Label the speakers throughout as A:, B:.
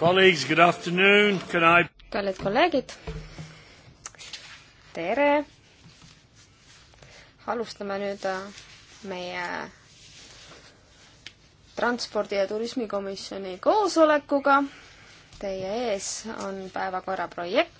A: Colleagues, good afternoon.
B: Can I... kallid kolleegid, tere! alustame nüüd äh, meie transpordi- ja turismikomisjoni koosolekuga. Teie ees on päevakorra projekt,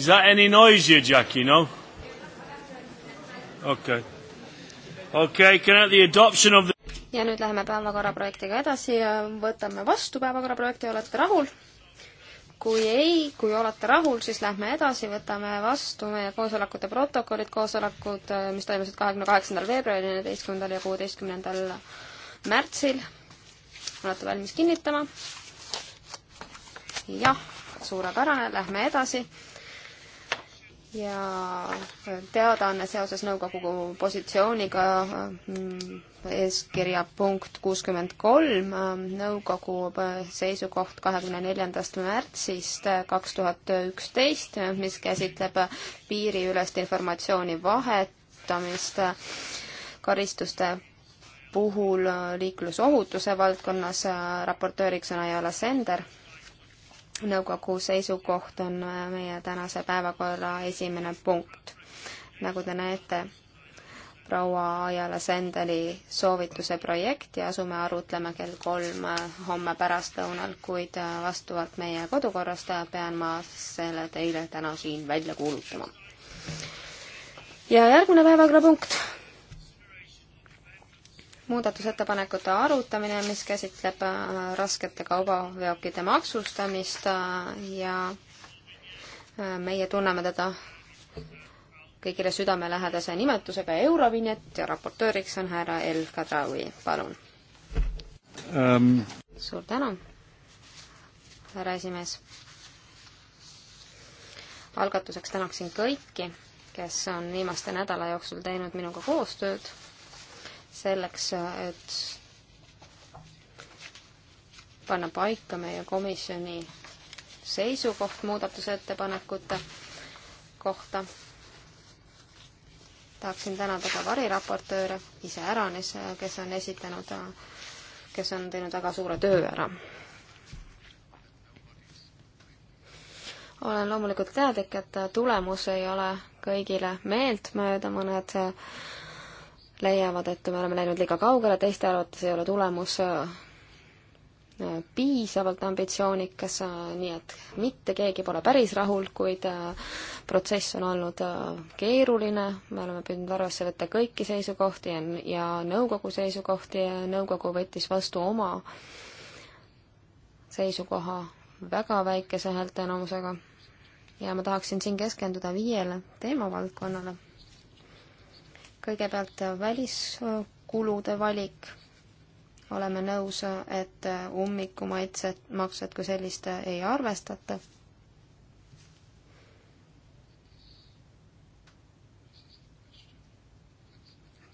B: Is that any noisier, Jackie? No? Okay. Okay, can I have the adoption of the ja nüüd läheme päevakorraprojektiga edasi ja võtame vastu päevakorraprojekti, olete rahul? kui ei, kui olete rahul, siis lähme edasi, võtame vastu meie koosolekute protokollid, koosolekud, äh, mis toimusid kahekümne kaheksandal veebruaril, neljateistkümnendal ja kuueteistkümnendal märtsil. olete valmis kinnitama? jah, suurepärane, lähme edasi ja teadaanne seoses nõukogu positsiooniga mm, eeskirja punkt kuuskümmend kolm, nõukogu seisukoht kahekümne neljandast märtsist kaks tuhat üksteist, mis käsitleb piiriülest informatsiooni vahetamist karistuste puhul liiklusohutuse valdkonnas, raportööriks on Ajala Sender nõukogu seisukoht on äh, meie tänase päevakorra esimene punkt. nagu te näete, proua Ajala Sendeli soovituse projekti, asume arutlema kell kolm äh, homme pärastlõunal, kuid äh, vastavalt meie kodukorrast pean ma selle teile täna siin välja kuulutama. ja järgmine päevakorrapunkt muudatusettepanekute arutamine, mis käsitleb äh, raskete kaubaveokite maksustamist äh, ja äh, meie tunneme teda kõigile südamelähedase nimetusega Eurovinjet ja raportööriks on härra El Kadraoui, palun um.. suur tänu, härra esimees. algatuseks tänaksin kõiki, kes on viimaste nädala jooksul teinud minuga koostööd selleks, et panna paika meie komisjoni seisukoht muudatusettepanekute kohta. tahaksin tänada ka variraportööre, iseäranis, kes on esitanud, kes on teinud väga suure töö ära olen loomulikult teadlik, et tulemus ei ole kõigile meeltmööda, mõned leiavad, et me oleme läinud liiga kaugele, teiste arvates ei ole tulemus äh, piisavalt ambitsioonikas, äh, nii et mitte keegi pole päris rahul, kuid äh, protsess on olnud keeruline, me oleme püüdnud arvesse võtta kõiki seisukohti ja, ja nõukogu seisukohti ja nõukogu võttis vastu oma seisukoha väga väikese häälteenamusega. ja ma tahaksin siin keskenduda viiele teemavaldkonnale kõigepealt äh, väliskulude valik, oleme nõus, äh, et äh, ummikumaitset, maksed kui sellist ei arvestata.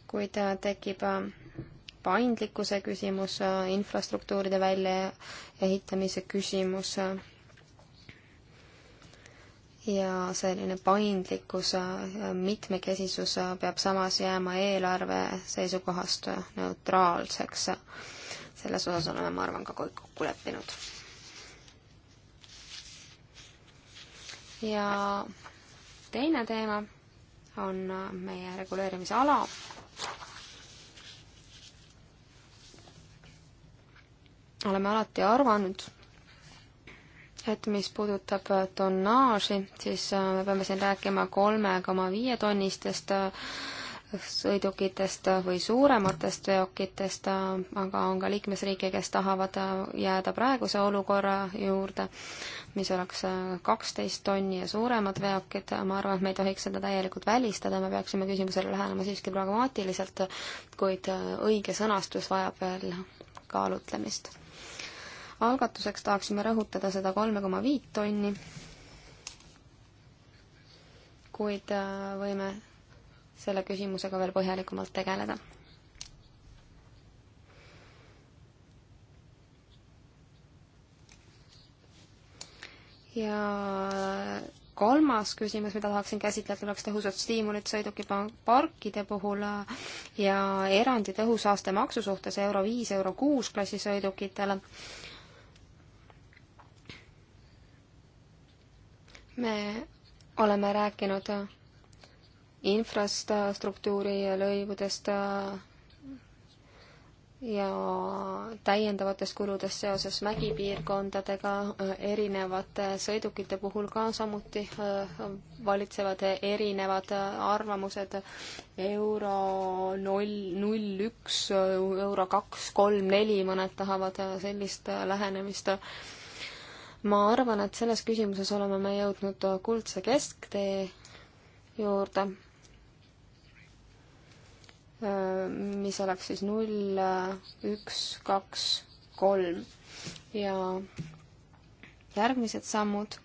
B: kuid tekib paindlikkuse küsimus, infrastruktuuride väljaehitamise küsimus ja selline paindlikkus, mitmekesisus peab samas jääma eelarve seisukohast neutraalseks. selles osas oleme, ma arvan, ka kõik kokku leppinud. ja teine teema on meie reguleerimise ala. oleme alati arvanud aspekt, mis puudutab tonnaaži, siis äh, me peame siin rääkima kolme koma viie tonnistest äh, sõidukitest või suurematest veokitest, äh, aga on ka liikmesriike, kes tahavad jääda praeguse olukorra juurde, mis oleks kaksteist tonni ja suuremad veokid, ma arvan, et me ei tohiks seda täielikult välistada, me peaksime küsimusele lähenema siiski pragmaatiliselt, kuid õige sõnastus vajab veel kaalutlemist algatuseks tahaksime rõhutada seda kolme koma viit tonni, kuid äh, võime selle küsimusega veel põhjalikumalt tegeleda. ja äh, kolmas küsimus, mida tahaksin käsitleda, oleks tõhusad stiimulid sõidukiparkide puhul äh, ja erandi tõhusaaste maksu suhtes euro viis, euro kuus klassisõidukitele. me oleme rääkinud infrastruktuuri lõivudest äh, ja täiendavatest kuludest seoses mägipiirkondadega äh, erinevate sõidukite puhul ka samuti äh, valitsevad erinevad arvamused euro null, null üks, euro kaks, kolm, neli, mõned tahavad sellist lähenemist ma arvan, et selles küsimuses oleme me jõudnud kuldse kesktee juurde, mis oleks siis null, üks, kaks, kolm ja järgmised sammud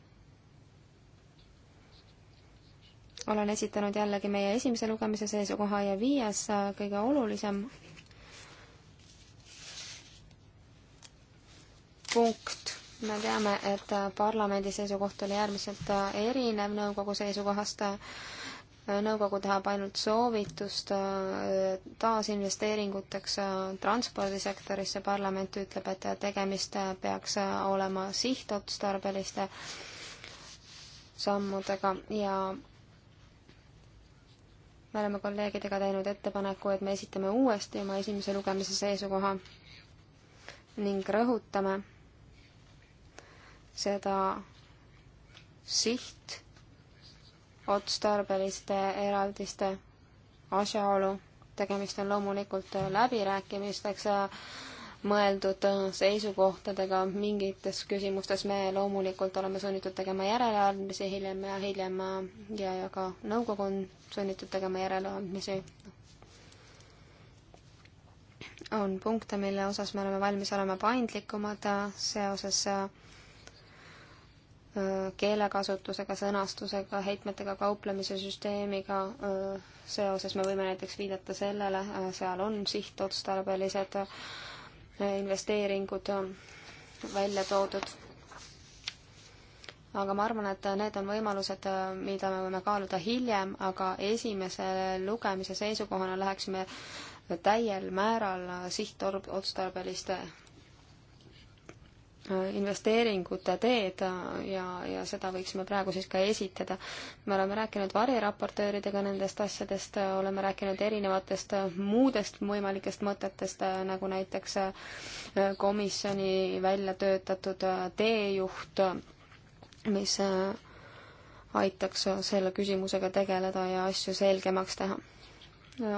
B: olen esitanud jällegi meie esimese lugemise seisukoha ja viies, äh, kõige olulisem punkt me teame, et parlamendi seisukoht oli äärmiselt erinev nõukogu seisukohast. nõukogu tahab ainult soovitust taasinvesteeringuteks transpordisektorisse, parlament ütleb, et tegemist peaks olema sihtotstarbeliste sammudega ja me oleme kolleegidega teinud ettepaneku, et me esitame uuesti oma esimese lugemise seisukoha ning rõhutame seda siht otstarbeliste eraldiste asjaolu. tegemist on loomulikult läbirääkimisteks mõeldud seisukohtadega, mingites küsimustes me loomulikult oleme sunnitud tegema järeleandmisi hiljem ja hiljem ja, ja ka nõukogu on sunnitud tegema järeleandmisi. on punkte, mille osas me oleme valmis olema paindlikumad seoses Äh, keelekasutusega, sõnastusega, heitmetega kauplemise süsteemiga äh, seoses me võime näiteks viidata sellele, äh, seal on sihtotstarbelised investeeringud välja toodud. aga ma arvan, et need on võimalused, mida me võime kaaluda hiljem, aga esimese lugemise seisukohana läheksime täiel määral sihtotstarbeliste investeeringute teed ja, ja seda võiksime praegu siis ka esitada. me oleme rääkinud variraportööridega nendest asjadest, oleme rääkinud erinevatest muudest võimalikest mõtetest, nagu näiteks komisjoni välja töötatud teejuht, mis aitaks selle küsimusega tegeleda ja asju selgemaks teha.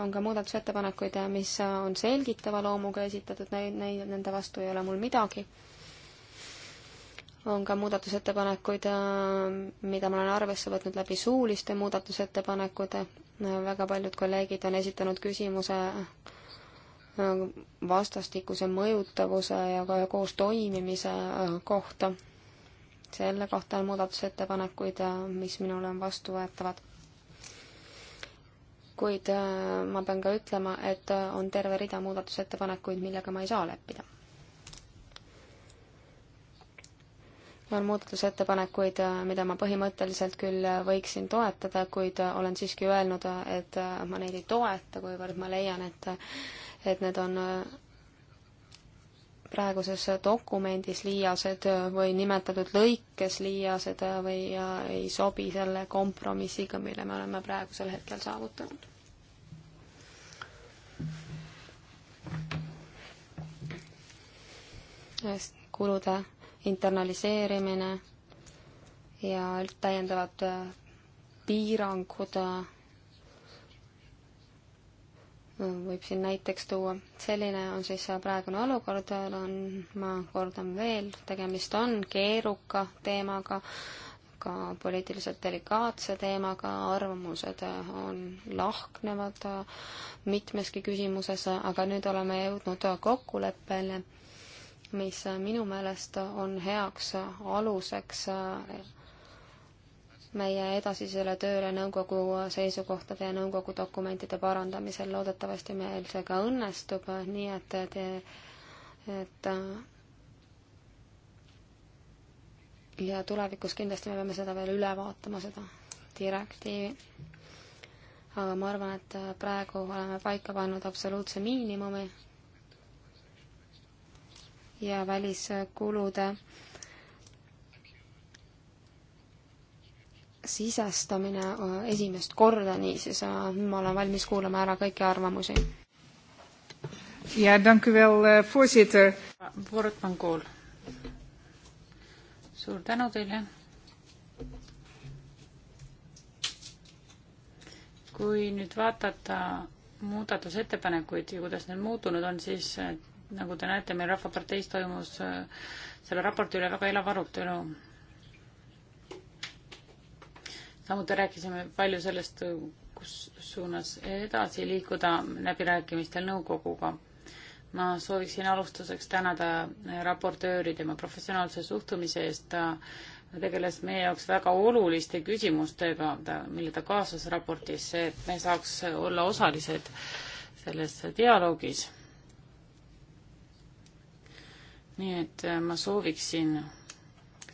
B: on ka muudatusettepanekuid, mis on selgitava loomuga esitatud, neid, neid, nende vastu ei ole mul midagi on ka muudatusettepanekuid, äh, mida ma olen arvesse võtnud läbi suuliste muudatusettepanekute. väga paljud kolleegid on esitanud küsimuse äh, vastastikuse mõjutavuse ja ka koos toimimise äh, kohta. selle kohta on muudatusettepanekuid, mis minule on vastuvõetavad. kuid ma pean ka ütlema, et on terve rida muudatusettepanekuid, millega ma ei saa leppida on muudatusettepanekuid, äh, mida ma põhimõtteliselt küll äh, võiksin toetada, kuid äh, olen siiski öelnud, et ma neid ei toeta, kuivõrd ma leian, et, et need on praeguses dokumendis liiased või nimetatud lõikes liiased või ei sobi selle kompromissiga, mille me oleme praegusel hetkel saavutanud. kulude internaliseerimine ja täiendavad äh, piirangud äh, võib siin näiteks tuua. selline on siis äh, praegune olukord, on, ma kordan veel, tegemist on keeruka teemaga, ka poliitiliselt delikaatse teemaga, arvamused on lahknevad mitmeski küsimuses, aga nüüd oleme jõudnud kokkuleppele mis minu meelest on heaks aluseks meie edasisele tööle nõukogu seisukohtade ja nõukogu dokumentide parandamisel. loodetavasti meil see ka õnnestub, nii et te, et ja tulevikus kindlasti me peame seda veel üle vaatama, seda direktiivi. aga ma arvan, et praegu oleme paika pannud absoluutse miinimumi ja väliskulude sisestamine äh, esimest korda, niisiis äh, ma olen valmis kuulama ära kõiki arvamusi.
A: ja tänku veel, äh, voorzitter. Wortmann Kool. suur tänu teile. kui nüüd vaadata muudatusettepanekuid ja kuidas need muutunud on, siis nagu te näete, meil Rahvaparteis toimus äh, selle raporti üle väga elav arutelu. samuti rääkisime palju sellest, kus suunas edasi liikuda läbirääkimistel nõukoguga. ma sooviksin alustuseks tänada raportööri tema professionaalse suhtumise eest, ta tegeles meie jaoks väga oluliste küsimustega, ta, mille ta kaasas raportisse, et me saaks olla osalised selles dialoogis nii et äh, ma sooviksin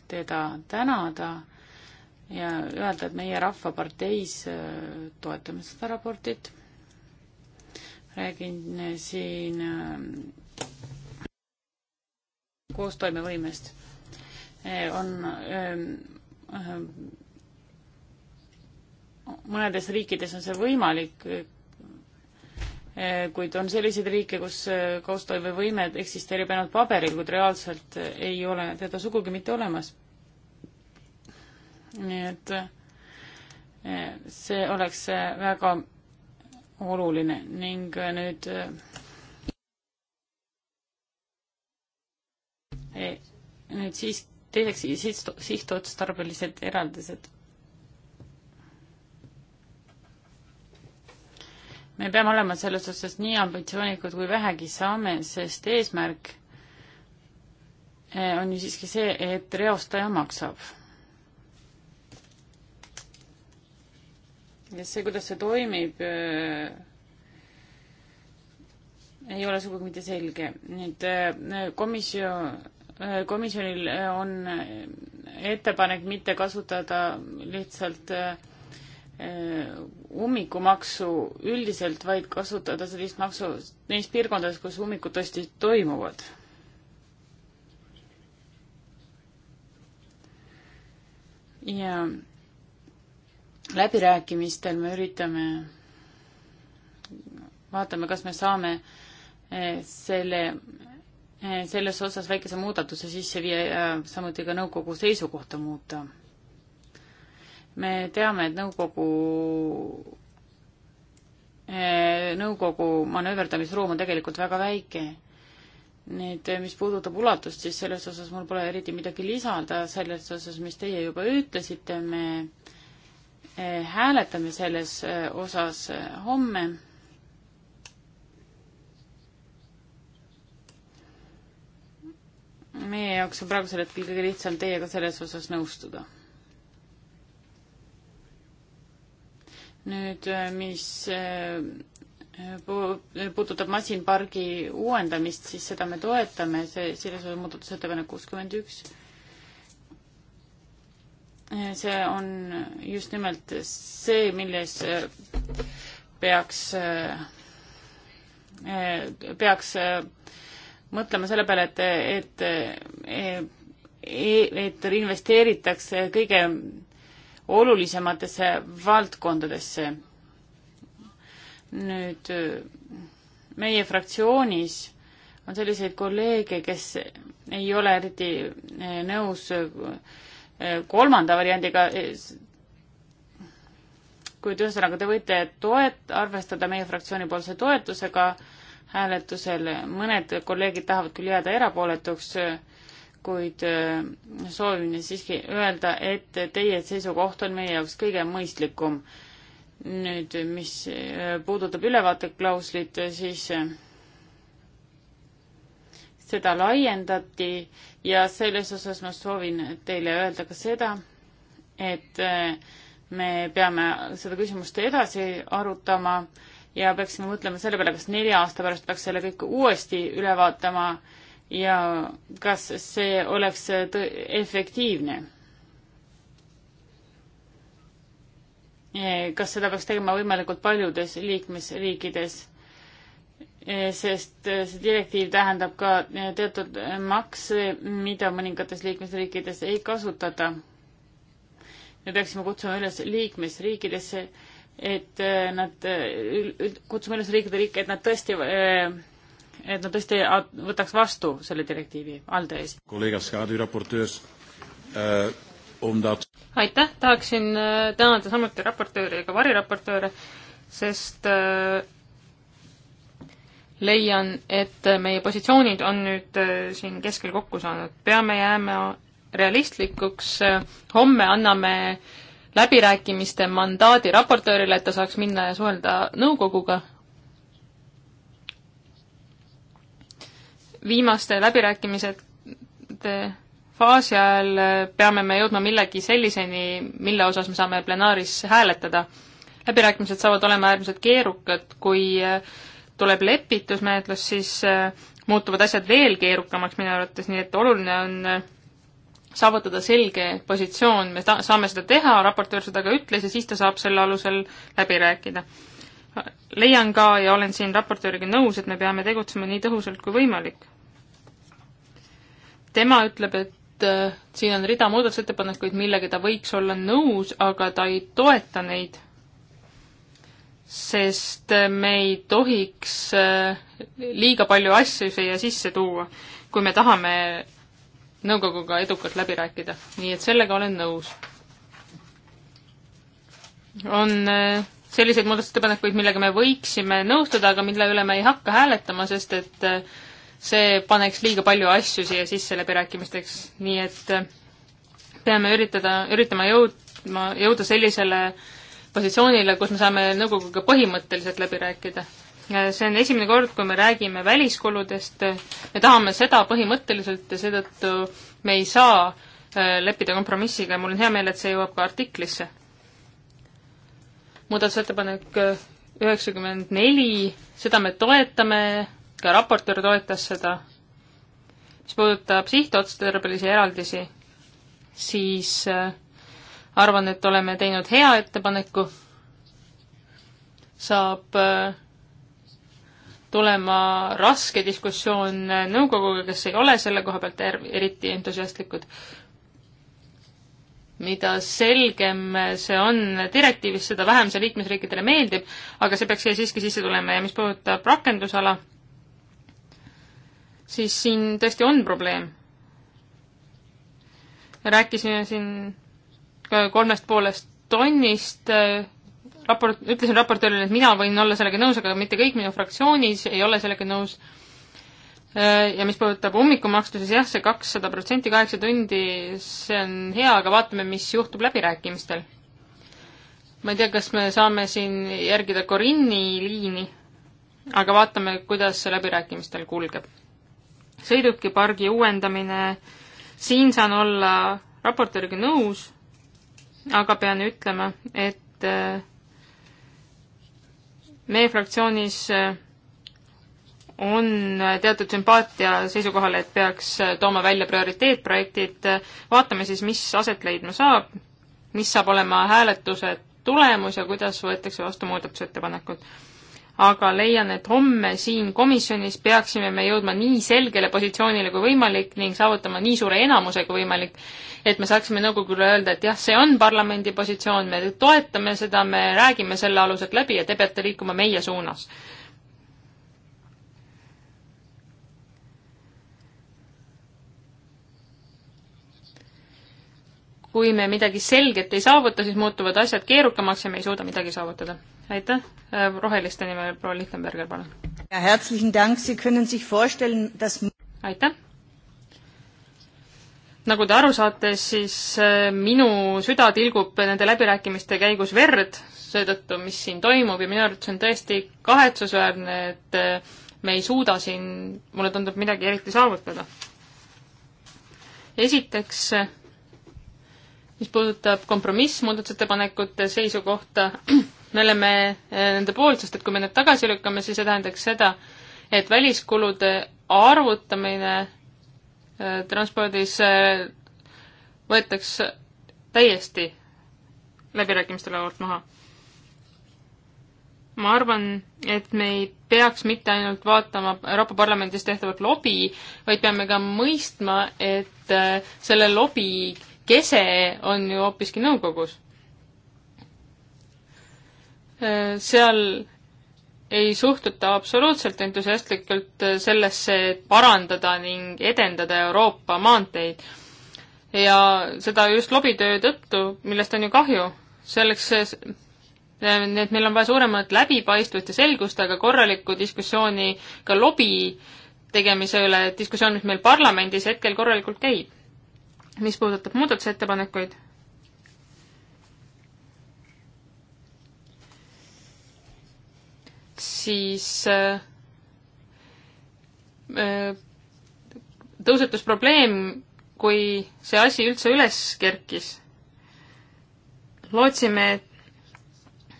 A: teda tänada ja öelda, et meie Rahvaparteis äh, toetame seda raportit. räägin äh, siin koostoimevõimest. on ähm, mõnedes riikides on see võimalik Eh, kuid on selliseid riike, kus eh, koostoimevõime eksisteerib ainult paberil, kuid reaalselt eh, ei ole teda sugugi mitte olemas. nii et see oleks väga oluline ning nüüd nüüd siis teiseks sihtotstarbelised eraldised me peame olema selles osas nii ambitsioonikud, kui vähegi saame, sest eesmärk eh, on ju siiski see, et reostaja maksab. ja see, kuidas see toimib, eh, ei ole sugugi mitte selge. nüüd eh, komisjon, komisjonil on ettepanek mitte kasutada lihtsalt äh, Äh, ummikumaksu üldiselt, vaid kasutada sellist maksu neis piirkondades, kus ummikud tõesti toimuvad. ja läbirääkimistel me üritame, vaatame, kas me saame äh, selle, äh, selles osas väikese muudatuse sisse viia ja samuti ka nõukogu seisukohta muuta me teame, et nõukogu, eh, nõukogu manööverdamisruum on tegelikult väga väike. nüüd, eh, mis puudutab ulatust, siis selles osas mul pole eriti midagi lisada, selles osas, mis teie juba ütlesite, me eh, hääletame selles osas homme meie jaoks on praegusel hetkel kõige lihtsam teiega selles osas nõustuda nüüd, äh, mis äh, puudutab masinpargi uuendamist, siis seda me toetame, see, selles on muudatusettepanek kuuskümmend üks. Äh, see on just nimelt see, milles peaks, peaks mõtlema selle peale, et, et, e-, et investeeritakse kõige olulisematesse valdkondadesse. nüüd meie fraktsioonis on selliseid kolleege, kes ei ole eriti eh, nõus eh, kolmanda variandiga, eh, kuid ühesõnaga te võite toet-, arvestada meie fraktsioonipoolse toetusega hääletusel, mõned kolleegid tahavad küll jääda erapooletuks äh, kuid äh, soovin siiski öelda, et teie seisukoht on meie jaoks kõige mõistlikum. nüüd, mis äh, puudutab ülevaateklauslit, siis äh, seda laiendati ja selles osas ma soovin teile öelda ka seda, et me peame seda küsimust edasi arutama ja peaksime mõtlema selle peale, kas nelja aasta pärast peaks selle kõik uuesti üle vaatama äh, ja kas see oleks efektiivne? Eh, kas seda peaks tegema võimalikult paljudes liikmesriikides? Eh, sest eh, see direktiiv tähendab ka teatud makse, mida mõningates liikmesriikides ei kasutata. me peaksime kutsuma üles liikmesriikidesse, et nad, kutsume üles riikide riike, et nad tõesti äh, et nad tõesti võtaks vastu selle direktiivi, Alde ees. Äh, aitäh, tahaksin äh, tänada samuti raportööri ja ka
C: variraportööre, sest äh, leian, et meie positsioonid on nüüd siin keskel kokku saanud, peame jääma realistlikuks, homme anname läbirääkimiste mandaadi raportöörile, et ta saaks minna ja suhelda nõukoguga, viimaste läbirääkimisete faasi ajal peame me jõudma millegi selliseni, mille osas me saame plenaaris hääletada. läbirääkimised saavad olema äärmiselt keerukad, kui äh, tuleb lepitusmenetlus, siis äh, muutuvad asjad veel keerukamaks minu arvates, nii et oluline on äh, saavutada selge positsioon, me ta-, saame seda teha, raportöör seda ka ütles ja siis ta saab selle alusel läbi rääkida leian ka ja olen siin raportööriga nõus, et me peame tegutsema nii tõhusalt kui võimalik. tema ütleb, et äh, siin on rida muudatusettepanekuid, millega ta võiks olla nõus, aga ta ei toeta neid, sest äh, me ei tohiks äh, liiga palju asju siia sisse tuua, kui me tahame nõukoguga edukalt läbi rääkida, nii et sellega olen nõus. on äh, selliseid muudatusettepanekuid, millega me võiksime nõustuda, aga mille üle me ei hakka hääletama, sest et äh, see paneks liiga palju asju siia sisse läbirääkimisteks, nii et äh, peame üritada, üritama jõudma, jõuda sellisele positsioonile, kus me saame nõukoguga põhimõtteliselt läbi rääkida. see on esimene kord, kui me räägime väliskuludest, me tahame seda põhimõtteliselt ja seetõttu me ei saa äh, leppida kompromissiga ja mul on hea meel, et see jõuab ka artiklisse muudatusettepanek äh, üheksakümmend neli, seda me toetame, ka raportöör toetas seda. mis puudutab sihtotstarbelisi eraldisi, siis äh, arvan, et oleme teinud hea ettepaneku. saab äh, tulema raske diskussioon nõukoguga, kes ei ole selle koha pealt eriti entusiastlikud mida selgem see on direktiivis, seda vähem see liikmesriikidele meeldib, aga see peaks siia siiski sisse tulema ja mis puudutab rakendusala, siis siin tõesti on probleem. rääkisime siin kolmest poolest tonnist, äh, raport, ütlesin raportöörile, et mina võin olla sellega nõus, aga mitte kõik minu fraktsioonis ei ole sellega nõus Äh, ja mis puudutab ummikumaks, siis jah, see kakssada protsenti kaheksa tundi, see on hea, aga vaatame, mis juhtub läbirääkimistel. ma ei tea, kas me saame siin järgida Corinni liini, aga vaatame, kuidas see läbirääkimistel kulgeb. sõidukipargi uuendamine, siin saan olla raportööriga nõus, aga pean ütlema, et äh, meie fraktsioonis äh, on teatud sümpaatia seisukohal, et peaks tooma välja prioriteetprojektid, vaatame siis, mis aset leidma saab, mis saab olema hääletuse tulemus ja kuidas võetakse vastu muudatusettepanekud. aga leian, et homme siin komisjonis peaksime me jõudma nii selgele positsioonile kui võimalik ning saavutama nii suure enamuse kui võimalik, et me saaksime nõukogule öelda, et jah, see on parlamendi positsioon, me toetame seda, me räägime selle aluselt läbi ja te peate liikuma meie suunas kui me midagi selget ei saavuta, siis muutuvad asjad keerukamaks ja me ei suuda midagi saavutada. aitäh, äh, roheliste nimel proua Lichtenberger, palun. aitäh. nagu te aru saate, siis äh, minu süda tilgub nende läbirääkimiste käigus verd seetõttu, mis siin toimub ja minu arvates on tõesti kahetsusväärne, et äh, me ei suuda siin, mulle tundub, midagi eriti saavutada. esiteks mis puudutab kompromissmuudatusettepanekute seisukohta, me oleme eh, nende poolt, sest et kui me need tagasi lükkame, siis see tähendaks seda, et väliskulude arvutamine eh, transpordis eh, võetaks täiesti läbirääkimiste laualt maha. ma arvan, et me ei peaks mitte ainult vaatama Euroopa Parlamendis tehtavat lobi, vaid peame ka mõistma, et selle lobi kese on ju hoopiski nõukogus. seal ei suhtuta absoluutselt entusiastlikult sellesse, et parandada ning edendada Euroopa maanteid. ja seda just lobitöö tõttu, millest on ju kahju. selleks, et meil on vaja suuremat läbipaistvust ja selgust, aga korralikku diskussiooni ka lobi tegemise üle, diskussioon, mis meil parlamendis hetkel korralikult käib mis puudutab muudatusettepanekuid, siis äh, äh, tõusetus probleem, kui see asi üldse üles kerkis. lootsime, et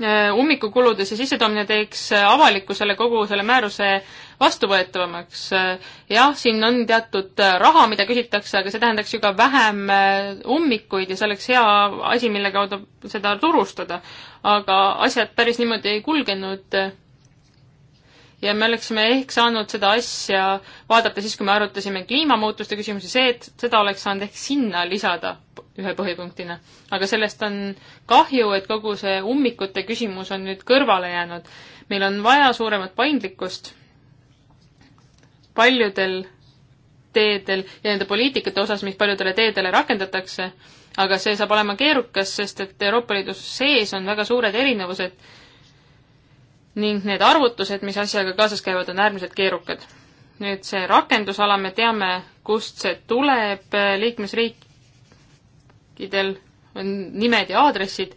C: äh, ummikukuludes ja sissetoomine teeks avalikkusele kogu selle määruse vastuvõetavamaks. jah, siin on teatud äh, raha, mida küsitakse, aga see tähendaks ju ka vähem äh, ummikuid ja see oleks hea asi, mille kaudu seda turustada. aga asjad päris niimoodi ei kulgenud ja me oleksime ehk saanud seda asja vaadata siis, kui me arutasime kliimamuutuste küsimusi, see, et seda oleks saanud ehk sinna lisada ühe põhipunktina. aga sellest on kahju, et kogu see ummikute küsimus on nüüd kõrvale jäänud. meil on vaja suuremat paindlikkust paljudel teedel ja nende poliitikate osas, mis paljudele teedele rakendatakse, aga see saab olema keerukas, sest et Euroopa Liidu sees on väga suured erinevused ning need arvutused, mis asjaga kaasas käivad, on äärmiselt keerukad. nüüd see rakendusala, me teame, kust see tuleb, liikmesriikidel on nimed ja aadressid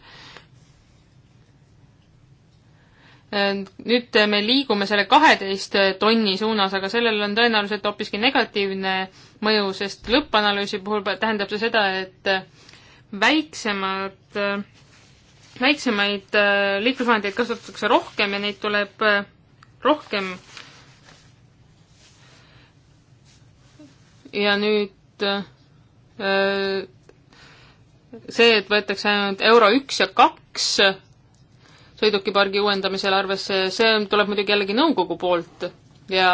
C: nüüd me liigume selle kaheteist tonni suunas, aga sellel on tõenäoliselt hoopiski negatiivne mõju, sest lõppanalüüsi puhul tähendab see seda, et väiksemad, väiksemaid äh, liiklusvahendeid kasutatakse rohkem ja neid tuleb äh, rohkem. ja nüüd äh, see, et võetakse ainult euro üks ja kaks sõidukipargi uuendamisel arvesse, see tuleb muidugi jällegi nõukogu poolt ja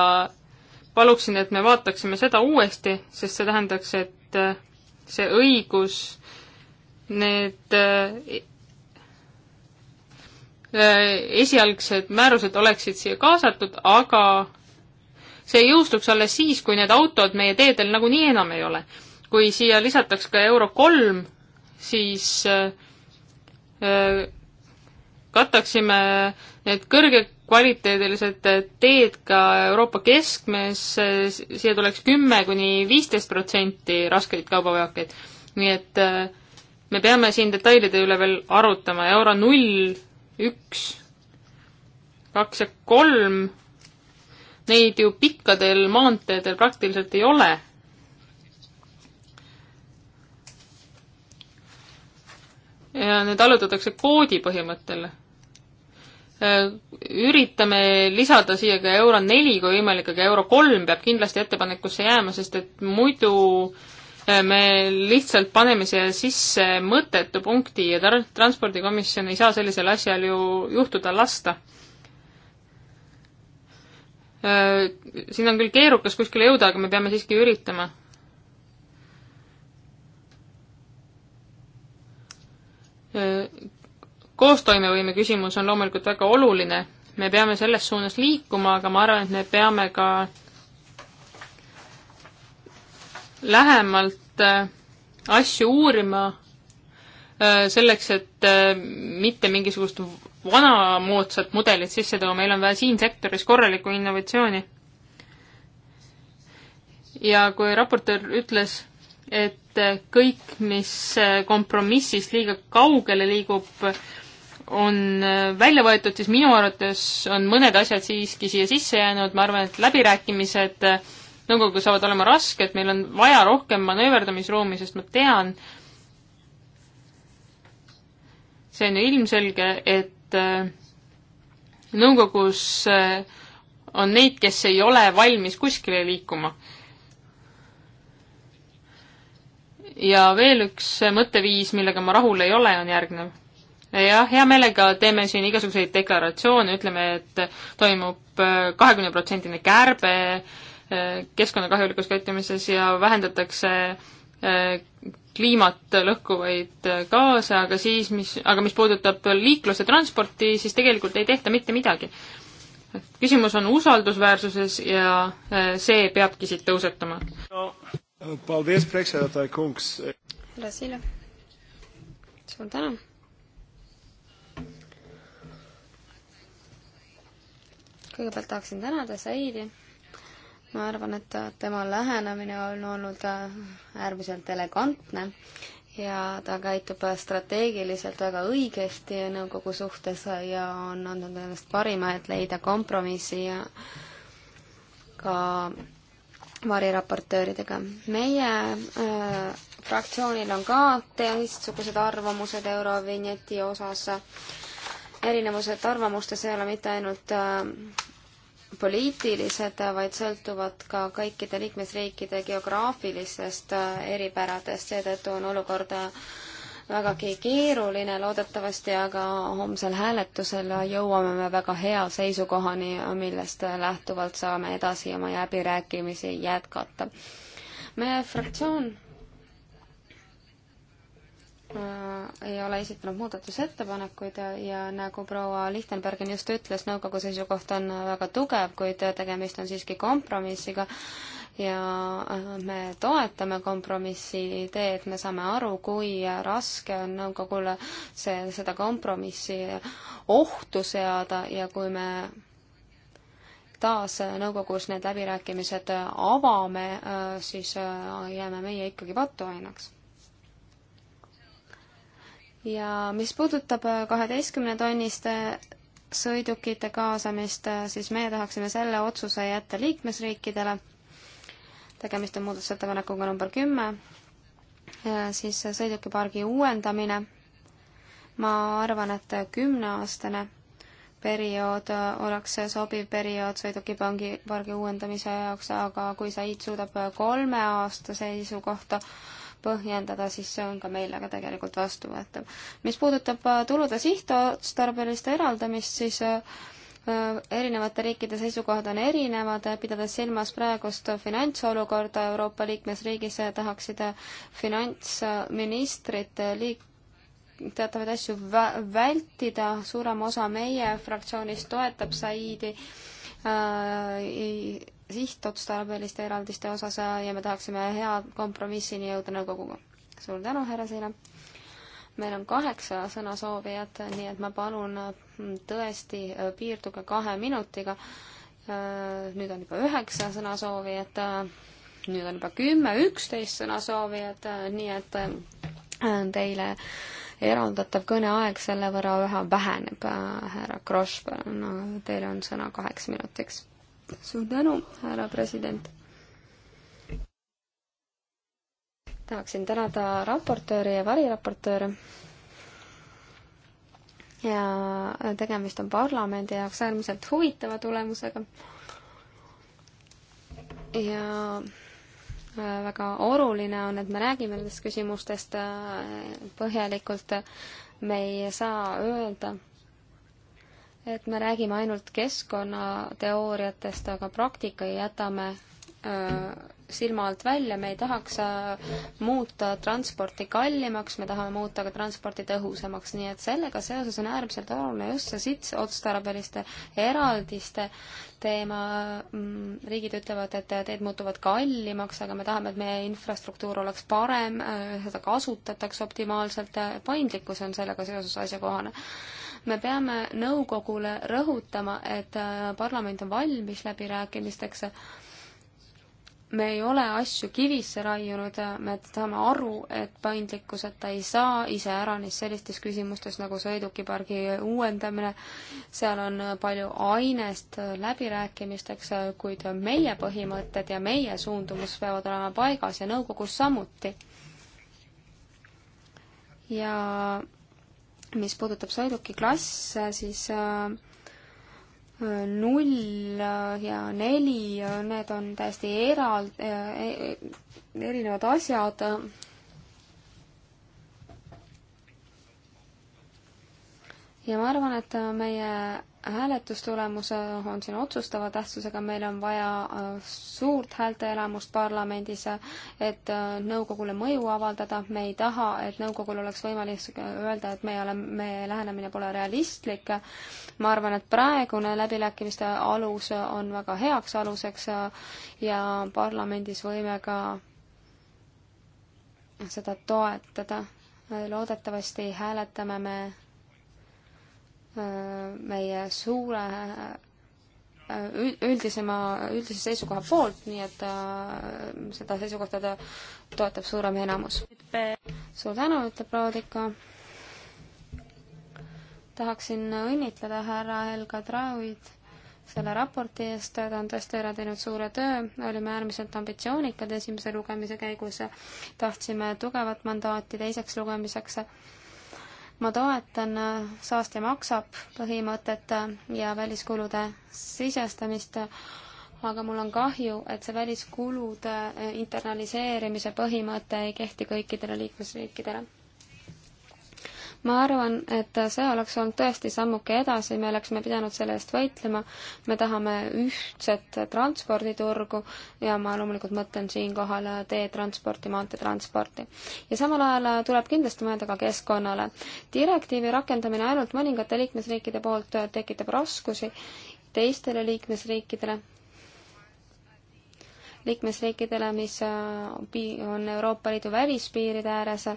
C: paluksin, et me vaataksime seda uuesti, sest see tähendaks, et äh, see õigus, need äh, äh, esialgsed määrused oleksid siia kaasatud, aga see jõustuks alles siis, kui need autod meie teedel nagunii enam ei ole. kui siia lisataks ka Euro kolm, siis äh, kataksime need kõrgekvaliteedilised teed ka Euroopa keskmes, siia tuleks kümme kuni viisteist protsenti raskeid kaubaveokeid. nii et äh, me peame siin detailide üle veel arutama, euro null, üks, kaks ja kolm, neid ju pikkadel maanteedel praktiliselt ei ole ja need allutatakse koodi põhimõttele üritame lisada siia ka euro neli, kui võimalik, aga euro kolm peab kindlasti ettepanekusse jääma, sest et muidu äh, me lihtsalt paneme siia sisse mõttetu punkti ja tar-, transpordikomisjon ei saa sellisel asjal ju juhtuda lasta. Äh, siin on küll keerukas kuskile jõuda, aga me peame siiski üritama äh, koostoimevõime küsimus on loomulikult väga oluline, me peame selles suunas liikuma, aga ma arvan, et me peame ka lähemalt äh, asju uurima äh, selleks, et äh, mitte mingisugust vanamoodsat mudelit sisse tuua, meil on vaja siin sektoris korralikku innovatsiooni. ja kui raportöör ütles, et kõik, mis kompromissist liiga kaugele liigub, on äh, välja võetud, siis minu arvates on mõned asjad siiski siia sisse jäänud, ma arvan, et läbirääkimised äh, nõukogu saavad olema rasked, meil on vaja rohkem manööverdamisruumi, sest ma tean, see on ju ilmselge, et äh, nõukogus on neid, kes ei ole valmis kuskile liikuma. ja veel üks mõtteviis, millega ma rahul ei ole, on järgnev jah, hea meelega teeme siin igasuguseid deklaratsioone, ütleme, et toimub äh, kahekümneprotsendine kärbe äh, keskkonnakahjulikus käitumises ja vähendatakse äh, kliimat lõhkuvaid gaase, aga siis, mis, aga mis puudutab liikluse transporti, siis tegelikult ei tehta mitte midagi. küsimus on usaldusväärsuses ja see peabki siit tõusetuma
B: no.. suur tänu kõigepealt tahaksin tänada Saidi. ma arvan, et tema lähenemine on olnud äärmiselt elegantne ja ta käitub strateegiliselt väga õigesti nõukogu suhtes ja on andnud endast parima, et leida kompromissi ja ka variraportööridega. meie äh, fraktsioonil on ka teistsugused arvamused Eurovinjeti osas äh, erinevused arvamustes ei ole mitte ainult äh, poliitilised, vaid sõltuvad ka kõikide liikmesriikide geograafilistest äh, eripäradest, seetõttu on olukord äh, vägagi keeruline loodetavasti, aga homsel hääletusel jõuame me väga hea seisukohani, millest lähtuvalt saame edasi oma läbirääkimisi jätkata. meie fraktsioon ei ole esitanud muudatusettepanekuid ja, ja nagu proua Lichtenbergen just ütles, nõukogu seisukoht on väga tugev, kuid tegemist on siiski kompromissiga ja äh, me toetame kompromissi ideed, me saame aru, kui raske on nõukogule see, seda kompromissi ohtu seada ja kui me taas nõukogus need läbirääkimised avame, äh, siis äh, jääme meie ikkagi patuoinaks ja mis puudutab äh, kaheteistkümnetonniste sõidukite kaasamist, äh, siis meie tahaksime selle otsuse jätta liikmesriikidele. tegemist on muudatusettepanekuga number kümme, äh, siis sõidukipargi uuendamine. ma arvan, et kümneaastane periood oleks sobiv periood sõidukipangi, pargi uuendamise jaoks, aga kui Said suudab kolmeaastase seisukohta põhjendada, siis see on ka meile ka tegelikult vastuvõetav. mis puudutab äh, tulude sihtotstarbelist eraldamist, siis äh, äh, erinevate riikide seisukohad on erinevad, pidades silmas praegust finantsolukorda Euroopa liikmesriigis, tahaksid finantsministrid liik-, teatavaid asju vä-, vältida, suurem osa meie fraktsioonist toetab Saidi äh, sihtotstarbeliste eraldiste osas ja me tahaksime hea kompromissini jõuda nõukoguga. suur tänu, härra Siina! meil on kaheksa sõnasoovijat, nii et ma palun mm, tõesti äh, piirduge kahe minutiga. Äh, nüüd on juba üheksa sõnasoovijat, äh, nüüd on juba kümme, üksteist sõnasoovijat, nii et teile eraldatav kõneaeg selle võrra üha väheneb. härra Kross, palun, teil on sõna kaheks minutiks suur tänu, härra president. tahaksin tänada raportööri ja variraportööre. ja tegemist on parlamendi jaoks äärmiselt huvitava tulemusega. ja äh, väga oluline on, et me räägime nendest küsimustest äh, põhjalikult. me ei saa öelda, et me räägime ainult keskkonnateooriatest, aga praktika jätame äh, silma alt välja, me ei tahaks äh, muuta transporti kallimaks, me tahame muuta ka transporti tõhusamaks, nii et sellega seoses on äärmiselt oluline just see sihtotstarbeliste eraldiste teema. Mm, riigid ütlevad, et teed muutuvad kallimaks, aga me tahame, et meie infrastruktuur oleks parem, äh, seda kasutatakse optimaalselt, paindlikkus on sellega seoses asjakohane me peame nõukogule rõhutama, et äh, parlament on valmis läbirääkimisteks. me ei ole asju kivisse raiunud, me saame aru, et paindlikkuseta ei saa iseäranis sellistes küsimustes nagu sõidukipargi uuendamine. seal on palju ainest läbirääkimisteks, kuid meie põhimõtted ja meie suundumus peavad olema paigas ja nõukogus samuti ja mis puudutab sõidukiklasse, siis äh, äh, null äh, ja neli, need on täiesti eral- eh,, e, erinevad asjad. ja ma arvan, et meie hääletustulemus on siin otsustava tähtsusega, meil on vaja äh, suurt häälteelamust parlamendis, äh, et äh, nõukogule mõju avaldada, me ei taha, et nõukogul oleks võimalik öelda, et me oleme, meie lähenemine pole realistlik. ma arvan, et praegune läbirääkimiste alus on väga heaks aluseks ja parlamendis võime ka seda toetada. loodetavasti hääletame me Äh, meie suure äh, üldisema, üldise seisukoha poolt, nii et äh, seda seisukohta ta toetab suurem enamus. suur tänu, ütleb Raadika. tahaksin õnnitleda härra Helga Trauid selle raporti eest, ta on tõesti ära teinud suure töö, olime äärmiselt ambitsioonikad esimese lugemise käigus, tahtsime tugevat mandaati teiseks lugemiseks ma toetan äh, saaste maksab põhimõtet äh, ja väliskulude sisestamist, aga mul on kahju, et see väliskulude äh, internaliseerimise põhimõte ei kehti kõikidele liikmesriikidele ma arvan, et see oleks olnud tõesti sammuke edasi, me oleksime pidanud selle eest võitlema, me tahame ühtset transporditurgu ja ma loomulikult mõtlen siinkohal teetransporti, maanteetransporti. ja samal ajal tuleb kindlasti mõelda ka keskkonnale. direktiivi rakendamine ainult mõningate liikmesriikide poolt tekitab raskusi teistele liikmesriikidele, liikmesriikidele, mis on Euroopa Liidu välispiiride ääres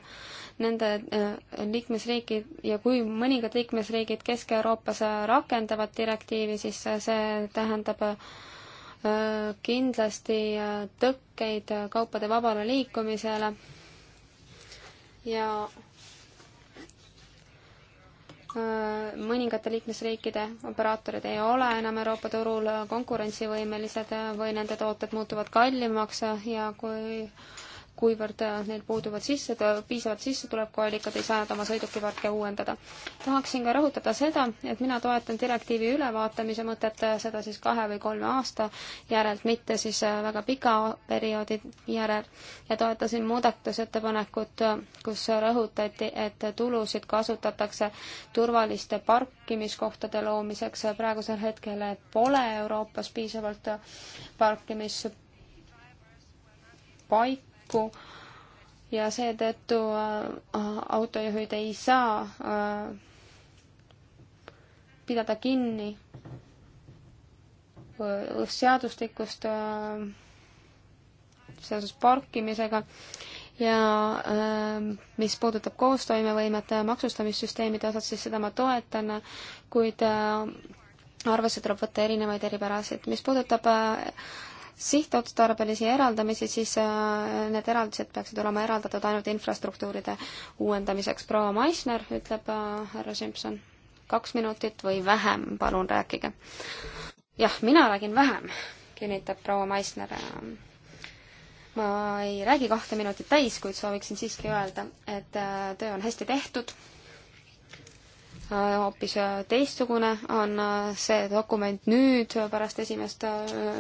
B: nende äh, liikmesriigid ja kui mõningad liikmesriigid Kesk-Euroopas rakendavad direktiivi, siis see tähendab äh, kindlasti äh, tõkkeid kaupade vabale liikumisele ja mõningate liikmesriikide operaatorid ei ole enam Euroopa turul konkurentsivõimelised või nende tooted muutuvad kallimaks ja kui kuivõrd äh, neil puuduvad sisse, äh, piisavad sissetulekuallikad, ei saa nad oma sõidukiparke uuendada. tahaksin ka rõhutada seda, et mina toetan direktiivi ülevaatamise mõtet, äh, seda siis kahe või kolme aasta järelt, mitte siis väga pika perioodi järel, ja toetasin muudatusettepanekut, kus rõhutati, et tulusid kasutatakse turvaliste parkimiskohtade loomiseks, praegusel hetkel pole Euroopas piisavalt parkimis paik, kokku ja seetõttu äh, autojuhid ei saa äh, pidada kinni äh, seadustikust seoses parkimisega ja mis puudutab koostoimevõimet maksustamissüsteemide osas, siis seda ma toetan, kuid arvesse tuleb võtta erinevaid eripärasid. mis puudutab sihtotstarbelisi eraldamisi, siis äh, need eraldised peaksid olema eraldatud ainult infrastruktuuride uuendamiseks. proua Maisner, ütleb äh, härra Simson, kaks minutit või vähem, palun rääkige. jah, mina räägin vähem, kinnitab proua Maisner. ma ei räägi kahte minutit täis, kuid sooviksin siiski öelda, et äh, töö on hästi tehtud Äh, hoopis äh, teistsugune on äh, see dokument nüüd pärast esimest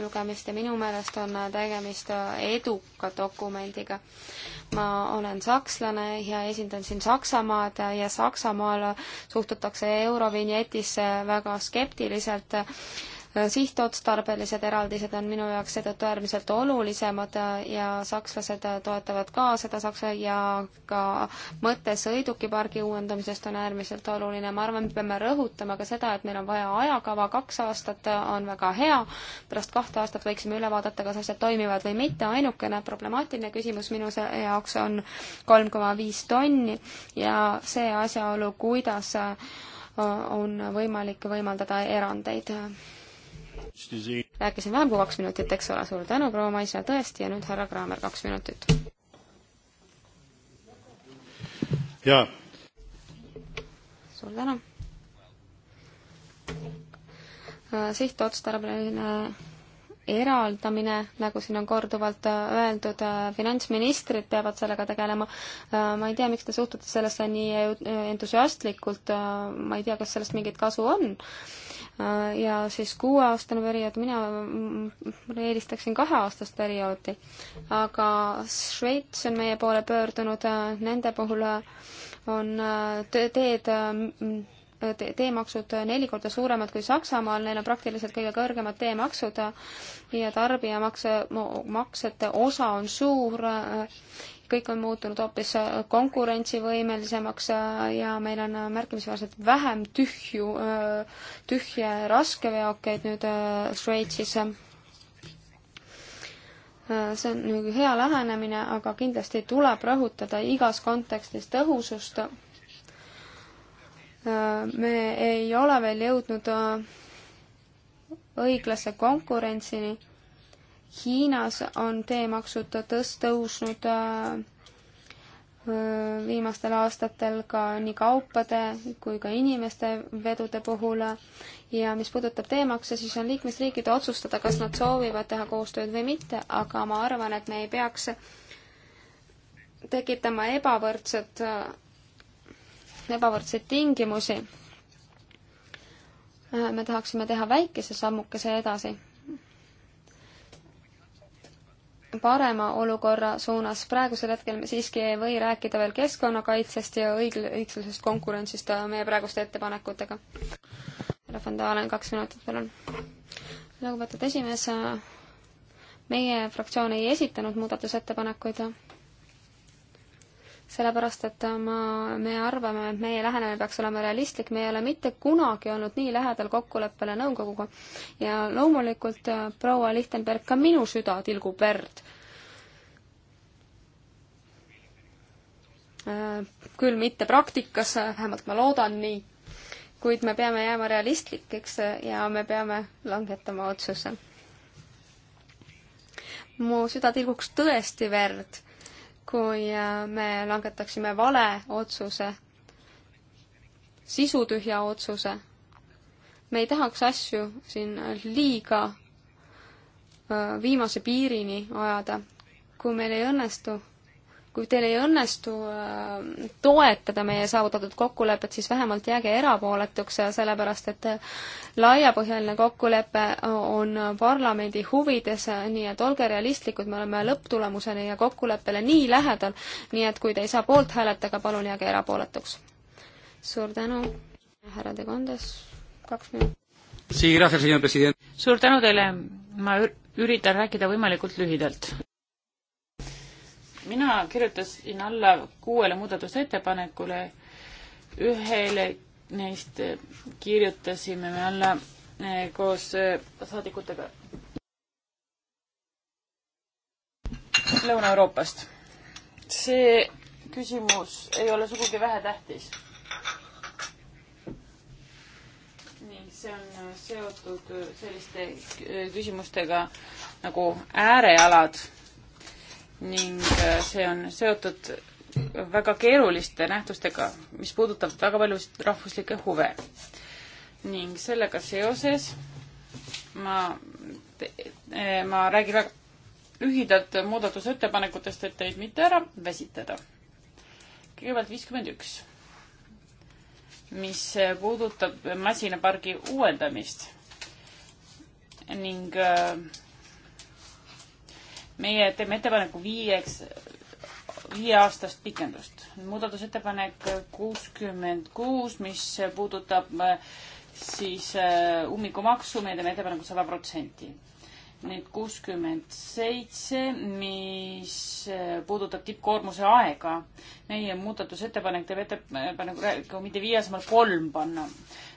B: lugemist ja minu meelest on tegemist eduka dokumendiga. ma olen sakslane ja esindan siin Saksamaad ja Saksamaal suhtutakse Eurovinjetisse väga skeptiliselt Äh, sihtotstarbelised eraldised on minu jaoks seetõttu äärmiselt olulisemad äh, ja sakslased äh, toetavad ka seda saksa ja ka mõte sõidukipargi uuendamisest on äärmiselt oluline. ma arvan, me peame rõhutama ka seda, et meil on vaja ajakava, kaks aastat on väga hea, pärast kahte aastat võiksime üle vaadata, kas asjad toimivad või mitte, ainukene problemaatiline küsimus minu jaoks on kolm koma viis tonni ja see asjaolu, kuidas on võimalik võimaldada erandeid rääkisin vähem kui kaks minutit, eks ole, suur tänu, proua Maisna, tõesti, ja nüüd härra Kraamer, kaks minutit. jaa. suur tänu. Äh, sihtotstarbeline eraldamine, nagu siin on korduvalt äh, öeldud, äh, finantsministrid peavad sellega tegelema. Äh, ma ei tea, miks te suhtute sellesse nii entusiastlikult, ma ei tea, kas sellest mingit kasu on. ja siis kuueaastane periood, mina mm, mm, eelistaksin kaheaastast perioodi. aga Šveits on meie poole pöördunud, nende puhul on teed teemaksud neli korda suuremad kui Saksamaal, neil on praktiliselt kõige kõrgemad teemaksud ja tarbijamakse, maksete osa on suur, kõik on muutunud hoopis konkurentsivõimelisemaks ja meil on märkimisväärselt vähem tühju, tühje raskeveokeid nüüd Šveitsis see on nagu hea lähenemine, aga kindlasti tuleb rõhutada igas kontekstis tõhusust Äh, me ei ole veel jõudnud äh, õiglase konkurentsini. Hiinas on teemaksud tõst-, tõusnud äh, viimastel aastatel ka nii kaupade kui ka inimeste vedude puhul ja mis puudutab teemakse, siis on liikmesriikide otsustada, kas nad soovivad teha koostööd või mitte, aga ma arvan, et me ei peaks tekitama ebavõrdset ebavõrdseid tingimusi. Äh, me tahaksime teha väikese sammukese edasi parema olukorra suunas. praegusel hetkel me siiski ei või rääkida veel keskkonnakaitsest ja õigl-, õiglasest konkurentsist äh, meie praeguste ettepanekutega. härra von Dahlen, kaks minutit, palun. lugupeetud esimees, äh, meie fraktsioon ei esitanud muudatusettepanekuid sellepärast et ma, me arvame, et meie lähenemine peaks olema realistlik, me ei ole mitte kunagi olnud nii lähedal kokkuleppele nõukoguga ja loomulikult äh, proua Lichtenberg, ka minu süda tilgub verd. Äh, küll mitte praktikas, äh, vähemalt ma loodan nii, kuid me peame jääma realistlikeks ja me peame langetama otsuse. mu süda tilguks tõesti verd kui äh, me langetaksime vale otsuse, sisutühja otsuse. me ei tahaks asju siin liiga äh, viimase piirini ajada. kui meil ei õnnestu kui teil ei õnnestu äh, toetada meie saavutatud kokkulepet, siis vähemalt jääge erapooletuks, äh, sellepärast et äh, laiapõhjaline kokkulepe on parlamendi huvides, nii et olge realistlikud, me oleme lõpptulemuseni ja kokkuleppele nii lähedal, nii et kui te ei saa poolt hääletada, palun jääge erapooletuks. suur tänu, härra De Condes, kaks minutit.
A: suur tänu teile, ma üritan rääkida võimalikult lühidalt mina kirjutasin alla kuuele muudatusettepanekule, ühele neist kirjutasime me alla eh, koos eh, saadikutega Lõuna-Euroopast. see küsimus ei ole sugugi vähetähtis. ning see on eh, seotud selliste küsimustega nagu äärealad ning äh, see on seotud väga keeruliste nähtustega, mis puudutavad väga paljusid rahvuslikke huve. ning sellega seoses ma, äh, ma räägin väga lühidalt muudatusettepanekutest, et teid mitte ära väsitada. kõigepealt viiskümmend üks, mis puudutab masinapargi uuendamist ning äh, meie teeme ettepaneku viieks, viieaastast pikendust. muudatusettepanek kuuskümmend kuus, mis puudutab äh, siis äh, ummikumaksu, me teeme ettepaneku sada protsenti. nüüd kuuskümmend seitse, mis äh, puudutab tippkoormuse aega. meie muudatusettepanek teeb ettepaneku mitte viie asemel kolm panna,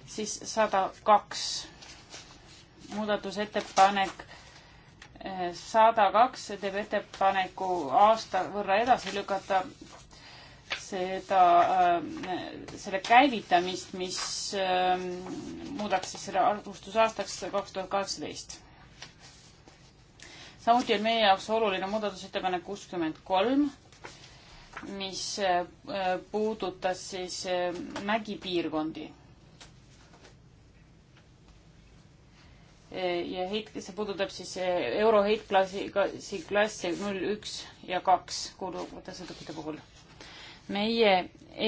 A: siis sada kaks muudatusettepanek sada kaks teeb ettepaneku aasta võrra edasi lükata seda, äh, selle käivitamist, mis äh, muudaks siis selle arvustusaastaks kaks tuhat kaheksateist. samuti on meie jaoks oluline muudatusettepanek kuuskümmend kolm, mis äh, puudutas siis mägipiirkondi ja heit-, see puudutab siis eh, euro heitklassi, klassi klasse null, üks ja kaks kuuluvõttesõidukite puhul. meie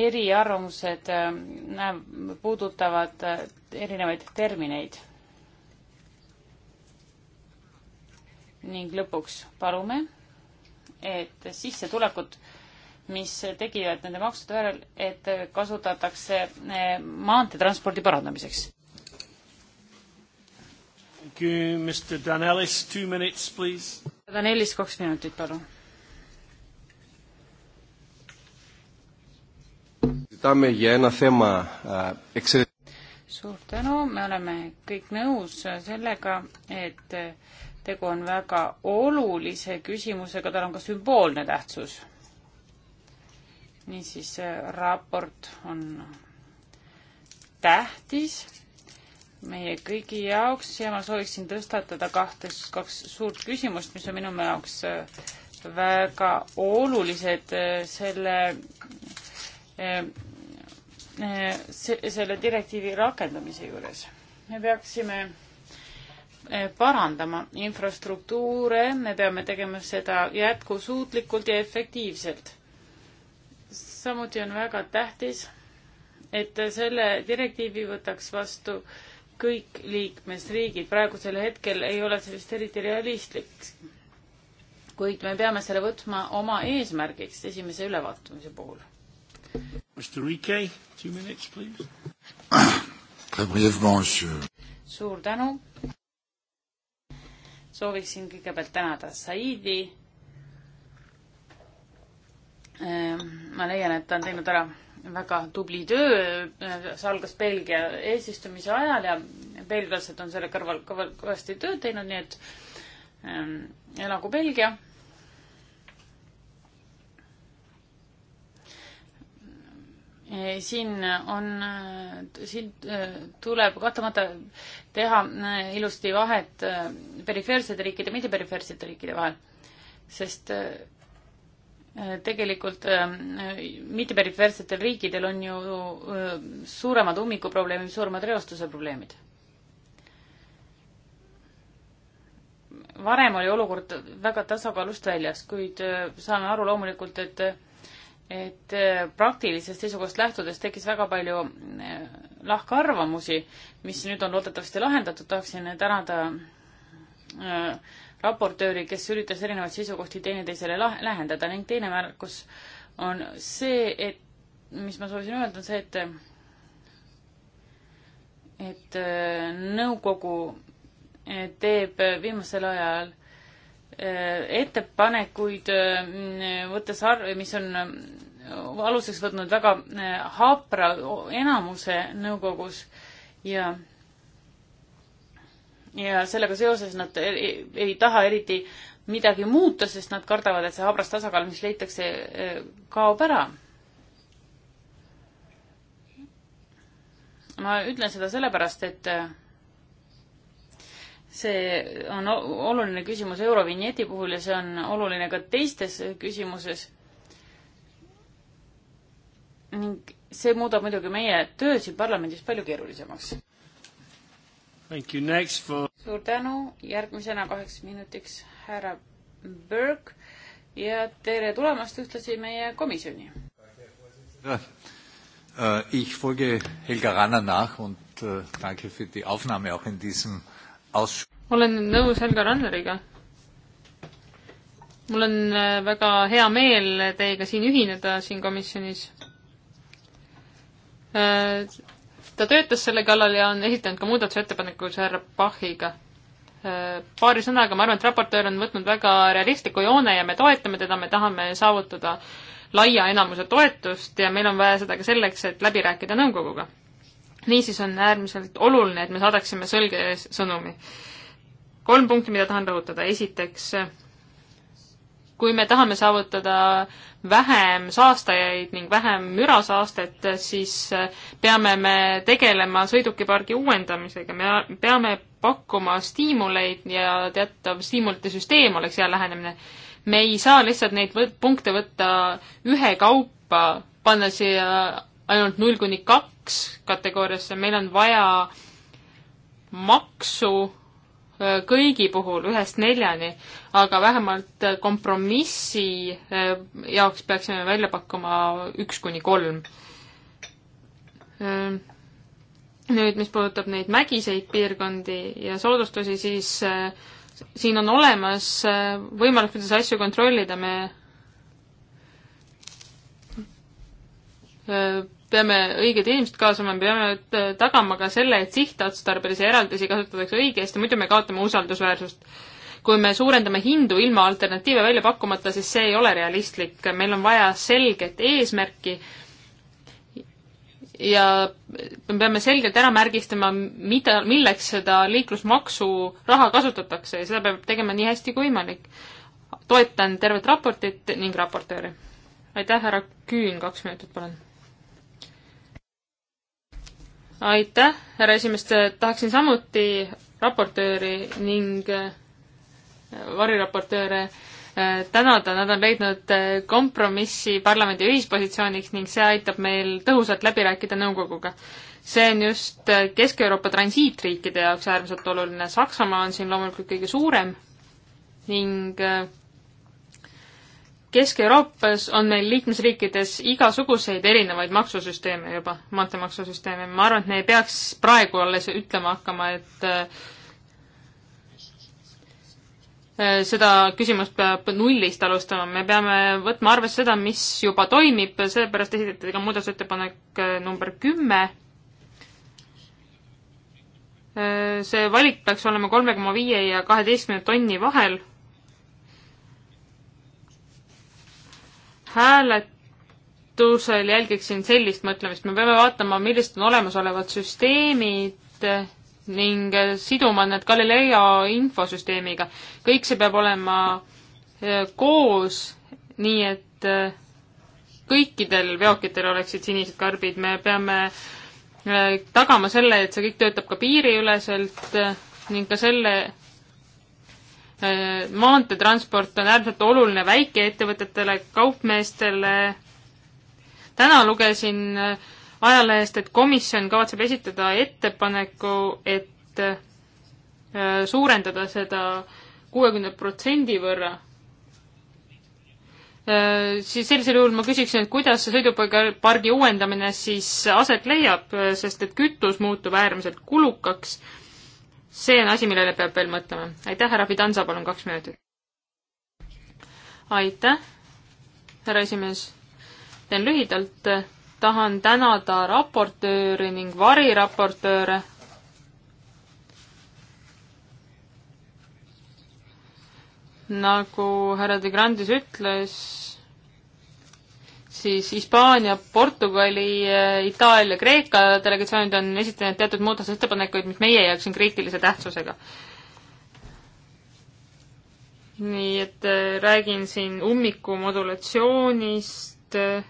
A: eriarvamused äh, puudutavad äh, erinevaid termineid. ning lõpuks palume, et sissetulekud, mis tekivad nende maksude järel, et kasutatakse äh, maanteetranspordi parandamiseks Danelis, kaks minutit, palun. suur tänu, me oleme kõik nõus sellega, et tegu on väga olulise küsimusega, tal on ka sümboolne tähtsus. niisiis, raport on tähtis meie kõigi jaoks ja ma sooviksin tõstatada kahte, kaks suurt küsimust, mis on minu jaoks äh, väga olulised äh, selle, äh, selle direktiivi rakendamise juures. me peaksime parandama infrastruktuure, me peame tegema seda jätkusuutlikult ja efektiivselt. samuti on väga tähtis, et selle direktiivi võtaks vastu äh, kõik liikmesriigid, praegusel hetkel ei ole see vist eriti realistlik. kuid me peame selle võtma oma eesmärgiks esimese ülevaatamise puhul. suur tänu. sooviksin kõigepealt tänada Saidi. Ehm, ma leian, et ta on teinud ära väga tubli töö, äh, see algas Belgia eesistumise ajal ja belglased on selle kõrval kõvasti tööd teinud, nii et ähm, elagu Belgia. Äh, siin on, äh, siin tuleb kahtlemata teha ilusti vahet perifeersete riikide, mitte perifeersete riikide vahel, sest äh, tegelikult ähm, mitteperifersetel riikidel on ju äh, suuremad ummikuprobleemid, suuremad reostuse probleemid. varem oli olukord väga tasakaalust väljas, kuid äh, saame aru loomulikult, et et äh, praktilisest seisukohast lähtudes tekkis väga palju lahkarvamusi, mis nüüd on loodetavasti lahendatud, tahaksin tänada äh, raportööri, kes üritas erinevaid seisukohti teineteisele lah-, lähendada ning teine märkus on see, et mis ma soovisin öelda, on see, et et äh, nõukogu äh, teeb äh, viimasel ajal ettepanekuid, võttes arv-, mis on aluseks võtnud väga hapra enamuse nõukogus ja ja sellega seoses nad ei, e-, ei taha eriti midagi muuta, sest nad kardavad, et see habras tasakaal, mis leitakse, e-, kaob ära. ma ütlen seda sellepärast, et e, see on oluline küsimus Eurovinjeti puhul ja see on oluline ka teistes küsimuses. ning see muudab muidugi meie töö siin parlamendis palju keerulisemaks For... suur tänu, järgmisena kaheks minutiks härra Berg ja tere tulemast ühtlasi meie komisjoni.
B: Äh, ich folge Helga Ranner nach und äh, danke für die Aufnahme auch in diesem Ausschuss.
C: olen nõus Helga Ranneriga. mul on äh, väga hea meel teiega siin ühineda siin komisjonis ta töötas selle kallal ja on esitanud ka muudatusettepanekuid härra Pachiga. Äh, paari sõnaga, ma arvan, et raportöör on võtnud väga realistliku joone ja me toetame teda, me tahame saavutada laia enamuse toetust ja meil on vaja seda ka selleks, et läbi rääkida nõukoguga. niisiis on äärmiselt oluline, et me saadaksime selge sõnumi. kolm punkti, mida tahan rõhutada. esiteks, kui me tahame saavutada vähem saastajaid ning vähem mürasaastet, siis äh, peame me tegelema sõidukipargi uuendamisega, me peame pakkuma stiimuleid ja teatav stiimulite süsteem oleks hea lähenemine. me ei saa lihtsalt neid võt-, punkte võtta ühekaupa, panna siia ainult null kuni kaks kategooriasse, meil on vaja maksu Äh, kõigi puhul ühest neljani, aga vähemalt äh, kompromissi äh, jaoks peaksime välja pakkuma üks kuni kolm. nüüd, mis puudutab neid mägiseid piirkondi ja soodustusi, siis siin on olemas võimalus, kuidas asju kontrollida, me peame õiged inimesed kaasama, me peame äh, tagama ka selle, et sihtotstarbelisi eraldisi kasutatakse õigesti, muidu me kaotame usaldusväärsust. kui me suurendame hindu ilma alternatiive välja pakkumata, siis see ei ole realistlik, meil on vaja selget eesmärki ja me peame selgelt ära märgistama, mida, milleks seda liiklusmaksu raha kasutatakse ja seda peab tegema nii hästi kui võimalik. toetan tervet raportit ning raportööri. aitäh, härra Küün, kaks minutit, palun aitäh, härra esimees, tahaksin samuti raportööri ning äh, variraportööre äh, tänada, nad on leidnud äh, kompromissi parlamendi ühispositsiooniks ning see aitab meil tõhusalt läbi rääkida nõukoguga. see on just Kesk-Euroopa transiitriikide jaoks äärmiselt oluline, Saksamaa on siin loomulikult kõige suurem ning Kesk-Euroopas on meil liikmesriikides igasuguseid erinevaid maksusüsteeme juba, maanteemaksusüsteeme, ma arvan, et me ei peaks praegu alles ütlema hakkama, et äh, seda küsimust peab nullist alustama, me peame võtma arvesse seda, mis juba toimib, sellepärast esitati ka muudatusettepanek äh, number kümme. Äh, see valik peaks olema kolme koma viie ja kaheteistkümne tonni vahel hääletusel jälgiksin sellist mõtlemist, me peame vaatama, millised on olemasolevad süsteemid ning siduma need Galileo infosüsteemiga. kõik see peab olema e, koos, nii et e, kõikidel veokitel oleksid sinised karbid, me peame e, tagama selle, et see kõik töötab ka piiriüleselt ning ka selle, Äh, maanteetransport on äärmiselt oluline väikeettevõtetele, kaupmeestele. täna lugesin äh, ajalehest, et komisjon kavatseb esitada ettepaneku, et äh, suurendada seda kuuekümne protsendi võrra siis sellisel juhul ma küsiksin, et kuidas see sõidupaigapargi uuendamine siis aset leiab, sest et kütus muutub äärmiselt kulukaks see on asi, millele peab veel mõtlema. aitäh, härra Fidanza, palun kaks minutit. aitäh, härra esimees. teen lühidalt, tahan tänada raportööri ning variraportööre. nagu härra De Grandes ütles, siis Hispaania, Portugali, Itaalia, Kreeka delegatsioonid on esitanud teatud muudatusettepanekuid, mis meie jaoks on kriitilise tähtsusega. nii et äh, räägin siin ummiku modulatsioonist äh,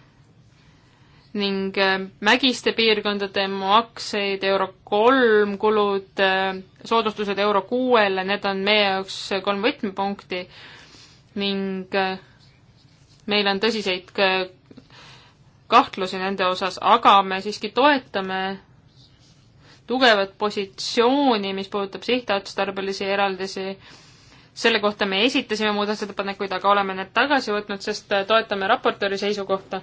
C: ning äh, mägiste piirkondade makseid, euro kolm kulud, soodustused euro kuuele, need on meie jaoks kolm võtmepunkti ning meil on tõsiseid kahtlusi nende osas, aga me siiski toetame tugevat positsiooni, mis puudutab sihtotstarbelisi eraldisi. selle kohta me esitasime muudatusettepanekuid, aga oleme need tagasi võtnud, sest toetame raportööri seisukohta.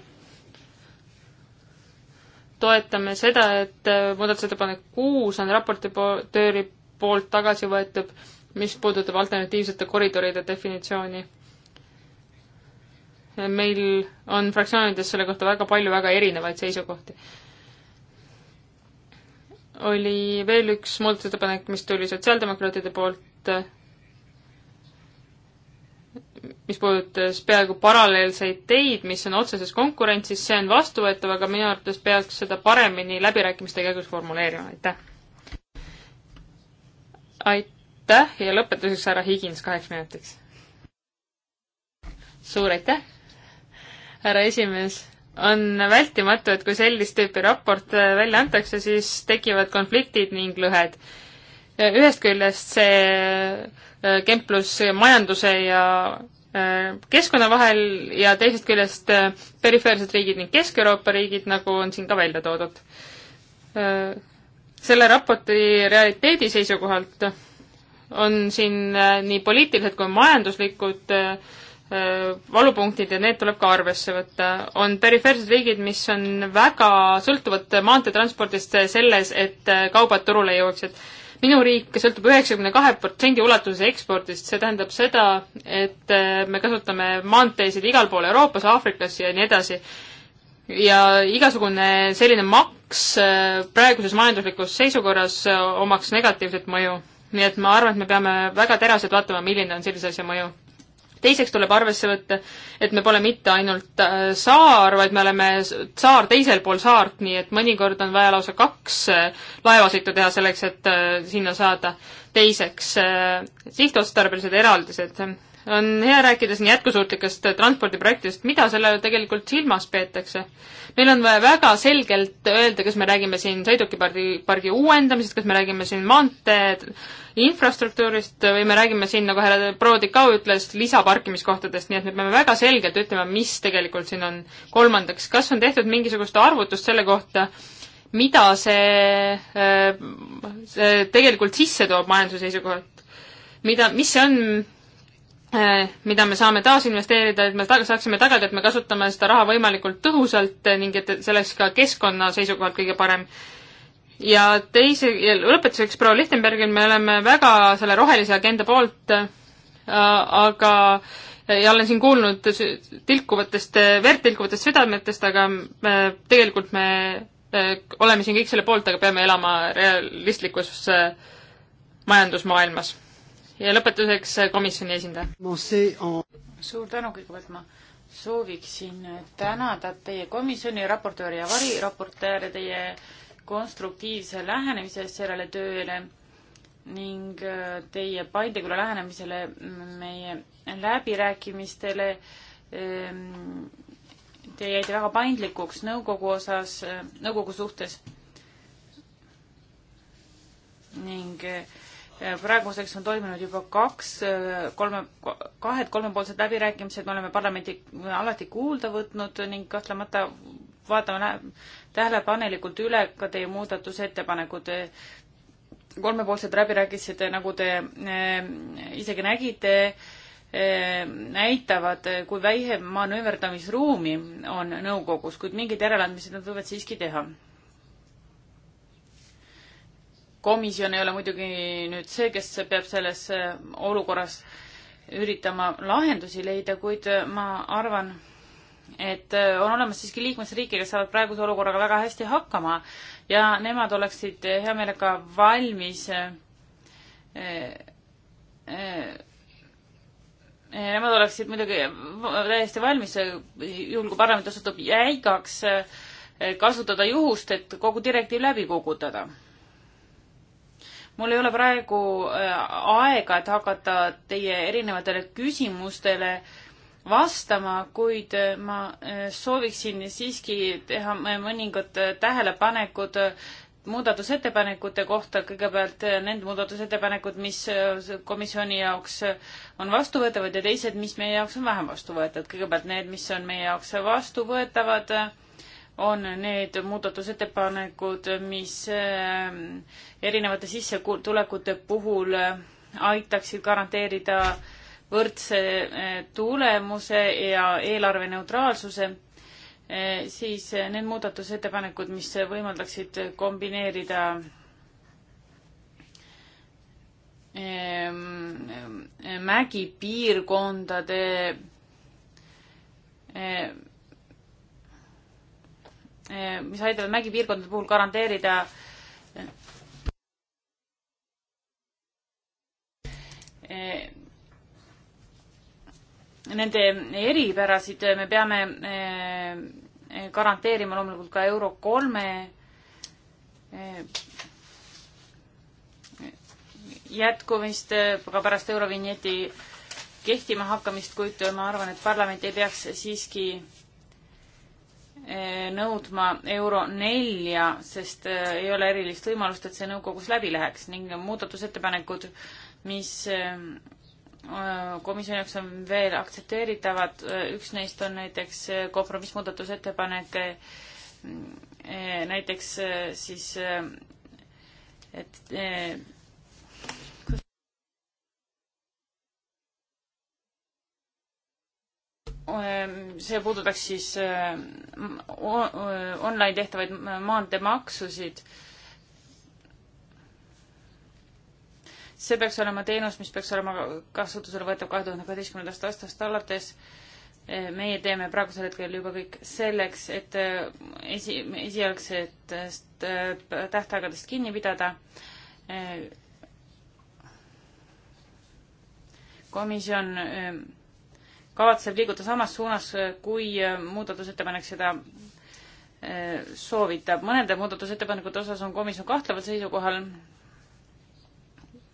C: toetame seda, et muudatusettepanek kuus on raportööri poolt tagasi võetud, mis puudutab alternatiivsete koridoride definitsiooni meil on fraktsioonides selle kohta väga palju väga erinevaid seisukohti. oli veel üks muudatusettepanek, mis tuli sotsiaaldemokraatide poolt, mis puudutas peaaegu paralleelseid teid, mis on otseses konkurentsis, see on vastuvõetav, aga minu arvates peaks seda paremini läbirääkimiste käigus formuleerima, aitäh. aitäh ja lõpetuseks härra Higins kaheks minutiks. suur aitäh härra esimees, on vältimatu, et kui sellist tüüpi raport äh, välja antakse, siis tekivad konfliktid ning lõhed. Äh, ühest küljest see äh, kemplus majanduse ja keskkonna vahel ja teisest küljest perifeersed riigid ning Kesk-Euroopa riigid, nagu on siin ka välja toodud. selle raporti realiteedi seisukohalt on siin nii poliitilised kui majanduslikud äh, Äh, valupunktid ja need tuleb ka arvesse võtta. on perifeersed riigid, mis on väga sõltuvad maanteetranspordist selles, et äh, kaubad turule jõuaksid. minu riik sõltub üheksakümne kahe protsendi ulatuses ekspordist, see tähendab seda, et äh, me kasutame maanteesid igal pool Euroopas, Aafrikas ja nii edasi. ja igasugune selline maks praeguses majanduslikus seisukorras omaks negatiivset mõju. nii et ma arvan, et me peame väga teraselt vaatama, milline on sellise asja mõju teiseks tuleb arvesse võtta, et me pole mitte ainult äh, saar, vaid me oleme saar teisel pool saart, nii et mõnikord on vaja lausa kaks äh, laevasõitu teha selleks, et äh, sinna saada. teiseks, sihtotstarbelised eraldised on hea rääkida siin jätkusuutlikest transpordiprojektidest, mida selle tegelikult silmas peetakse. meil on vaja väga selgelt öelda, kas me räägime siin sõidukipargi, pargi uuendamisest, kas me räägime siin maantee infrastruktuurist või me räägime siin, nagu härra Proodi ka ütles, lisaparkimiskohtadest, nii et me peame väga selgelt ütlema, mis tegelikult siin on. kolmandaks, kas on tehtud mingisugust arvutust selle kohta, mida see, äh, see tegelikult sisse toob majanduse seisukohalt? mida, mis see on, Äh, mida me saame taasinvesteerida, et me ta-, saaksime tagada, et me kasutame seda raha võimalikult tõhusalt äh, ning et see oleks ka keskkonna seisukohalt kõige parem. ja teise, ja lõpetuseks proua Lichtenbergil, me oleme väga selle rohelise agenda poolt äh,, aga ja olen siin kuulnud tilkuvatest, äh, verd tilkuvatest südametest, aga me, tegelikult me äh, oleme siin kõik selle poolt, aga peame elama realistlikus äh, majandusmaailmas ja lõpetuseks äh, komisjoni esindaja.
A: suur tänu kõigepealt, ma sooviksin tänada teie komisjoni raportööri ja variraportööre teie konstruktiivse lähenemise eest sellele tööle ning äh, teie paindlikule lähenemisele meie läbirääkimistele. Ehm, te jäite väga paindlikuks nõukogu osas, äh, nõukogu suhtes. ning äh, Äh, praeguseks on toimunud juba kaks äh, kolme, kahed kolmepoolsed läbirääkimised, me oleme parlamenti alati kuulda võtnud ning kahtlemata vaatame tähelepanelikult üle ka teie muudatusettepanekud. kolmepoolsed läbirääkimised, äh, nagu te isegi nägite, näitavad, kui vähe manööverdamisruumi on nõukogus, kuid mingid järeleandmised nad võivad siiski teha komisjon ei ole muidugi nüüd see, kes peab selles äh, olukorras üritama lahendusi leida, kuid äh, ma arvan, et äh, on olemas siiski liikmesriike, kes saavad praeguse olukorraga väga hästi hakkama ja nemad oleksid hea meelega valmis Nemad oleksid muidugi täiesti valmis, juhul kui parlament osutub jäigaks, kasutada juhust, et kogu direktiiv läbi kukutada mul ei ole praegu äh, aega, et hakata teie erinevatele küsimustele vastama, kuid äh, ma äh, sooviksin siiski teha mõningad tähelepanekud muudatusettepanekute kohta, kõigepealt need muudatusettepanekud, mis komisjoni jaoks on vastuvõetavad ja teised, mis meie jaoks on vähem vastuvõetavad. kõigepealt need, mis on meie jaoks vastuvõetavad äh, on need muudatusettepanekud, mis ähm, erinevate sissetulekute puhul äh, aitaksid garanteerida võrdse äh, tulemuse ja eelarve neutraalsuse, äh, siis need muudatusettepanekud, mis võimaldaksid kombineerida ähm, mägipiirkondade Eh, mis aitavad mägipiirkondade puhul garanteerida eh, nende eripärasid me peame eh, garanteerima loomulikult ka Euro kolme jätkumist ka pärast Eurovinjeti kehtima hakkamist, kuid ma arvan, et parlament ei peaks siiski Eh, nõudma euro nelja, sest eh, ei ole erilist võimalust, et see nõukogus läbi läheks ning muudatusettepanekud, mis eh, komisjoni jaoks on veel aktsepteeritavad, üks neist on näiteks kompromissmuudatusettepanek, näiteks siis, et Ehm, see puudutaks siis ehm, online tehtavaid maanteemaksusid. see peaks olema teenus, mis peaks olema kasutusele võetav kahe tuhande kaheteistkümnendast aastast alates. Ehm, meie teeme praegusel hetkel juba kõik selleks, et esi, esialgsetest tähtaegadest kinni pidada. komisjon kavatseb liiguda samas suunas, kui muudatusettepanek seda eh, soovitab. mõnede muudatusettepanekute osas on komisjon kahtleval seisukohal.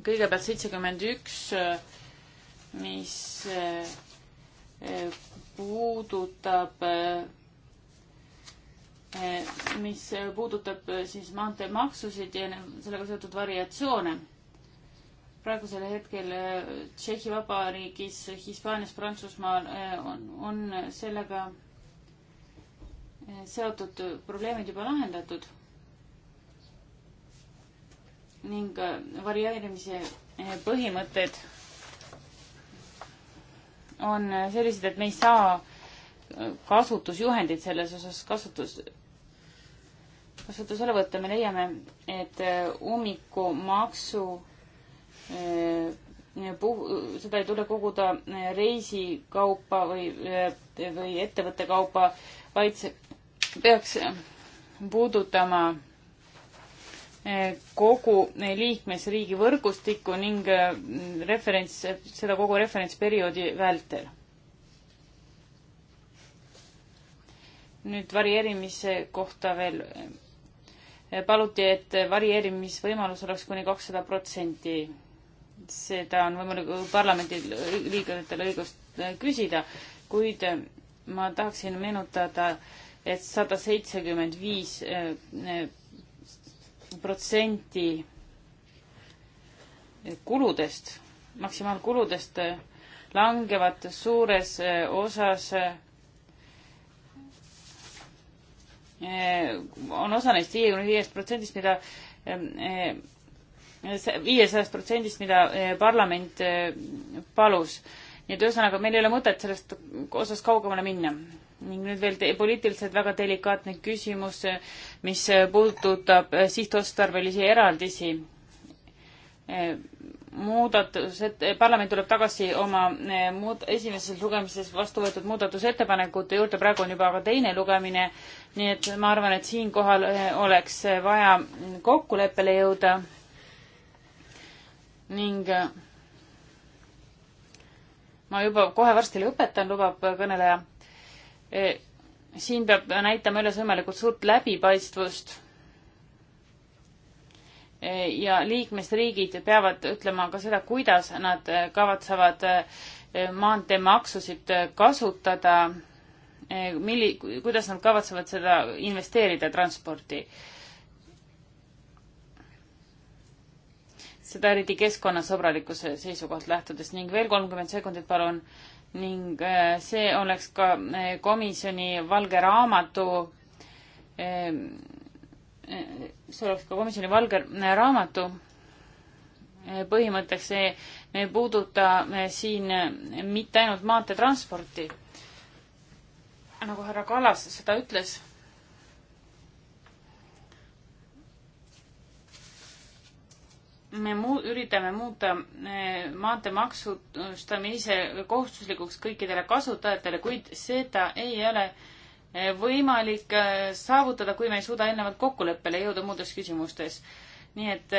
A: kõigepealt seitsekümmend üks, eh, eh, mis puudutab, mis puudutab siis maanteemaksusid ja sellega seotud variatsioone praegusel hetkel äh, Tšehhi Vabariigis, Hispaanias, Prantsusmaal äh, on, on sellega äh, seotud probleemid juba lahendatud. ning varieerimise põhimõtted on sellised, et me ei saa kasutusjuhendit selles osas kasutus, kasutusele võtta, me leiame, et ummikumaksu Äh, äh, puh-, äh, seda ei tule koguda reisikaupa või, või ettevõtte kaupa, vaid see peaks puudutama kogu liikmesriigi võrgustikku ning referents, seda kogu referentsperioodi vältel. nüüd varieerimise kohta veel. paluti, et varieerimisvõimalus oleks kuni kakssada protsenti seda on võimalik parlamendi liikmetel õigust äh, küsida, kuid äh, ma tahaksin meenutada, et sada seitsekümmend viis äh, protsenti kuludest, maksimaalkuludest langevad suures osas on osa neist viiekümne viiest protsendist, mida viiesajast protsendist, mida eh, parlament eh, palus. nii et ühesõnaga, meil ei ole mõtet sellest osas kaugemale minna. ning nüüd veel poliitiliselt väga delikaatne küsimus, mis puudutab eh, sihtotstarbelisi eraldisi. muudatused, parlament tuleb tagasi oma muud, esimeses lugemises vastu võetud muudatusettepanekute juurde, praegu on juba ka teine lugemine, nii et ma arvan, et siinkohal oleks vaja kokkuleppele jõuda ning äh, ma juba kohe varsti lõpetan, lubab kõneleja. E, siin peab näitama üles võimalikult suurt läbipaistvust. E, ja liikmesriigid peavad ütlema ka seda, kuidas nad äh, kavatsevad äh, maanteemaksusid kasutada, e, milli-, kuidas nad kavatsevad seda investeerida transporti seda eriti keskkonnasõbralikkuse seisukohalt lähtudes ning veel kolmkümmend sekundit, palun. ning äh, äh, ähm, äh, see oleks ka komisjoni valge raamatu, see oleks ka komisjoni valge raamatu põhimõtteks, see, me ei puuduta siin mitte ainult maanteetransporti, nagu härra Kallas seda ütles me muu-, üritame muuta eh, maantee maksustamise kohustuslikuks kõikidele kasutajatele, kuid seda ei ole eh, võimalik eh, saavutada, kui me ei suuda eelnevalt kokkuleppele jõuda muudes küsimustes. nii et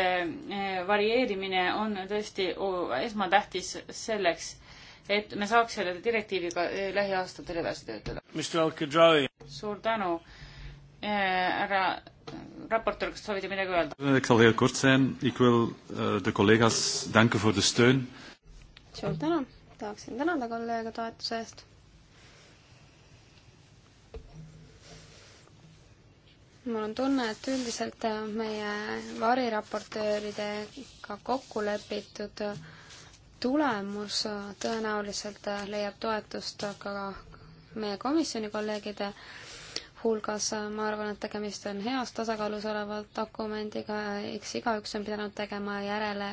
A: varieerimine on tõesti esmatähtis selleks, et me saaks selle direktiiviga lähiaastatel edasi töötada. suur tänu, härra raportöör, kas soovite midagi öelda? Eh, ik zal heel kort zijn, ik wil eh, de collega's danken voor de steun.
B: suur tänu, tahaksin tänada kolleege toetuse eest. mul on tunne, et üldiselt eh, meie variraportööridega kokku lepitud tulemus tõenäoliselt leiab toetust ka meie komisjoni kolleegide äh, hulgas, ma arvan, et tegemist on heas tasakaalus oleva dokumendiga, eks igaüks on pidanud tegema järele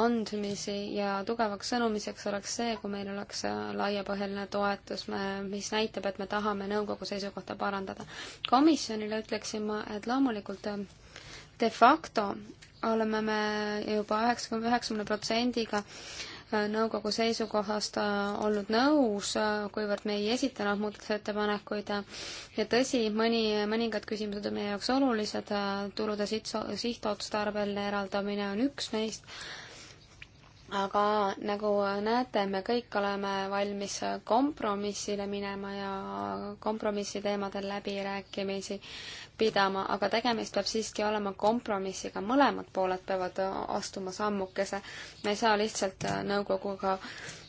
B: andmisi ja tugevaks sõnumiseks oleks see, kui meil oleks laiapõhjaline toetus, mis näitab, et me tahame nõukogu seisukohta parandada. komisjonile ütleksin ma, et loomulikult de facto oleme me juba üheksakümne, üheksakümne protsendiga nõukogu seisukohast äh, olnud nõus, äh, kuivõrd me ei esitanud muudatusettepanekuid ja tõsi, mõni, mõningad küsimused on meie jaoks olulised, äh, tulude siht, sihtotstarbeline eraldamine on üks neist, aga nagu näete, me kõik oleme valmis kompromissile minema ja kompromissi teemadel läbirääkimisi pidama, aga tegemist peab siiski olema kompromissiga, mõlemad pooled peavad astuma sammukese. me ei saa lihtsalt äh, nõukoguga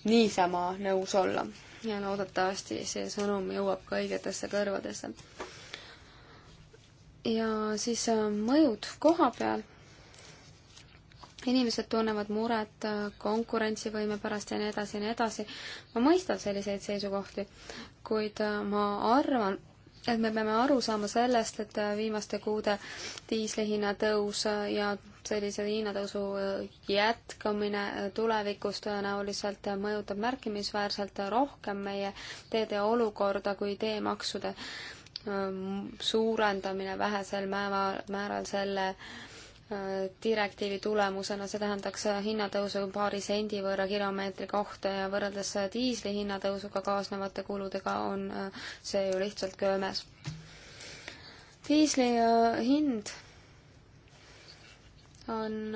B: niisama nõus olla ja loodetavasti see sõnum jõuab ka õigetesse kõrvadesse. ja siis äh, mõjud koha peal. inimesed tunnevad muret äh, konkurentsivõime pärast ja nii edasi ja nii edasi. ma mõistan selliseid seisukohti, kuid ma arvan, et me peame aru saama sellest, et viimaste kuude diislihinna tõus ja sellise hinnatõusu jätkamine tulevikus tõenäoliselt mõjutab märkimisväärselt rohkem meie teede olukorda kui teemaksude suurendamine vähesel määral, määral selle äh, direktiivi tulemusena, see tähendaks hinnatõusu paari sendi võrra kilomeetri kohta ja võrreldes diisli hinnatõusuga kaasnevate kuludega on äh, see ju lihtsalt köömes. diisli äh, hind äh, on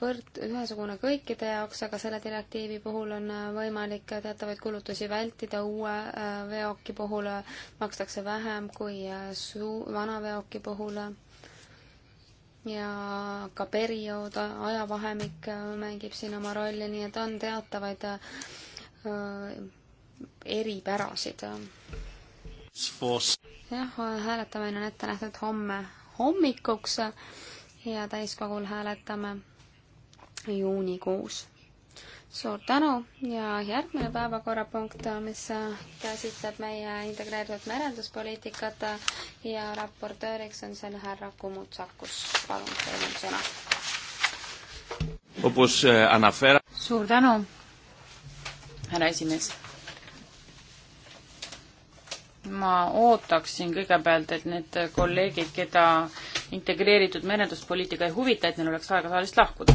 B: võrd-, ühesugune kõikide jaoks, aga selle direktiivi puhul on võimalik teatavaid kulutusi vältida, uue veoki puhul makstakse vähem kui suu-, vana veoki puhul ja ka periood, ajavahemik äh, mängib siin oma rolli, nii et on teatavaid äh, eripärasid. jah, hääletamine on ette nähtud homme hommikuks ja täiskogul hääletame juunikuus suur tänu ja järgmine päevakorrapunkt, mis käsitleb meie integreeritud merenduspoliitikat ja raportööriks on siin härra Kumutsakus. palun, teil on sõna. Eh,
A: suur tänu, härra esimees. ma ootaksin kõigepealt, et need kolleegid, keda integreeritud merenduspoliitika ei huvita, et neil oleks aega saalist lahkuda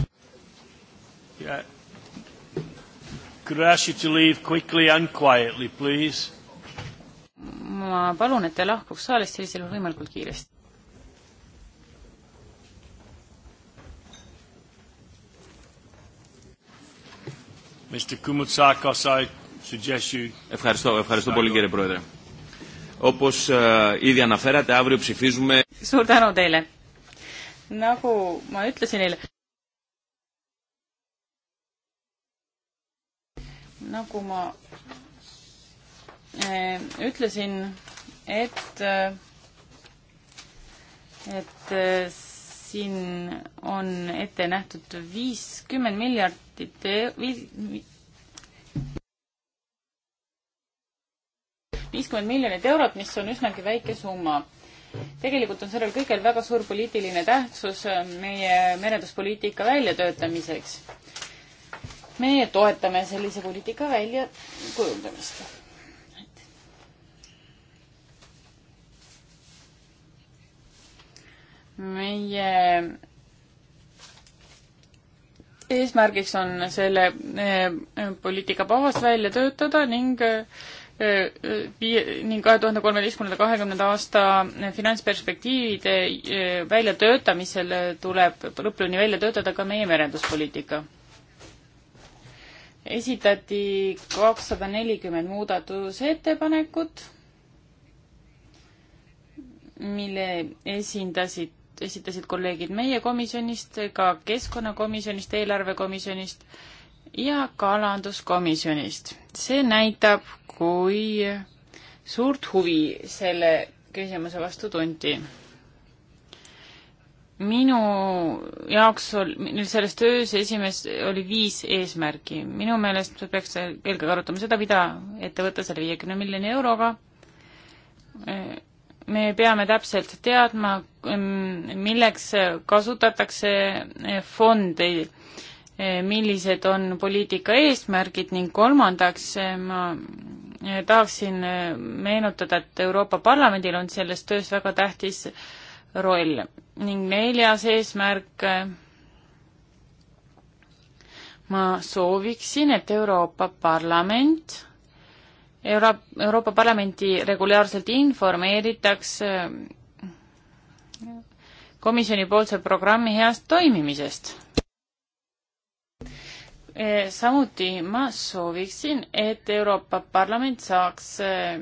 B: yeah Could I ask you to leave quickly and quietly, please?
A: ma palun, et te lahkuks saalist sellisel juhul võimalikult kiiresti.
B: Mr. Koumoutsakos, I suggest you... Ευχαριστώ, ευχαριστώ πολύ κύριε Πρόεδρε.
A: Όπως ε, ήδη αναφέρατε, αύριο ψηφίζουμε... Suur tänu teile. Nagu ma ütlesin eile, nagu ma eh, ütlesin, et, eh, et eh, siin on ette nähtud viiskümmend miljardit e-, viiskümmend miljonit eurot, mis on üsnagi väike summa. tegelikult on sellel kõigel väga suur poliitiline tähtsus meie merenduspoliitika väljatöötamiseks meie toetame sellise poliitika väljakujundamist. meie eesmärgiks on selle eh, poliitika baas välja töötada ning eh, viie, ning kahe tuhande kolmeteistkümnenda, kahekümnenda aasta finantsperspektiivide eh, väljatöötamisel tuleb lõpuni välja töötada ka meie merenduspoliitika esitati kakssada nelikümmend muudatusettepanekut, mille esindasid, esitasid kolleegid meie komisjonist, ka keskkonnakomisjonist, eelarvekomisjonist ja kalanduskomisjonist. see näitab, kui suurt huvi selle küsimuse vastu tunti minu jaoks oli, selles töös esimees oli viis eesmärki. minu meelest peaks eelkõige arutama seda, mida ette võtta selle viiekümne miljoni euroga. me peame täpselt teadma, milleks kasutatakse fondi, millised on poliitika eesmärgid ning kolmandaks ma tahaksin meenutada, et Euroopa Parlamendil on selles töös väga tähtis roll ning neljas eesmärk. ma sooviksin, et Euroopa Parlament Euro, Euroopa Parlamenti regulaarselt informeeritaks äh, komisjonipoolse programmi heast toimimisest Eh, samuti ma sooviksin, et Euroopa Parlament saaks eh,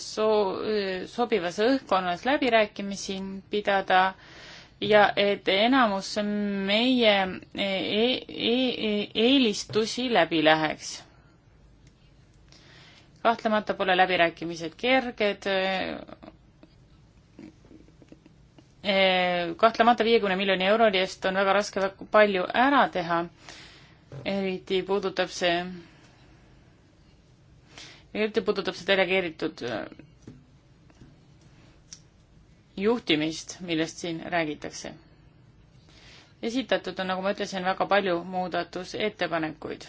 A: soo-, eh, sobivas õhkkonnas läbirääkimisi pidada ja et enamus meie e e e eelistusi läbi läheks. kahtlemata pole läbirääkimised kerged, kahtlemata viiekümne miljoni euroni eest on väga raske väga palju ära teha eriti puudutab see, eriti puudutab see delegeeritud äh, juhtimist, millest siin räägitakse. esitatud on, nagu ma ütlesin, väga palju muudatusettepanekuid.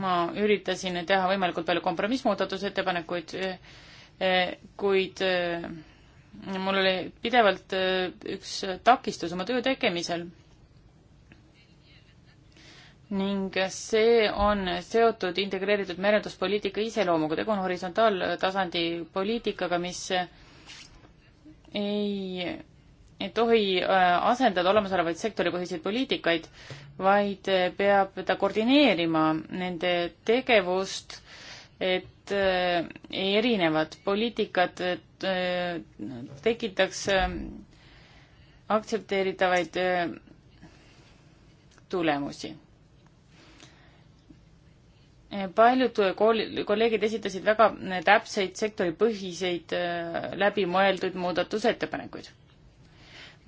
A: ma üritasin teha võimalikult palju kompromissmuudatusettepanekuid, äh, äh, kuid mul oli pidevalt üks takistus oma töö tegemisel ning see on seotud integreeritud merenduspoliitika iseloomuga, tegu on horisontaaltasandi poliitikaga, mis ei, ei tohi äh, asendada olemasolevaid sektoripõhiseid poliitikaid, vaid äh, peab ta koordineerima nende tegevust, et äh, erinevad poliitikad tekitaks ähm, aktsepteeritavaid tulemusi paljud kooli, kolleegid esitasid väga täpseid sektoripõhiseid äh, läbimõeldud muudatusettepanekuid.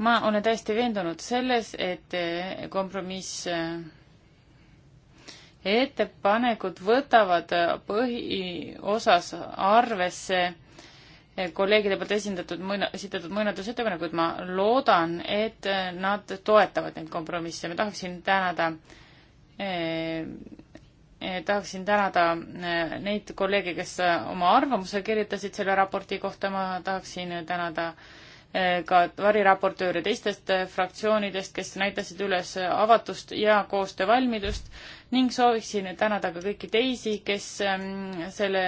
A: ma olen täiesti veendunud selles, et äh, kompromiss äh, ettepanekud võtavad põhiosas arvesse kolleegide poolt esindatud mõna, esitatud muinatusettepanekuid, ma loodan, et nad toetavad neid kompromisse, ma tahaksin tänada eh, Eh, tahaksin tänada eh, neid kolleege, kes eh, oma arvamuse kirjutasid selle raporti kohta, ma tahaksin tänada ka variraportööre teistest fraktsioonidest, kes näitasid üles avatust ja koostöövalmidust ning sooviksin tänada ka kõiki teisi, kes ehm, selle,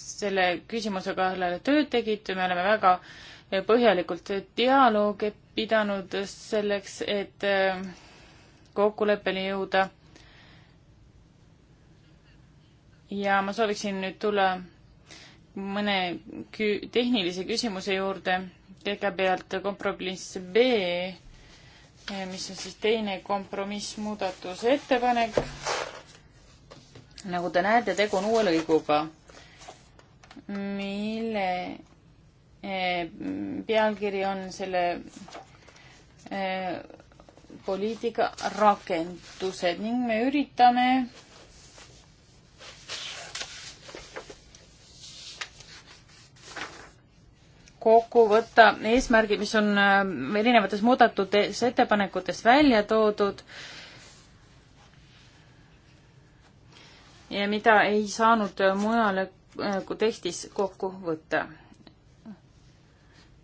A: selle küsimusega tööd tegid, me oleme väga põhjalikult dialoogi pidanud selleks, et kokkuleppeni jõuda ja ma sooviksin nüüd tulla mõne kü-, tehnilise küsimuse juurde, kõigepealt kompromiss B, eh, mis on siis teine kompromissmuudatuse ettepanek. nagu te näete, tegu on uue lõiguga, mille eh, pealkiri on selle eh, poliitika rakendused ning me üritame kokku võtta eesmärgid, mis on äh, erinevates muudatud ettepanekutes välja toodud ja mida ei saanud mujale äh, tekstis kokku võtta.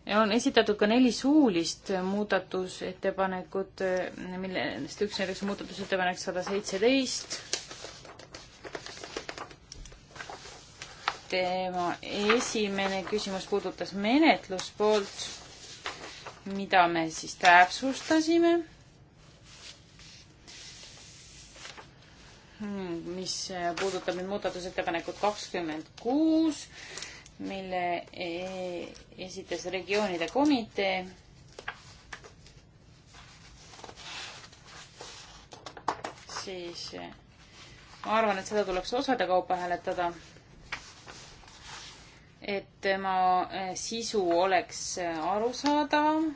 A: ja on esitatud ka neli suulist muudatusettepanekut, äh, millest üks näiteks muudatusettepanek sada seitseteist teema. esimene küsimus puudutas menetluspoolt, mida me siis täpsustasime. Hmm, mis puudutab nüüd muudatusettepanekut kakskümmend kuus, mille e-, esitas regioonide komitee siis eh, ma arvan, et seda tuleks osade kaupa hääletada et tema eh, sisu oleks eh, arusaadavam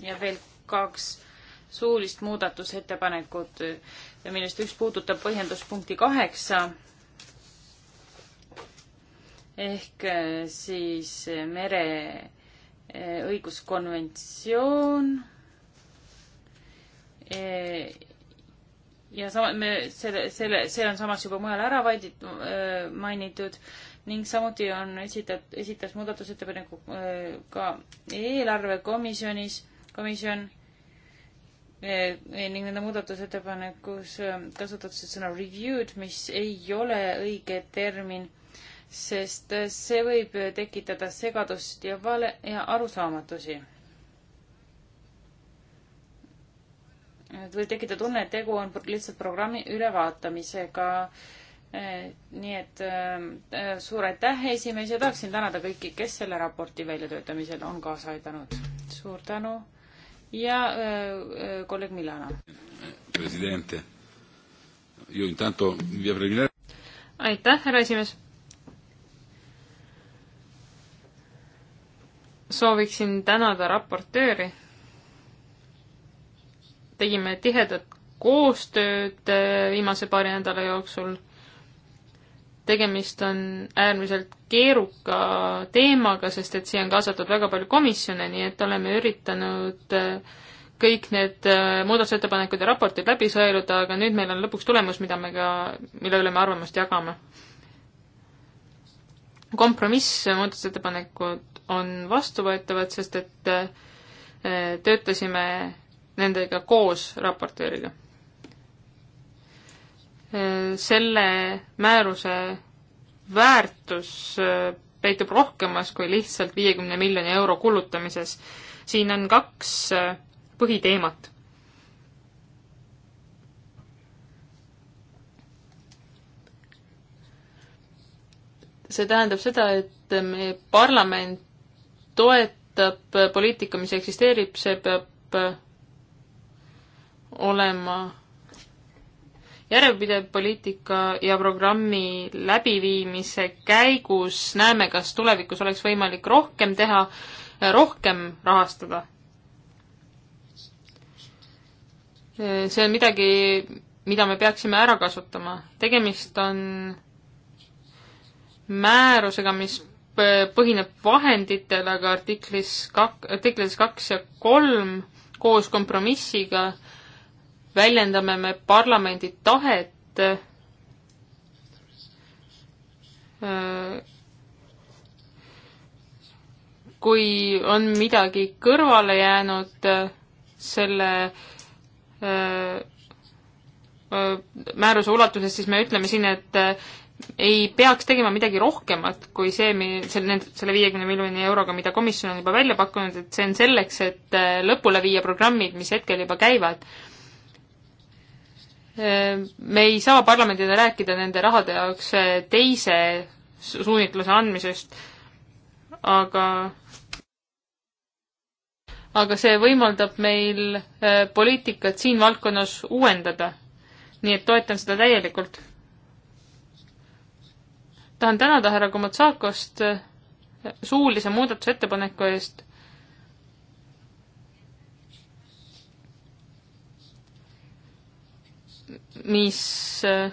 A: ja veel kaks suulist muudatusettepanekut, eh, millest üks puudutab põhjenduspunkti kaheksa ehk siis mereõiguskonventsioon. ja sama, me selle, selle, see on samas juba mujal ära vaidid, mainitud ning samuti on esitat-, esitas muudatusettepaneku äh, ka eelarvekomisjonis, komisjon äh, ning nende muudatusettepanekus äh, kasutatakse sõna reviewed, mis ei ole õige termin, sest see võib tekitada segadust ja vale ja arusaamatusi. võib tekkida tunne, et tegu on lihtsalt programmi ülevaatamisega äh, Eh, nii et eh, eh, suur aitäh, esimees, ja tahaksin tänada kõiki, kes selle raporti väljatöötamisel on kaasa aidanud. suur tänu ja kolleeg Milana. president,
C: aitäh, härra esimees. sooviksin tänada raportööri. tegime tihedat koostööd viimase paari nädala jooksul tegemist on äärmiselt keeruka teemaga, sest et siia on kaasatud väga palju komisjone, nii et oleme üritanud äh, kõik need äh, muudatusettepanekud ja raportid läbi sõeluda, aga nüüd meil on lõpuks tulemus, mida me ka, mille üle me arvamust jagame. kompromiss muudatusettepanekud on vastuvõetavad, sest et äh, töötasime nendega koos raportööriga selle määruse väärtus äh, peitub rohkemas kui lihtsalt viiekümne miljoni euro kulutamises. siin on kaks äh, põhiteemat see tähendab seda, et meie parlament toetab poliitika, mis eksisteerib, see peab äh, olema järjepidev poliitika ja programmi läbiviimise käigus näeme, kas tulevikus oleks võimalik rohkem teha, rohkem rahastada. see on midagi, mida me peaksime ära kasutama. tegemist on määrusega, mis põhineb vahenditel, aga artiklis kak-, artiklis kaks ja kolm koos kompromissiga äh, väljendame me parlamendi tahet äh, kui on midagi kõrvale jäänud äh, selle äh, määruse ulatuses, siis me ütleme siin, et ei peaks tegema midagi rohkemat kui see, selle, selle viiekümne miljoni euroga, mida komisjon on juba välja pakkunud, et see on selleks, et lõpule viia programmid, mis hetkel juba käivad me ei saa parlamendile rääkida nende rahade jaoks äh, teise suunitluse andmisest, aga aga see võimaldab meil äh, poliitikat siin valdkonnas uuendada. nii et toetan seda täielikult. tahan tänada härra Komotsakost äh, suulise muudatusettepaneku eest mis äh,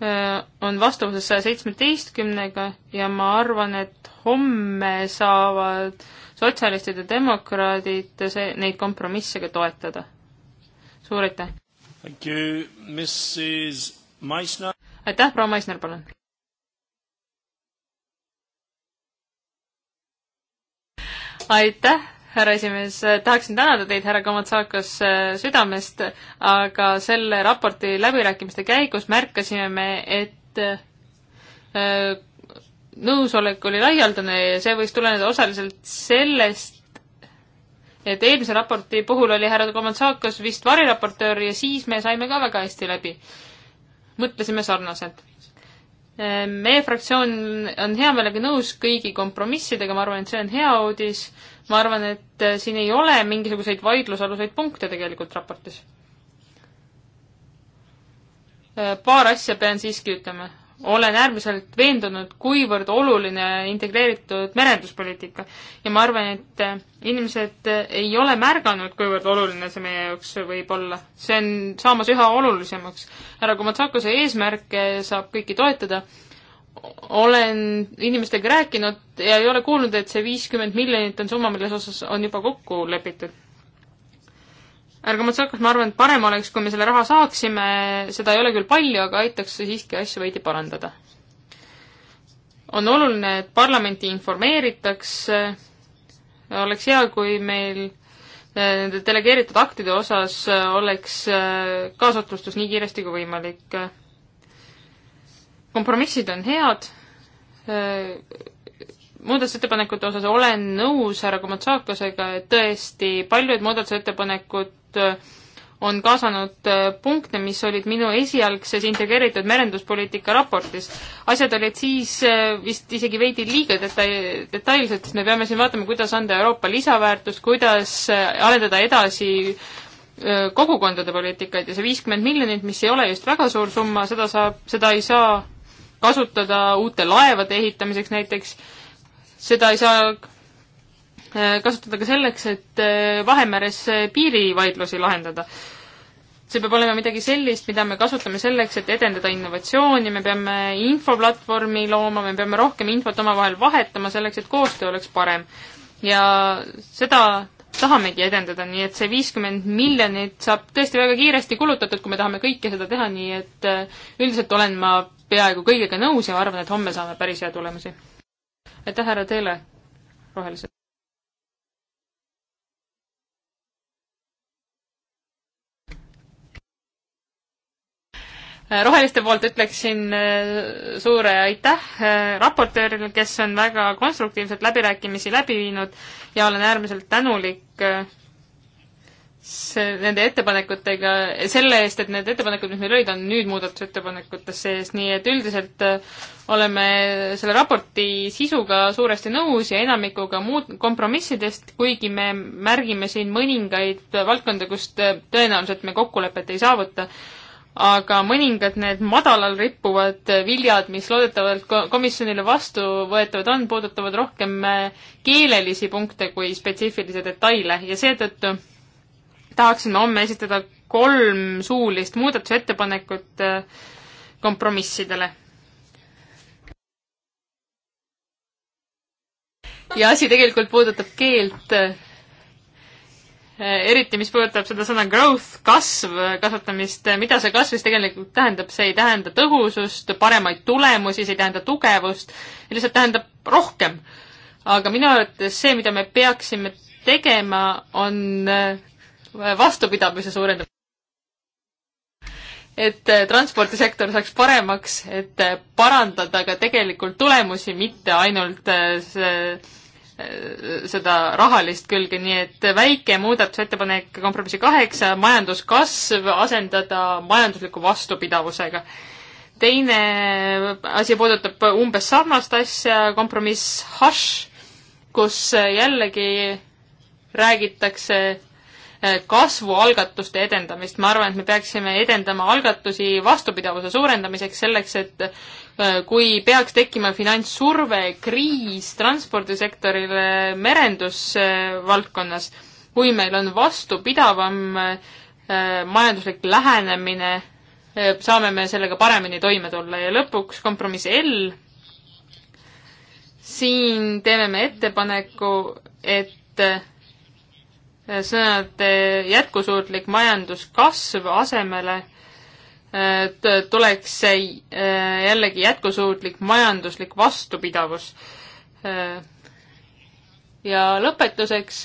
C: äh, on vastavuses saja seitsmeteistkümnega ja ma arvan, et homme saavad sotsialistid ja demokraadid see, neid kompromisse ka toetada. suur aitäh! aitäh, proua Maisner, palun! aitäh! härra esimees, tahaksin tänada teid, härra Kamatsakas, äh, südamest, aga selle raporti läbirääkimiste käigus märkasime me, et äh, nõusolek oli laialdane ja see võis tuleneda osaliselt sellest, et eelmise raporti puhul oli härra Komantsakos vist variraportöör ja siis me saime ka väga hästi läbi. mõtlesime sarnaselt. Äh, meie fraktsioon on hea meelega nõus kõigi kompromissidega, ma arvan, et see on hea uudis ma arvan, et äh, siin ei ole mingisuguseid vaidlusaluseid punkte tegelikult raportis. Äh, paar asja pean siiski ütlema. olen äärmiselt veendunud, kuivõrd oluline integreeritud merenduspoliitika ja ma arvan, et äh, inimesed ei ole märganud, kuivõrd oluline see meie jaoks võib olla. see on saamas üha olulisemaks. härra Komatsakose eesmärke saab kõiki toetada olen inimestega rääkinud ja ei ole kuulnud, et see viiskümmend miljonit on summa, milles osas on juba kokku lepitud. ärge mõtlesin, kas ma arvan, et parem oleks, kui me selle raha saaksime, seda ei ole küll palju, aga aitaks siiski asju veidi parandada. on oluline, et parlamenti informeeritaks, oleks hea, kui meil äh, nende delegeeritud aktide osas äh, oleks äh, kaasotlustus nii kiiresti kui võimalik kompromissid on head, muudatusettepanekute osas olen nõus härra Komatsakosega, et tõesti paljud muudatusettepanekud on kaasanud punkte, mis olid minu esialgses integreeritud merenduspoliitika raportis. asjad olid siis vist isegi veidi liiga detail-, detailsed, sest me peame siin vaatama, kuidas anda Euroopa lisaväärtust, kuidas arendada edasi kogukondade poliitikaid ja see viiskümmend miljonit, mis ei ole just väga suur summa, seda saab, seda ei saa kasutada uute laevade ehitamiseks näiteks, seda ei saa äh, kasutada ka selleks, et äh, Vahemeres äh, piirivaidlusi lahendada. see peab olema midagi sellist, mida me kasutame selleks, et edendada innovatsiooni, me peame infoplatvormi looma, me peame rohkem infot omavahel vahetama selleks, et koostöö oleks parem. ja seda tahamegi edendada, nii et see viiskümmend miljonit saab tõesti väga kiiresti kulutatud, kui me tahame kõike seda teha, nii et üldiselt olen ma peaaegu kõigega nõus ja ma arvan, et homme saame päris hea tulemusi. aitäh, härra Teele, rohelised. roheliste poolt ütleksin äh, suure aitäh äh, raportöörile, kes on väga konstruktiivselt läbirääkimisi läbi viinud ja olen äärmiselt tänulik äh, see, nende ettepanekutega, selle eest, et need ettepanekud, mis meil olid, on nüüd muudatusettepanekutes sees, nii et üldiselt äh, oleme selle raporti sisuga suuresti nõus ja enamikuga muud kompromissidest, kuigi me märgime siin mõningaid valdkondi, kus äh, tõenäoliselt me kokkulepet ei saavuta, aga mõningad need madalal rippuvad viljad, mis loodetavalt komisjonile vastuvõetavad on, puudutavad rohkem äh, keelelisi punkte kui spetsiifilisi detaile ja seetõttu tahaksime homme esitada kolm suulist muudatusettepanekut äh, kompromissidele. ja asi tegelikult puudutab keelt, äh, eriti mis puudutab seda sõna growth, kasv, äh, kasvatamist, mida see kasv siis tegelikult tähendab, see ei tähenda tõhusust, paremaid tulemusi, see ei tähenda tugevust, lihtsalt tähendab rohkem. aga minu arvates see, mida me peaksime tegema, on vastupidavuse suurendamine. et äh, transpordisektor saaks paremaks, et äh, parandada ka tegelikult tulemusi, mitte ainult äh, see seda rahalist külge, nii et väike muudatusettepanek kompromissi kaheksa, majanduskasv asendada majandusliku vastupidavusega. teine asi puudutab umbes sarnast asja, kompromiss hash, kus jällegi räägitakse kasvualgatuste edendamist. ma arvan, et me peaksime edendama algatusi vastupidavuse suurendamiseks, selleks et äh, kui peaks tekkima finantssurve, kriis transpordisektorile merendusvaldkonnas, kui meil on vastupidavam äh, majanduslik lähenemine, äh, saame me sellega paremini toime tulla ja lõpuks kompromiss L. siin teeme me ettepaneku, et sõnad jätkusuutlik majanduskasv asemele tuleks see äh, jällegi jätkusuutlik majanduslik vastupidavus. Äh, ja lõpetuseks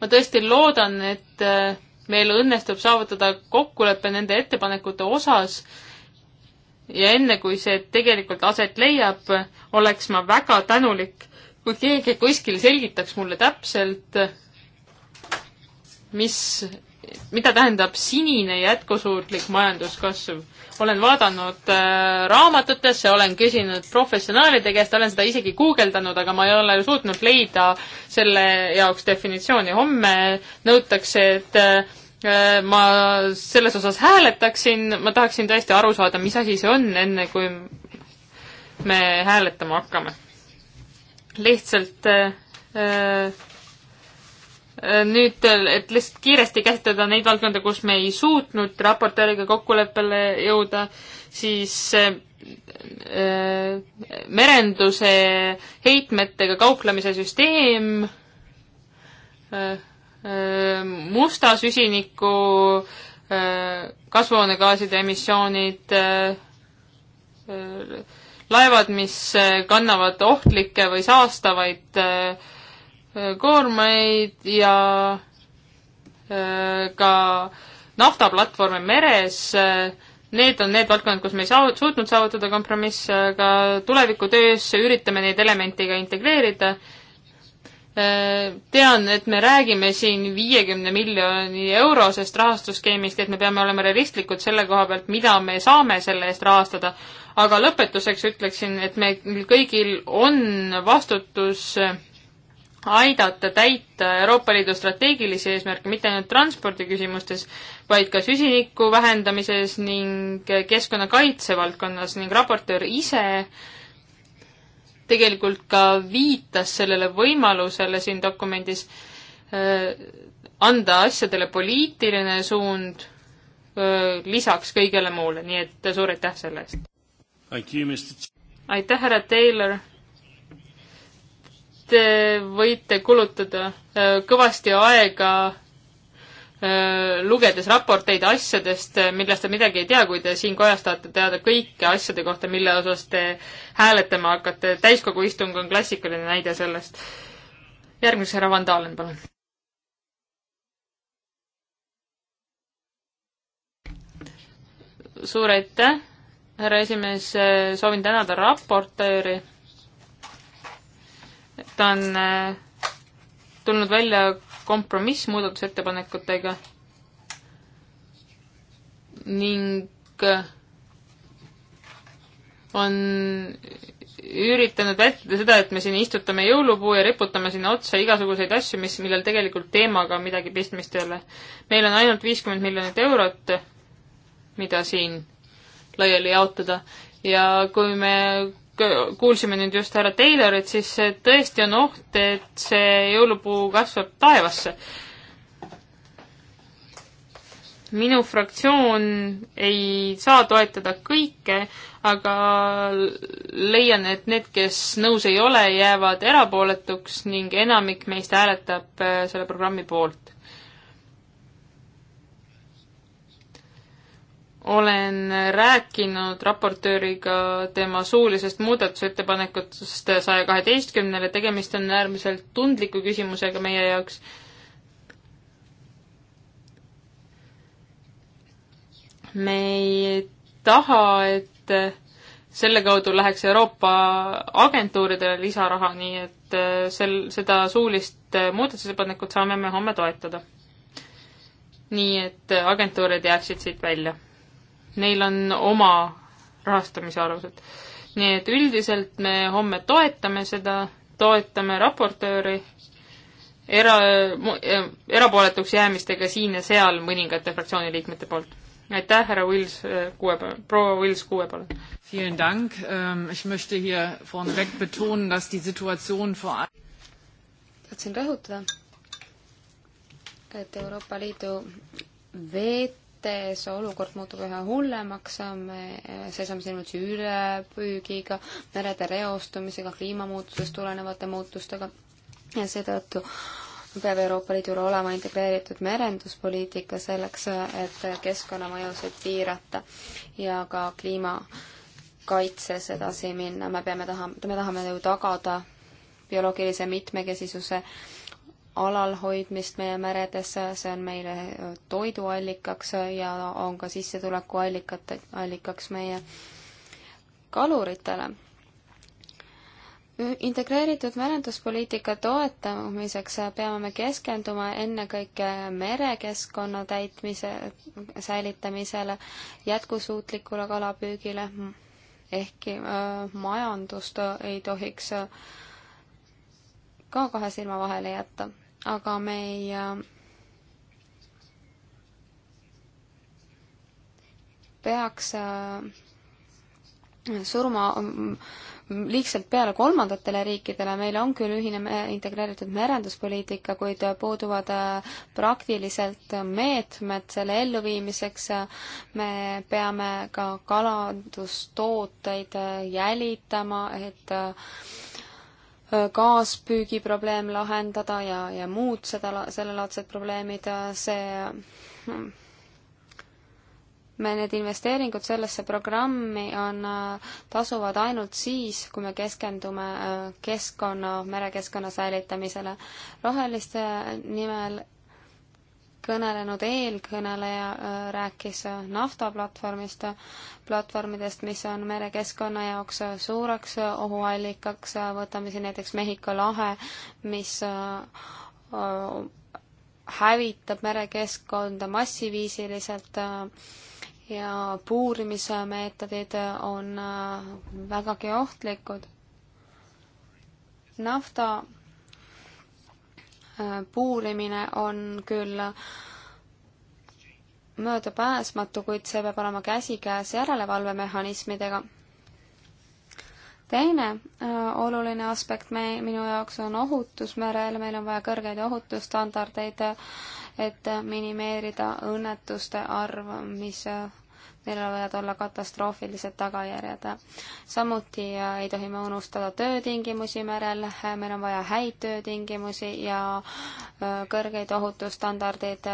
C: ma tõesti loodan, et äh, meil õnnestub saavutada kokkulepe nende ettepanekute osas ja enne, kui see tegelikult aset leiab, oleks ma väga tänulik, kui keegi kuskil selgitaks mulle täpselt, mis, mida tähendab sinine jätkusuutlik majanduskasv. olen vaadanud äh, raamatutesse, olen küsinud professionaalide käest, olen seda isegi guugeldanud, aga ma ei ole suutnud leida selle jaoks definitsiooni. homme nõutakse, et äh, ma selles osas hääletaksin, ma tahaksin tõesti aru saada, mis asi see on, enne kui me hääletama hakkame. lihtsalt äh, äh nüüd, et lihtsalt kiiresti käsitleda neid valdkondi, kus me ei suutnud raportööriga kokkuleppele jõuda, siis äh, merenduse heitmetega kauplemise süsteem, äh, äh, musta süsiniku kasvuhoonegaaside emissioonid, laevad, mis kannavad ohtlikke või saastavaid äh, koormaid ja äh, ka naftaplatvorme meres, need on need valdkonnad, kus me ei saa-, suutnud saavutada kompromisse, aga tulevikutöös üritame neid elemente ka integreerida. Äh, tean, et me räägime siin viiekümne miljoni eurosest rahastusskeemist, et me peame olema realistlikud selle koha pealt, mida me saame selle eest rahastada, aga lõpetuseks ütleksin, et meil kõigil on vastutus äh, aidata täita Euroopa Liidu strateegilisi eesmärke mitte ainult transpordi küsimustes, vaid ka süsiniku vähendamises ning keskkonnakaitse valdkonnas ning raportöör ise tegelikult ka viitas sellele võimalusele siin dokumendis äh, anda asjadele poliitiline suund äh, lisaks kõigele muule, nii et suur aitäh selle
A: eest!
C: aitäh, härra Taylor! te võite kulutada äh, kõvasti aega äh, lugedes raporteid asjadest, äh, millest te midagi ei tea, kui te siin kojas tahate teada kõike asjade kohta, mille osas te hääletama hakkate. täiskogu istung on klassikaline näide sellest. järgmiseks härra Van Dalen, palun. suur aitäh, härra esimees, soovin tänada raportööri ta on äh, tulnud välja kompromissmuudatusettepanekutega ning äh, on üritanud vältida seda, et me siin istutame jõulupuu ja riputame sinna otsa igasuguseid asju, mis, millel tegelikult teemaga midagi pistmist ei ole. meil on ainult viiskümmend miljonit eurot, mida siin laiali jaotada ja kui me kuulsime nüüd just härra Taylorit, siis tõesti on oht, et see jõulupuu kasvab taevasse. minu fraktsioon ei saa toetada kõike, aga leian, et need, kes nõus ei ole, jäävad erapooletuks ning enamik meist hääletab äh, selle programmi poolt. olen rääkinud raportööriga tema suulisest muudatusettepanekutest saja kaheteistkümnele, tegemist on äärmiselt tundliku küsimusega meie jaoks. me ei taha, et selle kaudu läheks Euroopa agentuuridele lisaraha, nii et äh, sel, seda suulist muudatusettepanekut saame me homme toetada. nii et äh, agentuurid jääksid siit välja neil on oma rahastamise alused. nii et üldiselt me homme toetame seda, toetame raportööri, era-, eh, erapooletuks jäämistega siin ja seal mõningate fraktsiooni liikmete poolt. aitäh, härra Wills, eh, kuue päev, proua Wills, kuue palun.
A: Vielen Dank, ähm, ich möchte hier vorneweg betonen, dass die Situation
B: vor tahtsin rõhutada, et Euroopa Liidu veet-, vetes, olukord muutub üha hullemaks, me seisame silmitsi ülepüügiga, merede reostumisega, kliimamuutusest tulenevate muutustega ja seetõttu peab Euroopa Liidul olema integreeritud merenduspoliitika selleks, et keskkonnamõjusid piirata ja ka kliimakaitses edasi minna. me peame taha, me tahame ju tagada bioloogilise mitmekesisuse äh, alalhoidmist meie meredes, see on meile toiduallikaks ja on ka sissetulekuallikate, allikaks meie kaluritele. integreeritud merenduspoliitika toetamiseks peame me keskenduma ennekõike merekeskkonna täitmise, säilitamisele, jätkusuutlikule kalapüügile, ehkki äh, majandust ei tohiks äh, ka kahe silma vahele jätta aga me ei äh, peaks äh, surma mm, mm, liigselt peale kolmandatele riikidele, meil on küll ühine integreeritud merenduspoliitika, kuid puuduvad äh, praktiliselt meetmed selle elluviimiseks. me peame ka kalandustooteid jälitama, et Äh, kaaspüügi probleem lahendada ja, ja muud seda, sellelaadsed probleemid, äh, see hmm. me need investeeringud sellesse programmi on, äh, tasuvad ainult siis, kui me keskendume keskkonna, merekeskkonna säilitamisele. roheliste nimel kõnelenud eelkõneleja äh, rääkis äh, naftaplatvormist, äh, platvormidest, mis on merekeskkonna jaoks suureks ohuallikaks, võtame siin näiteks Mehhiko lahe, mis hävitab merekeskkonda massiviisiliselt ja puurimismeetodid on vägagi ohtlikud. nafta Äh, puurimine on küll möödapääsmatu, kuid see peab olema käsikäes järelevalvemehhanismidega. teine äh, oluline aspekt me, minu jaoks on ohutus merel, meil on vaja kõrgeid ohutusstandardeid, et minimeerida õnnetuste arv, mis äh, millel võivad olla katastroofilised tagajärjed. samuti äh, ei tohi me unustada töötingimusi merel, meil on vaja häid töötingimusi ja äh, kõrgeid ohutusstandardeid.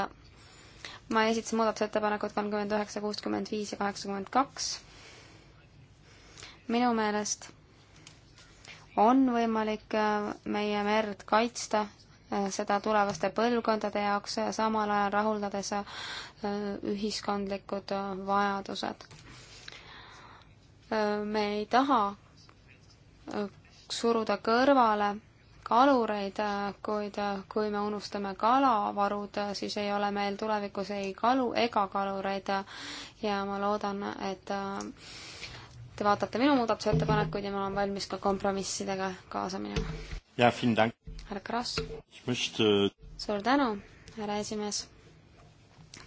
B: ma esitasin muudatusettepanekud kolmkümmend üheksa, kuuskümmend viis ja kaheksakümmend kaks. minu meelest on võimalik äh, meie merd kaitsta Äh, seda tulevaste põlvkondade jaoks, samal ajal rahuldades äh, ühiskondlikud äh, vajadused. me ei taha suruda kõrvale kalureid, kuid kui me unustame kalavarud, siis ei ole meil tulevikus ei kalu ega kalureid ja ma loodan, et te vaatate minu muudatusettepanekuid ja ma olen valmis ka kompromissidega kaasa minema härra Kross. suur tänu, härra esimees.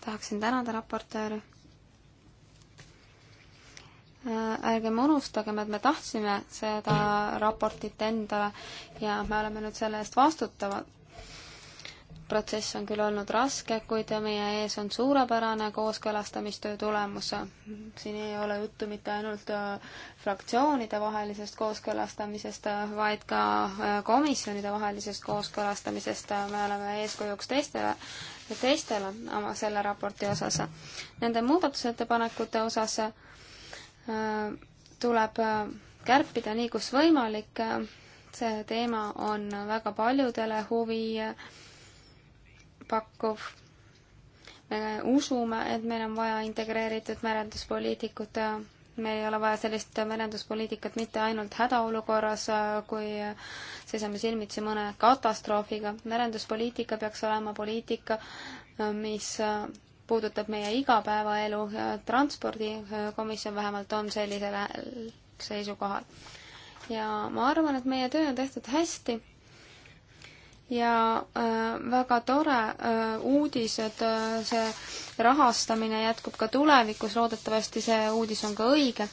B: tahaksin tänada raportööri äh, ärgem unustagem, et me tahtsime seda raportit endale ja me oleme nüüd selle eest vastutavad protsess on küll olnud raske, kuid meie ees on suurepärane kooskõlastamistöö tulemus. siin ei ole juttu mitte ainult äh, fraktsioonide vahelisest kooskõlastamisest, äh, vaid ka äh, komisjonide vahelisest kooskõlastamisest. me oleme eeskujuks teistele, teistele oma selle raporti osas. Nende muudatusettepanekute osas tuleb kärpida nii, kus võimalik see teema on väga paljudele huvi pakkuv. me usume, et meil on vaja integreeritud merenduspoliitikut, meil ei ole vaja sellist merenduspoliitikat mitte ainult hädaolukorras, kui seisame silmitsi mõne katastroofiga. merenduspoliitika peaks olema poliitika, mis puudutab meie igapäevaelu, transpordikomisjon vähemalt on sellisel seisukohal. ja ma arvan, et meie töö on tehtud hästi ja äh, väga tore äh, uudis, et äh, see rahastamine jätkub ka tulevikus, loodetavasti see uudis on ka õige.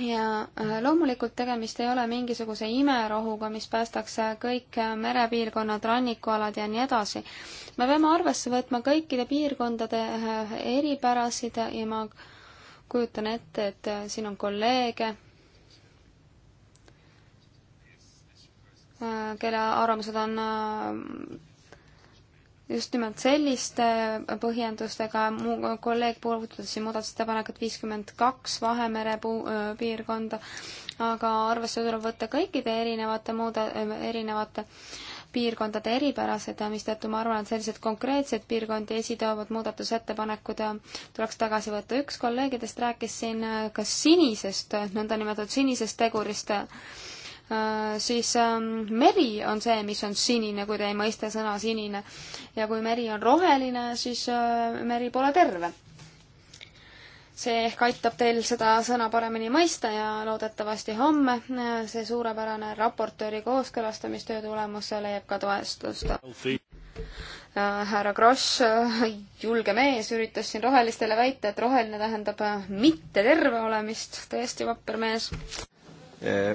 B: ja äh, loomulikult tegemist ei ole mingisuguse imerohuga, mis päästaks äh, kõik äh, merepiirkonnad, rannikualad ja nii edasi. me peame arvesse võtma kõikide piirkondade äh, eripärasid ja ma kujutan ette, et siin on kolleege Äh, kelle arvamused on äh, just nimelt selliste põhjendustega, mu kolleeg puudutas siin muudatusettepanekut viiskümmend kaks Vahemere puu-, äh, piirkonda, aga arvesse tuleb võtta kõikide erinevate muude, erinevate piirkondade eripärased, mistõttu ma arvan, et sellised konkreetsed piirkondi esitoovad muudatusettepanekud tuleks tagasi võtta. üks kolleegidest rääkis siin ka sinisest, nõndanimetatud sinisest tegurist Äh, siis ähm, meri on see, mis on sinine, kui te ei mõista sõna sinine. ja kui meri on roheline, siis äh, meri pole terve. see ehk aitab teil seda sõna paremini mõista ja loodetavasti homme äh, see suurepärane raportööri kooskõlastamistöö tulemus leiab ka toestust. härra Kross, julge mees, üritas siin rohelistele väita, et roheline tähendab mitte terve olemist, tõesti vapper mees eh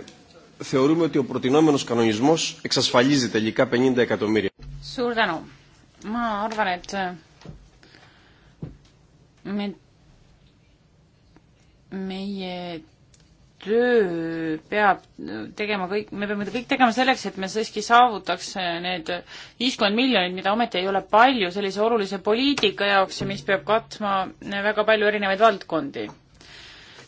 B: θεωρούμε ότι ο προτινόμενος κανονισμός εξασφαλίζει τελικά 50 εκατομμύρια. Suur tänu. Ma arvan,
A: et äh, me, meie töö peab tegema kõik, me peame kõik tegema selleks, et me siiski saavutaks äh, need viiskümmend miljonit, mida ometi ei ole palju sellise olulise poliitika jaoks ja mis peab katma äh, väga palju erinevaid valdkondi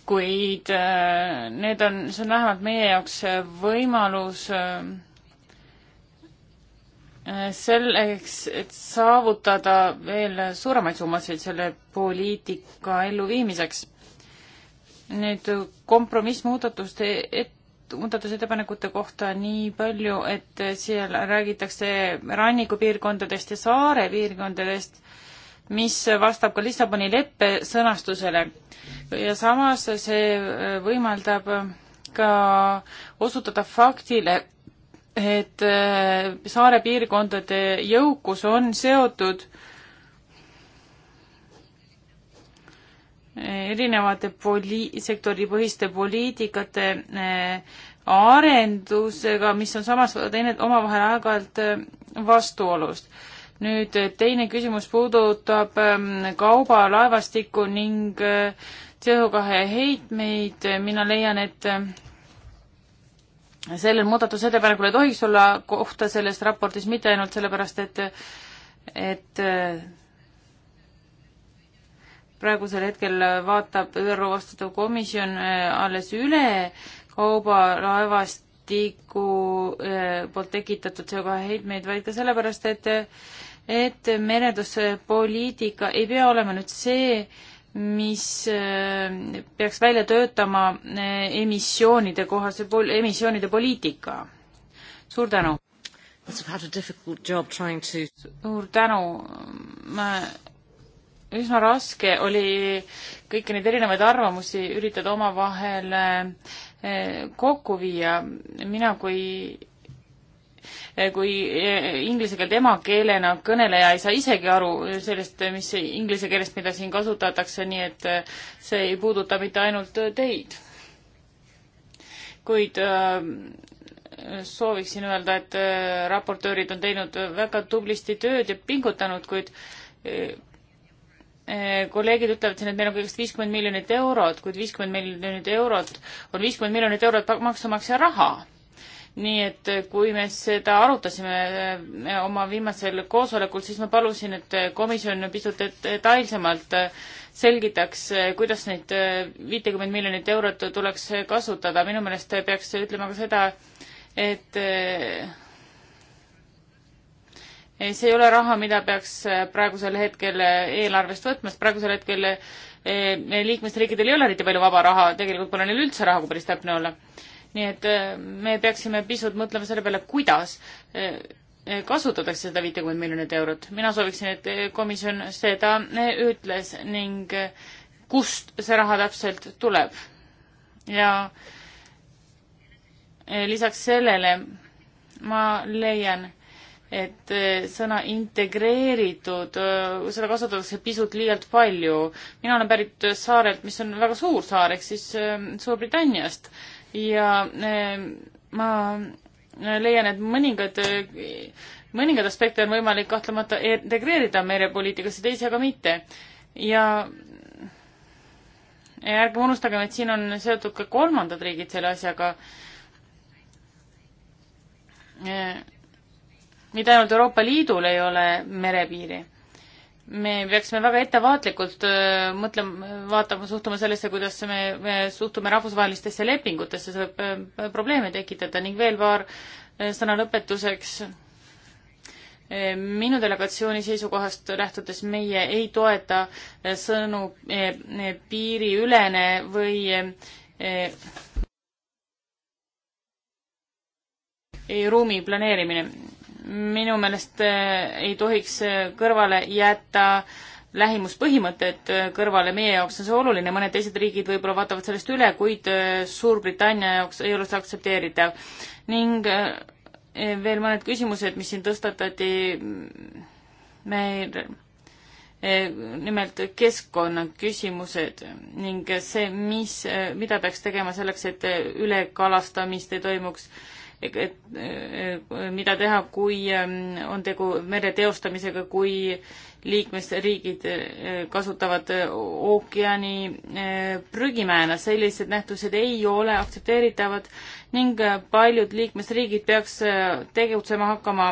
A: kuid äh, need on, see on vähemalt meie jaoks võimalus äh, selleks, et saavutada veel suuremaid summasid selle poliitika elluviimiseks. nüüd kompromissmuudatuste et-, muudatusettepanekute kohta nii palju, et seal räägitakse rannikupiirkondadest ja saarepiirkondadest, mis vastab ka Lissaboni leppe sõnastusele ja samas see äh, võimaldab äh, ka osutada faktile, et äh, saare piirkondade jõukus on seotud erinevate poli-, sektoripõhiste poliitikate arendusega, mis on samas teine, omavahel aeg-ajalt vastuolust. nüüd teine küsimus puudutab ähm, kaubalaevastikku ning CO2 heitmeid, mina leian, et sellel muudatusettepanekul ei tohiks olla kohta selles raportis mitte ainult sellepärast, et, et praegusel hetkel vaatab ÜRO vastutav komisjon äh, alles üle kaubalaevastiku äh, poolt tekitatud CO2 heitmeid, vaid ka sellepärast, et et merenduspoliitika ei pea olema nüüd see, mis eh, peaks välja töötama eh, emissioonide kohase, emissioonide poliitika. suur tänu! suur tänu, ma, üsna raske oli kõiki neid erinevaid arvamusi üritada omavahel eh, kokku viia. mina kui kui eh, inglise keelt emakeelena kõneleja ei saa isegi aru sellest, mis inglise keelest, mida siin kasutatakse, nii et eh, see ei puuduta mitte ainult teid. kuid eh, sooviksin öelda, et raportöörid on teinud väga tublisti tööd ja pingutanud, kuid kolleegid ütlevad siin, et meil on kõigest viiskümmend miljonit eurot, kuid viiskümmend miljonit eurot on viiskümmend miljonit eurot maksumaksja raha nii et äh, kui me seda arutasime äh, oma viimasel koosolekul, siis ma palusin, et äh, komisjon pisut detailsemalt selgitaks, kuidas neid viitekümmet miljonit eurot tuleks kasutada. minu meelest peaks ütlema ka seda, et see ei ole raha, mida peaks praegusel hetkel eelarvest võtma, sest praegusel hetkel liikmesriikidel ei ole eriti palju vaba raha, tegelikult pole neil üldse raha, kui päris täpne olla nii et äh, me peaksime pisut mõtlema selle peale, kuidas äh, äh, kasutatakse seda viitekümmet miljonit eurot. mina sooviksin, et komisjon seda ütles ning kust see raha täpselt tuleb. ja lisaks sellele ma leian, et sõna integreeritud, seda kasutatakse pisut liialt palju. mina olen pärit saarelt, mis on väga suur saar, ehk siis Suurbritanniast äh, ja e, ma leian, et mõningad, e, mõningad aspekte on võimalik kahtlemata e, integreerida merepoliitikasse, teisi aga mitte. ja ärgem unustagem, et siin on seotud ka kolmandad riigid selle asjaga. mitte ainult Euroopa Liidul ei ole merepiiri me peaksime väga ettevaatlikult äh, mõtlema, vaatama, suhtuma sellesse, kuidas me, me suhtume rahvusvahelistesse lepingutesse, see võib äh, probleeme tekitada ning veel paar äh, sõna lõpetuseks. minu delegatsiooni seisukohast lähtudes meie ei toeta sõnu piiriülene või ruumi planeerimine minu meelest eh, ei tohiks eh, kõrvale jätta lähimuspõhimõtted eh, kõrvale, meie jaoks on see oluline, mõned teised riigid võib-olla vaatavad sellest üle, kuid Suurbritannia jaoks ei ole see aktsepteeritav. ning veel mõned küsimused, mis siin tõstatati, meil nimelt keskkonnaküsimused ning see, mis, mida peaks tegema selleks, et ülekalastamist ei toimuks äh, mida teha, kui ähm, on tegu mere teostamisega, kui liikmesriigid äh, kasutavad äh, ookeani äh, prügimäena, sellised nähtused ei ole aktsepteeritavad ning paljud liikmesriigid peaks tegutsema hakkama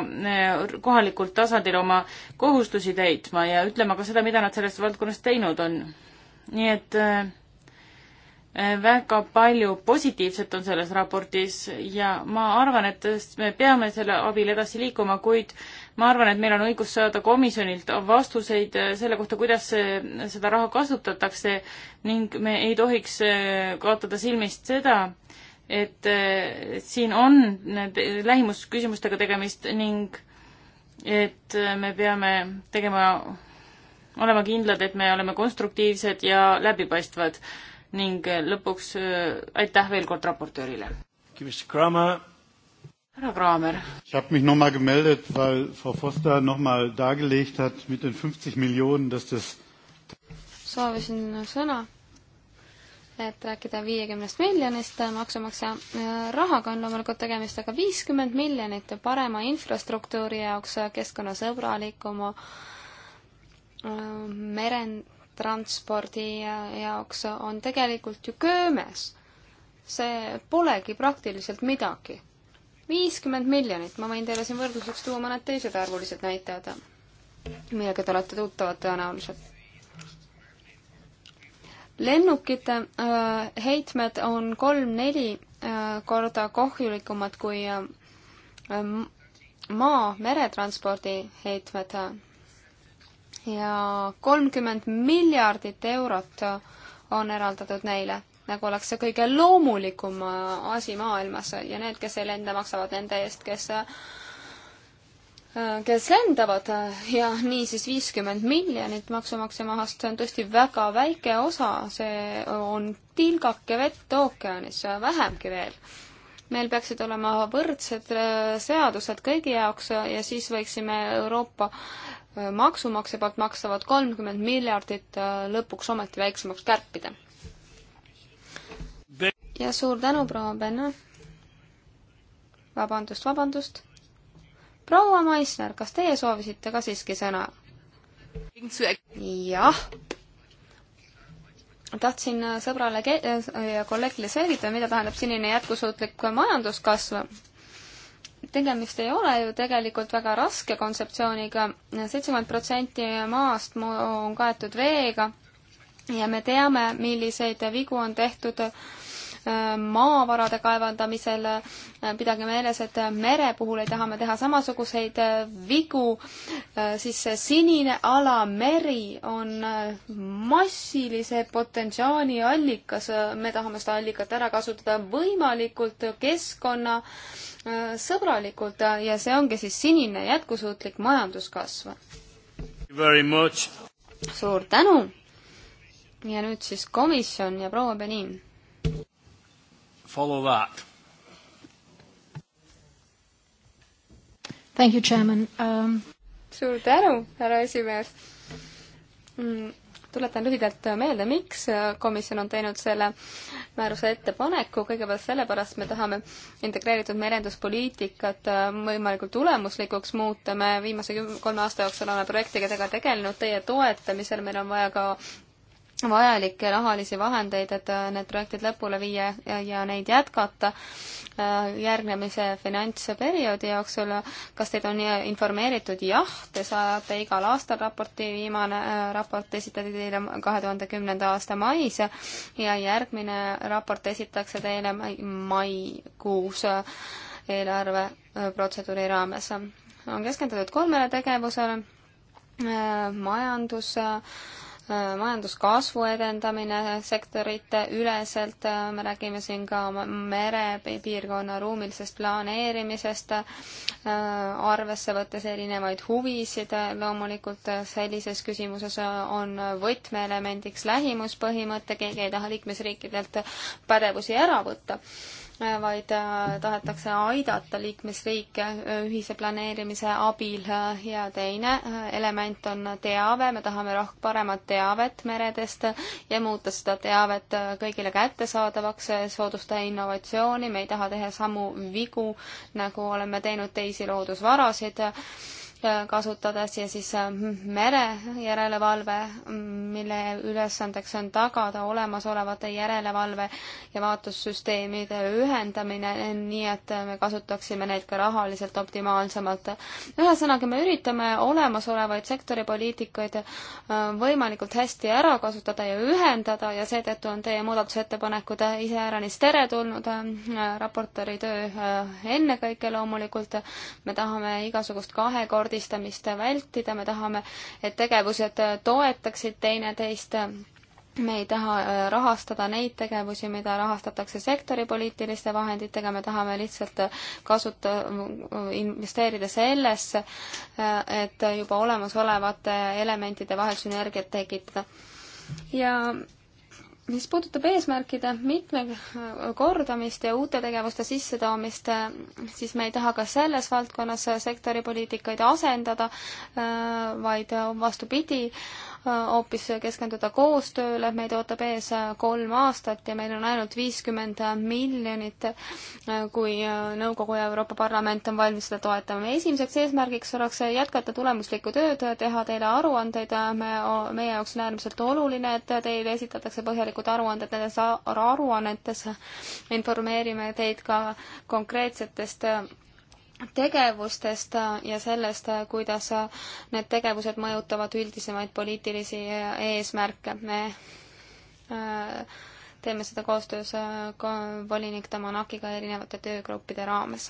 A: kohalikul tasandil oma kohustusi täitma ja ütlema ka seda, mida nad selles valdkonnas teinud on. nii et äh, väga palju positiivset on selles raportis ja ma arvan, et me peame selle abil edasi liikuma, kuid ma arvan, et meil on õigus saada komisjonilt vastuseid selle kohta, kuidas see, seda raha kasutatakse ning me ei tohiks kaotada silmist seda, et siin on lähimusküsimustega tegemist ning et me peame tegema, olema kindlad, et me oleme konstruktiivsed ja läbipaistvad ning lõpuks äh, aitäh veel kord raportöörile. härra Kraamer. Ich habe mich nochmal gemeldet, weil Frau Foster nochmal dargelegt hat mit den 50 Millionen, dass das
B: soovisin sõna, et rääkida viiekümnest miljonist maksumaksja äh, rahaga on loomulikult tegemist, aga viiskümmend miljonit parema infrastruktuuri jaoks, keskkonnasõbralikuma äh, meren-, transpordi jaoks on tegelikult ju köömes. see polegi praktiliselt midagi. viiskümmend miljonit, ma võin teile siin võrdluseks tuua mõned teised arvulised näitajad, millega te olete tuttavad tõenäoliselt. lennukite äh, heitmed on kolm-neli äh, korda kahjulikumad kui äh, maa meretranspordi heitmed ja kolmkümmend miljardit eurot on eraldatud neile, nagu oleks see kõige loomulikum äh, asi maailmas ja need, kes ei lenda, maksavad nende eest, kes äh, kes lendavad ja niisiis viiskümmend miljonit maksumaksja mahast, see on tõesti väga väike osa, see on tilgake vett ookeanis, vähemgi veel. meil peaksid olema võrdsed äh, seadused kõigi jaoks ja siis võiksime Euroopa Äh, maksumaksja poolt maksavad kolmkümmend miljardit äh, lõpuks ometi väiksemaks kärpida. ja suur tänu, proua Benna. vabandust, vabandust. proua Maisner, kas teie soovisite ka siiski sõna? jah. tahtsin äh, sõbrale ja kolleegile selgitada, mida tähendab sinine jätkusuutlik majanduskasv tegemist ei ole ju tegelikult väga raske kontseptsiooniga, seitsekümmend protsenti maast on kaetud veega ja me teame, milliseid vigu on tehtud äh, maavarade kaevandamisel, pidage meeles, et mere puhul ei taha me teha samasuguseid äh, vigu, äh, siis see sinine ala, meri, on massilise potentsiaali allikas, me tahame seda allikat ära kasutada võimalikult keskkonna Äh, sõbralikult äh, ja see ongi siis sinine jätkusuutlik majanduskasv. suur tänu! ja nüüd siis komisjon ja proua Benin.
A: Follow that.
B: Thank you, chairman um.... suur tänu, härra esimees mm tuletan lühidalt meelde, miks komisjon on teinud selle määruse ettepaneku, kõigepealt sellepärast me tahame integreeritud merenduspoliitikat võimalikult tulemuslikuks muuta, me viimase kolme aasta jooksul oleme projektidega tegelenud teie toetamisel, meil on vaja ka vajalikke rahalisi vahendeid, et äh, need projektid lõpule viia ja, ja neid jätkata äh, järgnemise finantsperioodi jooksul. kas teid on informeeritud? jah, te saate igal aastal raporti, viimane äh, raport esitati teile kahe tuhande kümnenda aasta mais ja järgmine raport esitakse teile maikuus eelarveprotseduuri raames. on keskendutud kolmele tegevusele, majandus, Äh, majanduskasvu edendamine sektorite üleselt, äh, me räägime siin ka merepiirkonna ruumilisest planeerimisest, äh, arvesse võttes erinevaid huvisid, loomulikult sellises küsimuses on võtmeelemendiks lähimuspõhimõte, keegi ei taha liikmesriikidelt pädevusi ära võtta vaid äh, tahetakse aidata liikmesriike äh, ühise planeerimise abil äh, ja teine element on teave, me tahame rohkem paremat teavet meredest ja muuta seda teavet kõigile kättesaadavaks, soodustada innovatsiooni, me ei taha teha samu vigu, nagu oleme teinud teisi loodusvarasid kasutades ja siis äh, merejärelevalve, mille ülesandeks on tagada olemasolevate järelevalve ja vaatussüsteemide ühendamine, nii et me kasutaksime neid ka rahaliselt optimaalsemalt. ühesõnaga, me üritame olemasolevaid sektoripoliitikaid äh, võimalikult hästi ära kasutada ja ühendada ja seetõttu on teie muudatusettepanekud iseäranis teretulnud, äh, raportööri töö ennekõike loomulikult, me tahame igasugust kahekordset mitmekordistamist vältida, me tahame, et tegevused toetaksid teineteist me ei taha äh, rahastada neid tegevusi, mida rahastatakse sektoripoliitiliste vahenditega, me tahame lihtsalt äh, kasuta-, investeerida sellesse, äh, et juba olemasolevate elementide vahel sünergiat tekitada. ja mis puudutab eesmärkide mitmekordamist ja uute tegevuste sissetoomist, siis me ei taha ka selles valdkonnas sektori poliitikaid asendada, vaid vastupidi, hoopis keskenduda koostööle, meid ootab ees kolm aastat ja meil on ainult viiskümmend miljonit, kui Nõukogu ja Euroopa Parlament on valmis seda toetama. meie esimeseks eesmärgiks oleks jätkata tulemuslikku tööd, teha teile aruandeid, me, meie jaoks on äärmiselt oluline, et teile esitatakse põhjalikud aruanded, nendes aruannetes informeerime teid ka konkreetsetest tegevustest ja sellest, kuidas need tegevused mõjutavad üldisemaid poliitilisi eesmärke. me äh, teeme seda koostöös äh, volinik Tamanakiga erinevate töögruppide raames.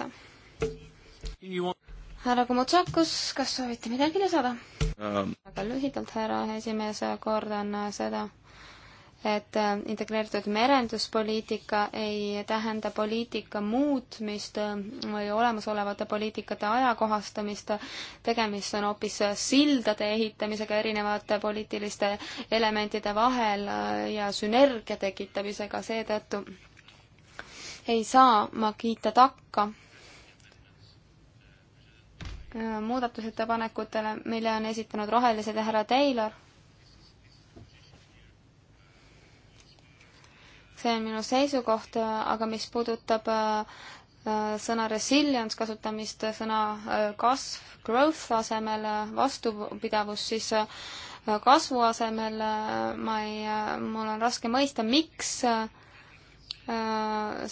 B: härra Kumutsakus, kas soovite midagi lisada um.? väga lühidalt, härra esimees, kordan äh, seda et äh, integreeritud merenduspoliitika ei tähenda poliitika muutmist äh, või olemasolevate poliitikate ajakohastamist. tegemist on hoopis sildade ehitamisega erinevate poliitiliste elementide vahel äh, ja sünergia tekitamisega, seetõttu ei saa ma kiita takka muudatusettepanekutele, mille on esitanud Rohelised ja härra Taylor see on minu seisukoht, aga mis puudutab äh, äh, sõna resilience kasutamist sõna äh, kasv, growth asemel, vastupidavus, siis kasvu asemel ma ei, mul on raske mõista, miks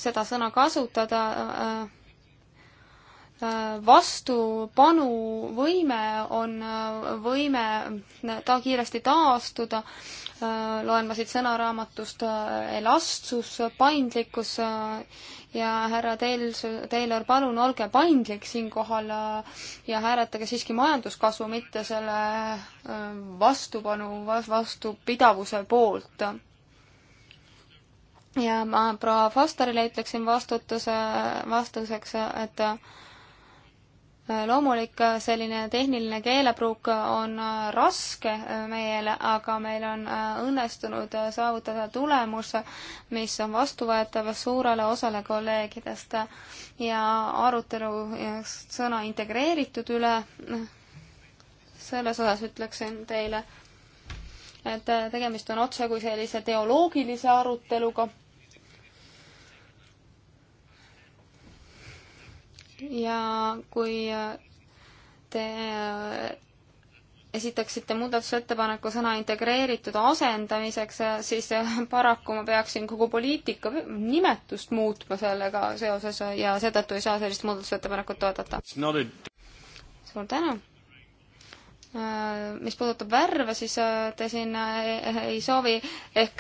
B: seda sõna kasutada vastupanuvõime on võime ta kiiresti taastuda, loen ma siit sõnaraamatust elastsus, paindlikkus ja härra Taylor, Taylor, palun olge paindlik siinkohal ja hääletage siiski majanduskasvu, mitte selle äh, vastupanu, vastupidavuse poolt ja ma proua Fosterile ütleksin vastutuse, vastuseks, et loomulik äh, selline tehniline keelepruuk on äh, raske äh, meile, aga meil on õnnestunud saavutada tulemus, mis on vastuvõetav suurele osale kolleegidest ja arutelu sõna integreeritud üle, selles osas ütleksin teile, et tegemist on otsekui sellise teoloogilise aruteluga ja kui äh, te äh, esitaksite muudatusettepaneku sõna integreeritud asendamiseks, äh, siis paraku ma peaksin kogu poliitika nimetust muutma sellega seoses ja seetõttu ei saa sellist muudatusettepanekut toetada. suur tänu! Mis puudutab värve, siis te siin ei soovi ehk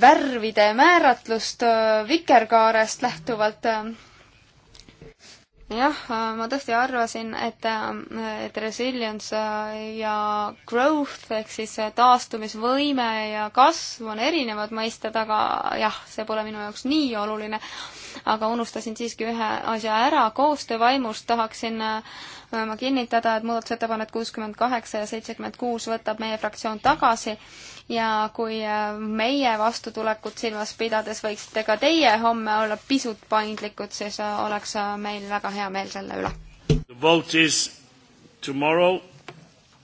B: värvide määratlust vikerkaarest lähtuvalt jah, äh, ma tõesti arvasin, et, äh, et resilience äh, ja growth ehk siis taastumisvõime ja kasv on erinevad mõisted, aga jah, see pole minu jaoks nii oluline. aga unustasin siiski ühe asja ära, koostöövaimust tahaksin äh, ma kinnitada, et muudatusettepanek kuuskümmend kaheksa ja seitsekümmend kuus võtab meie fraktsioon tagasi ja kui äh, meie vastutulekut silmas pidades võiksite ka teie homme olla pisut paindlikud, siis äh, oleks äh, meil väga hea meel selle üle.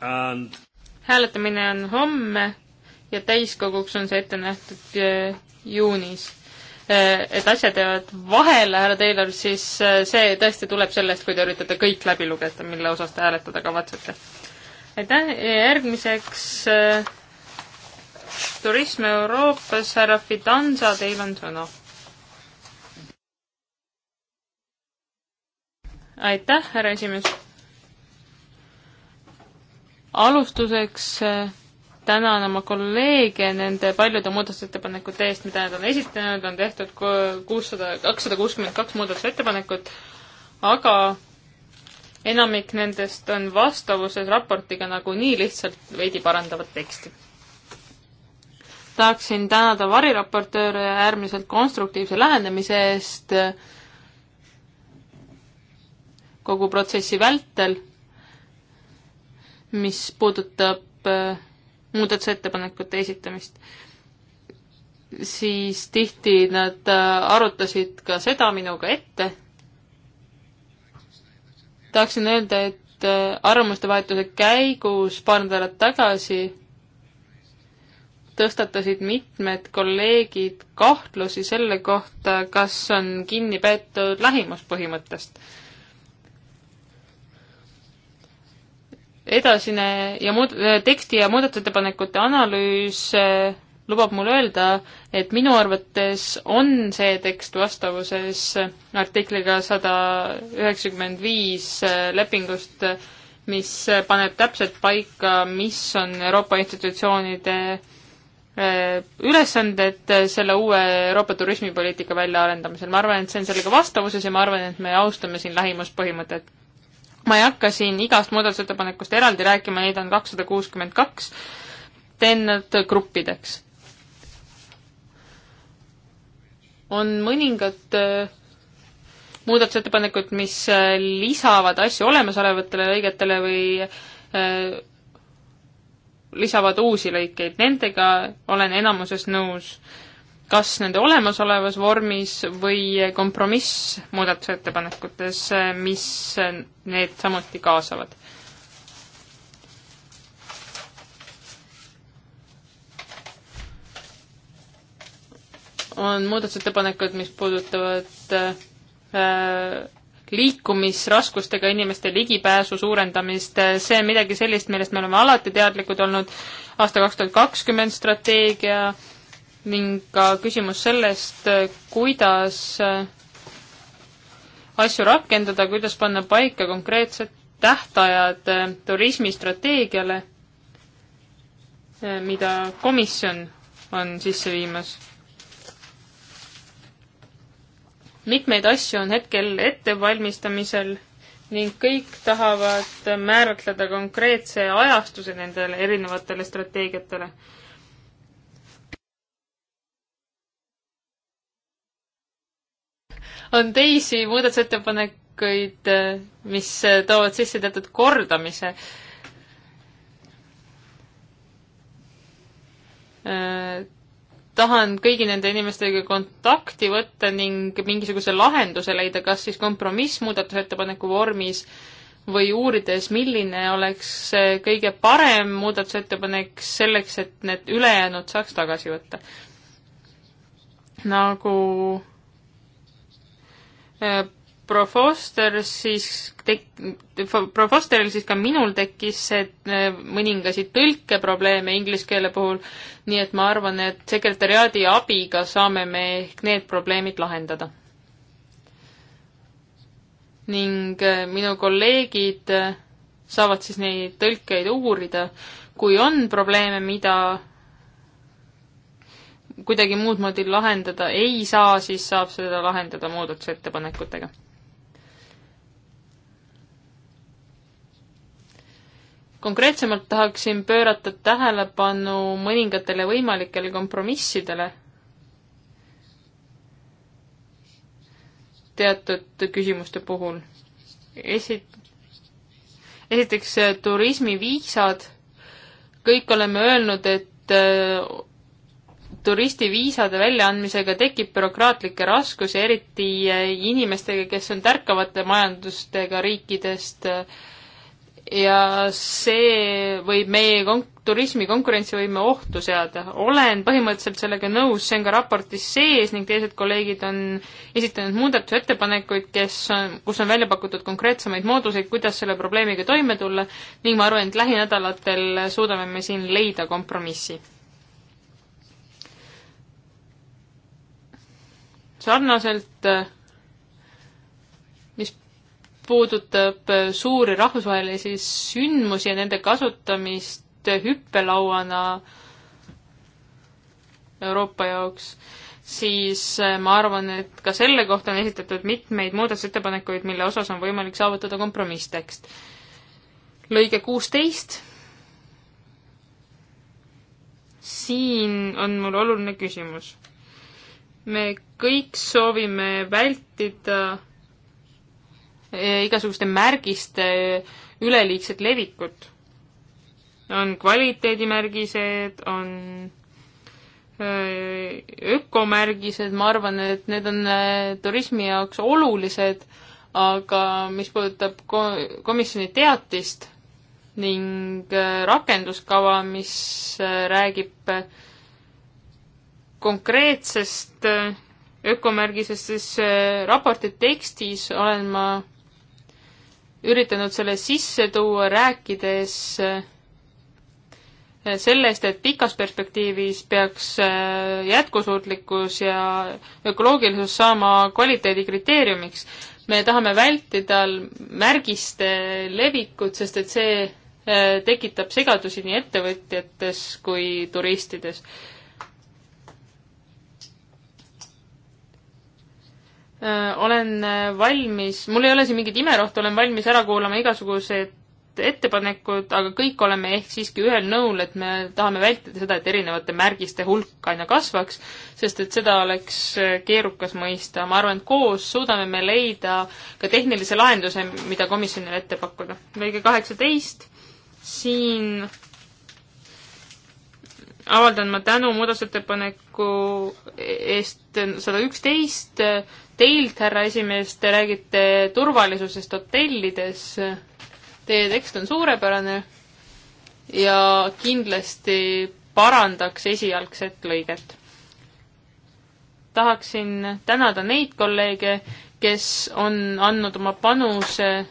B: And...
C: hääletamine on homme ja täiskoguks on see ette nähtud juunis Eh, et asjad jäävad vahele, härra Taylor, siis eh, see tõesti tuleb sellest, kui te üritate kõik läbi lugeda, mille osas te hääletada kavatsete. aitäh, järgmiseks eh, turism Euroopas, härra Fidanza, teil on sõna. aitäh, härra esimees. alustuseks tänan oma kolleege nende paljude muudatusettepanekute eest, mida nad on esitanud, on tehtud kuussada, kakssada kuuskümmend kaks muudatusettepanekut, aga enamik nendest on vastavuses raportiga nagunii lihtsalt veidi parandavat teksti. tahaksin tänada variraportööre äärmiselt konstruktiivse lähenemise eest kogu protsessi vältel, mis puudutab äh, muudatusettepanekute esitamist, siis tihti nad äh, arutasid ka seda minuga ette. tahaksin öelda, et äh, arvamustevahetuse käigus paar nädalat tagasi tõstatasid mitmed kolleegid kahtlusi selle kohta, kas on kinni peetud lähimuspõhimõttest edasine ja muud-, teksti ja muudatusettepanekute analüüs eh, lubab mul öelda, et minu arvates on see tekst vastavuses artikliga sada üheksakümmend viis eh, lepingust, mis paneb täpselt paika, mis on Euroopa institutsioonide eh, ülesanded selle uue Euroopa turismipoliitika väljaarendamisel. ma arvan, et see on sellega vastavuses ja ma arvan, et me austame siin lähimuspõhimõtet ma ei hakka siin igast muudatusettepanekust eraldi rääkima, neid on kakssada kuuskümmend kaks, teen nad gruppideks. on mõningad äh, muudatusettepanekud, mis äh, lisavad asju olemasolevatele lõigetele või äh, lisavad uusi lõikeid, nendega olen enamuses nõus äh, kas nende olemasolevas vormis või kompromiss muudatusettepanekutes, mis need samuti kaasavad. on muudatusettepanekud, mis puudutavad äh, liikumisraskustega inimeste ligipääsu suurendamist, see on midagi sellist, millest me oleme alati teadlikud olnud, aasta kaks tuhat kakskümmend strateegia äh,, ning ka küsimus sellest, kuidas äh, asju rakendada, kuidas panna paika konkreetsed tähtajad äh, turismistrateegiale, äh, mida komisjon on sisse viimas. mitmeid asju on hetkel ettevalmistamisel ning kõik tahavad määratleda konkreetse ajastuse nendele erinevatele strateegiatele on teisi muudatusettepanekuid, mis toovad sisse teatud kordamise. tahan kõigi nende inimestega kontakti võtta ning mingisuguse lahenduse leida, kas siis kompromiss muudatusettepaneku vormis või uurides, milline oleks kõige parem muudatusettepanek selleks, et need ülejäänud saaks tagasi võtta. nagu proua Foster, siis tek-, proua Fosteril, siis ka minul tekkis äh, mõningasid tõlkeprobleeme inglise keele puhul, nii et ma arvan, et sekretäriaadi abiga saame me ehk need probleemid lahendada. ning äh, minu kolleegid äh, saavad siis neid tõlkeid uurida, kui on probleeme, mida kuidagi muud moodi lahendada ei saa, siis saab seda lahendada muudatusettepanekutega. konkreetsemalt tahaksin pöörata tähelepanu mõningatele võimalikele kompromissidele teatud küsimuste puhul. esi-, esiteks turismiviisad, kõik oleme öelnud, et turistiviisade väljaandmisega tekib bürokraatlikke raskusi, eriti eh, inimestega, kes on tärkavate majandustega riikidest ja see võib meie konk-, turismi konkurentsivõime ohtu seada. olen põhimõtteliselt sellega nõus, see on ka raportis sees ning teised kolleegid on esitanud muudatusettepanekuid, kes on, kus on välja pakutud konkreetsemaid mooduseid, kuidas selle probleemiga toime tulla ning ma arvan, et lähinädalatel suudame me siin leida kompromissi sarnaselt, mis puudutab suuri rahvusvahelisi sündmusi ja nende kasutamist hüppelauana Euroopa jaoks, siis äh, ma arvan, et ka selle kohta on esitatud mitmeid muudatusettepanekuid, mille osas on võimalik saavutada kompromisstekst. lõige kuusteist. siin on mul oluline küsimus me kõik soovime vältida e, igasuguste märgiste üleliigset levikut. on kvaliteedimärgised, on e, ökomärgised, ma arvan, et need on e, turismi jaoks olulised, aga mis puudutab komisjoni teatist ning rakenduskava, mis räägib konkreetsest äh, ökomärgisest, siis äh, raporti tekstis olen ma üritanud selle sisse tuua, rääkides äh, sellest, et pikas perspektiivis peaks jätkusuutlikkus ja ökoloogilisus saama kvaliteedikriteeriumiks. me tahame vältida märgiste levikut, sest et see tekitab segadusi nii ettevõtjates kui turistides. Äh, olen äh, valmis, mul ei ole siin mingit imerohtu, olen valmis ära kuulama igasugused ettepanekud, aga kõik oleme ehk siiski ühel nõul, et me tahame vältida seda, et erinevate märgiste hulk aina kasvaks, sest et seda oleks äh, keerukas mõista. ma arvan, et koos suudame me leida ka tehnilise lahenduse, mida komisjonile ette pakkuda. lõige kaheksateist, siin avaldan ma tänu muudatusettepaneku eest sada üksteist. Teilt, härra esimees, te räägite turvalisusest hotellides. Teie tekst on suurepärane ja kindlasti parandaks esialgset lõiget. tahaksin tänada neid kolleege, kes on andnud oma panuse äh,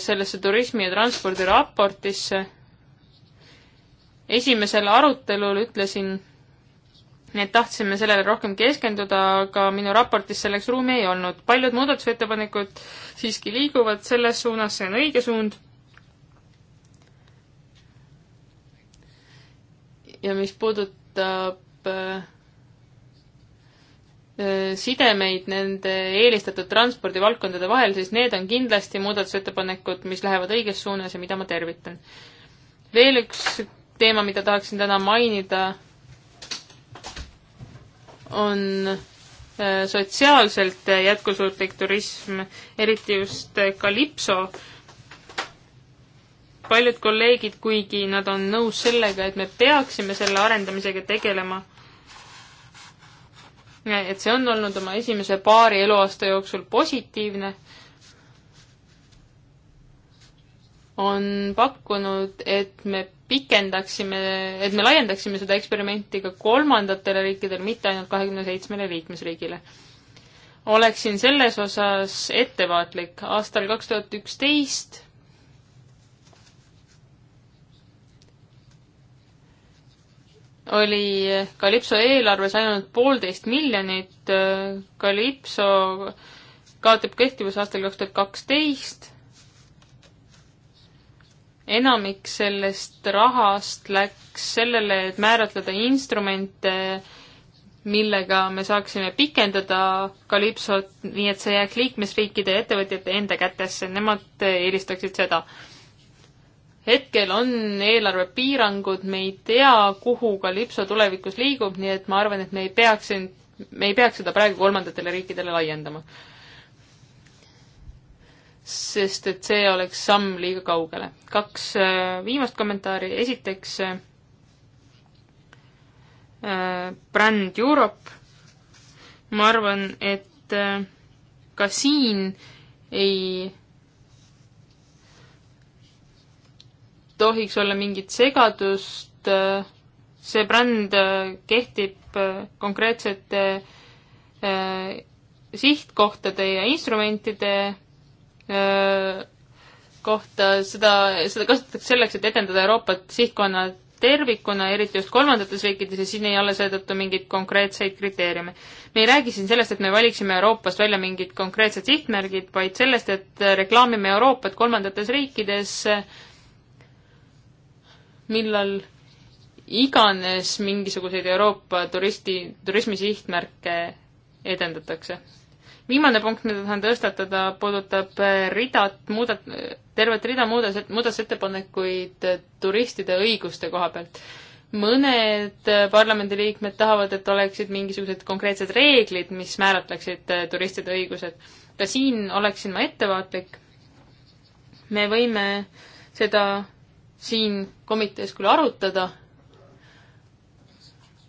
C: sellesse turismi ja transpordi raportisse esimesel arutelul ütlesin, et tahtsime sellele rohkem keskenduda, aga minu raportis selleks ruumi ei olnud. paljud muudatusettepanekud siiski liiguvad selles suunas, see on õige suund. ja mis puudutab äh, äh sidemeid nende eelistatud transpordivaldkondade vahel, siis need on kindlasti muudatusettepanekud, mis lähevad õiges suunas ja mida ma tervitan. veel üks teema, mida tahaksin täna mainida, on äh, sotsiaalselt jätkusuutlik turism, eriti just Kalipso. paljud kolleegid, kuigi nad on nõus sellega, et me peaksime selle arendamisega tegelema, et see on olnud oma esimese paari eluaasta jooksul positiivne on pakkunud, et me pikendaksime, et me laiendaksime seda eksperimenti ka kolmandatele riikidele, mitte ainult kahekümne seitsmele liikmesriigile. oleksin selles osas ettevaatlik. aastal kaks tuhat üksteist oli Kalipso eelarves ainult poolteist miljonit, Kalipso kaotab kehtivuse aastal kaks tuhat kaksteist enamik sellest rahast läks sellele, et määratleda instrumente, millega me saaksime pikendada kalipsot, nii et see jääks liikmesriikide ja ettevõtjate enda kätesse, nemad eelistaksid seda. hetkel on eelarvepiirangud, me ei tea, kuhu kalipso tulevikus liigub, nii et ma arvan, et me ei peaks, me ei peaks seda praegu kolmandatele riikidele laiendama sest et see oleks samm liiga kaugele. kaks äh, viimast kommentaari, esiteks äh, bränd Europe, ma arvan, et äh, ka siin ei tohiks olla mingit segadust, see bränd kehtib konkreetsete sihtkohtade ja instrumentide kohta, seda, seda kasutatakse selleks, et etendada Euroopat sihtkonna tervikuna, eriti just kolmandates riikides ja siin ei ole seetõttu mingeid konkreetseid kriteeriume. me ei räägi siin sellest, et me valiksime Euroopast välja mingid konkreetsed sihtmärgid, vaid sellest, et reklaamime Euroopat kolmandates riikides, millal iganes mingisuguseid Euroopa turisti, turismi sihtmärke edendatakse viimane punkt, mida tahan tõstatada, puudutab äh, ridat, muudat-, tervet rida muudas, muudatusettepanekuid äh, turistide õiguste koha pealt. mõned äh, parlamendiliikmed tahavad, et oleksid mingisugused konkreetsed reeglid, mis määratleksid turistide õigused. ka siin oleksin ma ettevaatlik. me võime seda siin komitees küll arutada,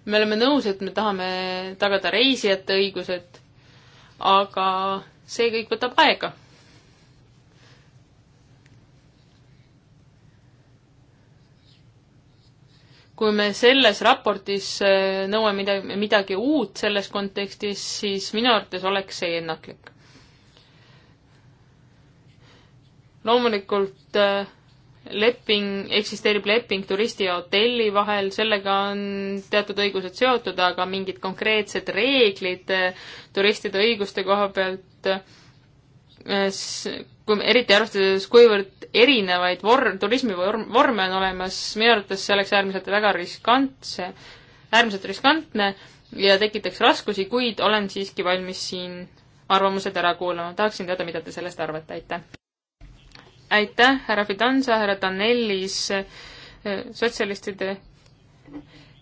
C: me oleme nõus, et me tahame tagada reisijate õigused aga see kõik võtab aega. kui me selles raportis eh, nõuame midagi, midagi uut selles kontekstis, siis minu arvates oleks see ennatlik. loomulikult äh, leping, eksisteerib leping turisti ja hotelli vahel, sellega on teatud õigused seotud, aga mingid konkreetsed reeglid eh, turistide õiguste koha pealt, eh, kui eriti arvestades, kuivõrd erinevaid vorm, turismivorme vorm on olemas, minu arvates see oleks äärmiselt väga riskantse, äärmiselt riskantne ja tekitaks raskusi, kuid olen siiski valmis siin arvamused ära kuulama. tahaksin teada, mida te sellest arvate, aitäh! aitäh, härra Fidanza, härra Danellis, eh, sotsialistide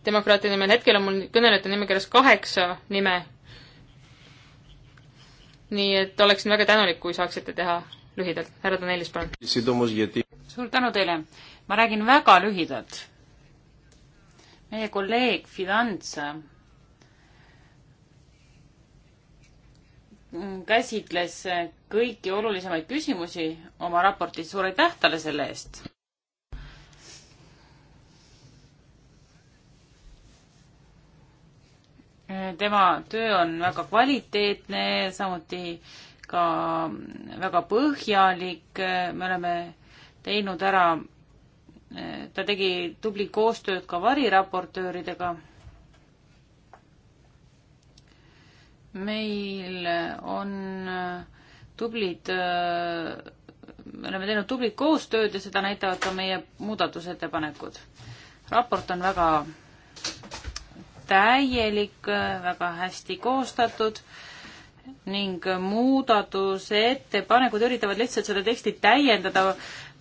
C: demokraatide nimel, hetkel on mul kõnelejate nimekirjas kaheksa nime. nii et oleksin väga tänulik,
A: kui saaksite teha lühidalt. härra Danellis, palun. suur tänu teile. ma räägin väga lühidalt. meie kolleeg Fidanza käsitles kõiki olulisemaid küsimusi oma raportis. suur aitäh talle selle eest! tema töö on väga kvaliteetne, samuti ka väga põhjalik, me oleme teinud ära, ta tegi tubli koostööd ka variraportööridega. meil on äh, tublid, me oleme teinud tublit koostööd ja seda näitavad ka meie muudatusettepanekud. raport on väga täielik, väga hästi koostatud ning muudatusettepanekud üritavad lihtsalt seda teksti täiendada,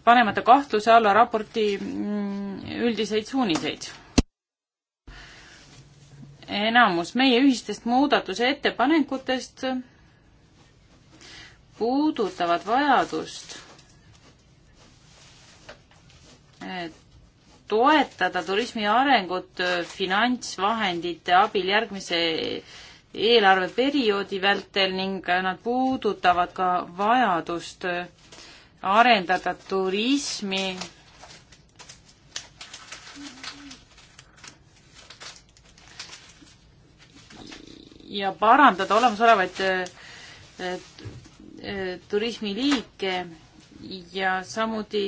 A: panemata kahtluse alla raporti mm, üldiseid suuniseid. enamus meie ühistest muudatusettepanekutest puudutavad vajadust toetada turismi arengut finantsvahendite abil järgmise eelarveperioodi vältel ning nad puudutavad ka vajadust arendada turismi ja parandada olemasolevaid Äh, turismiliike ja samuti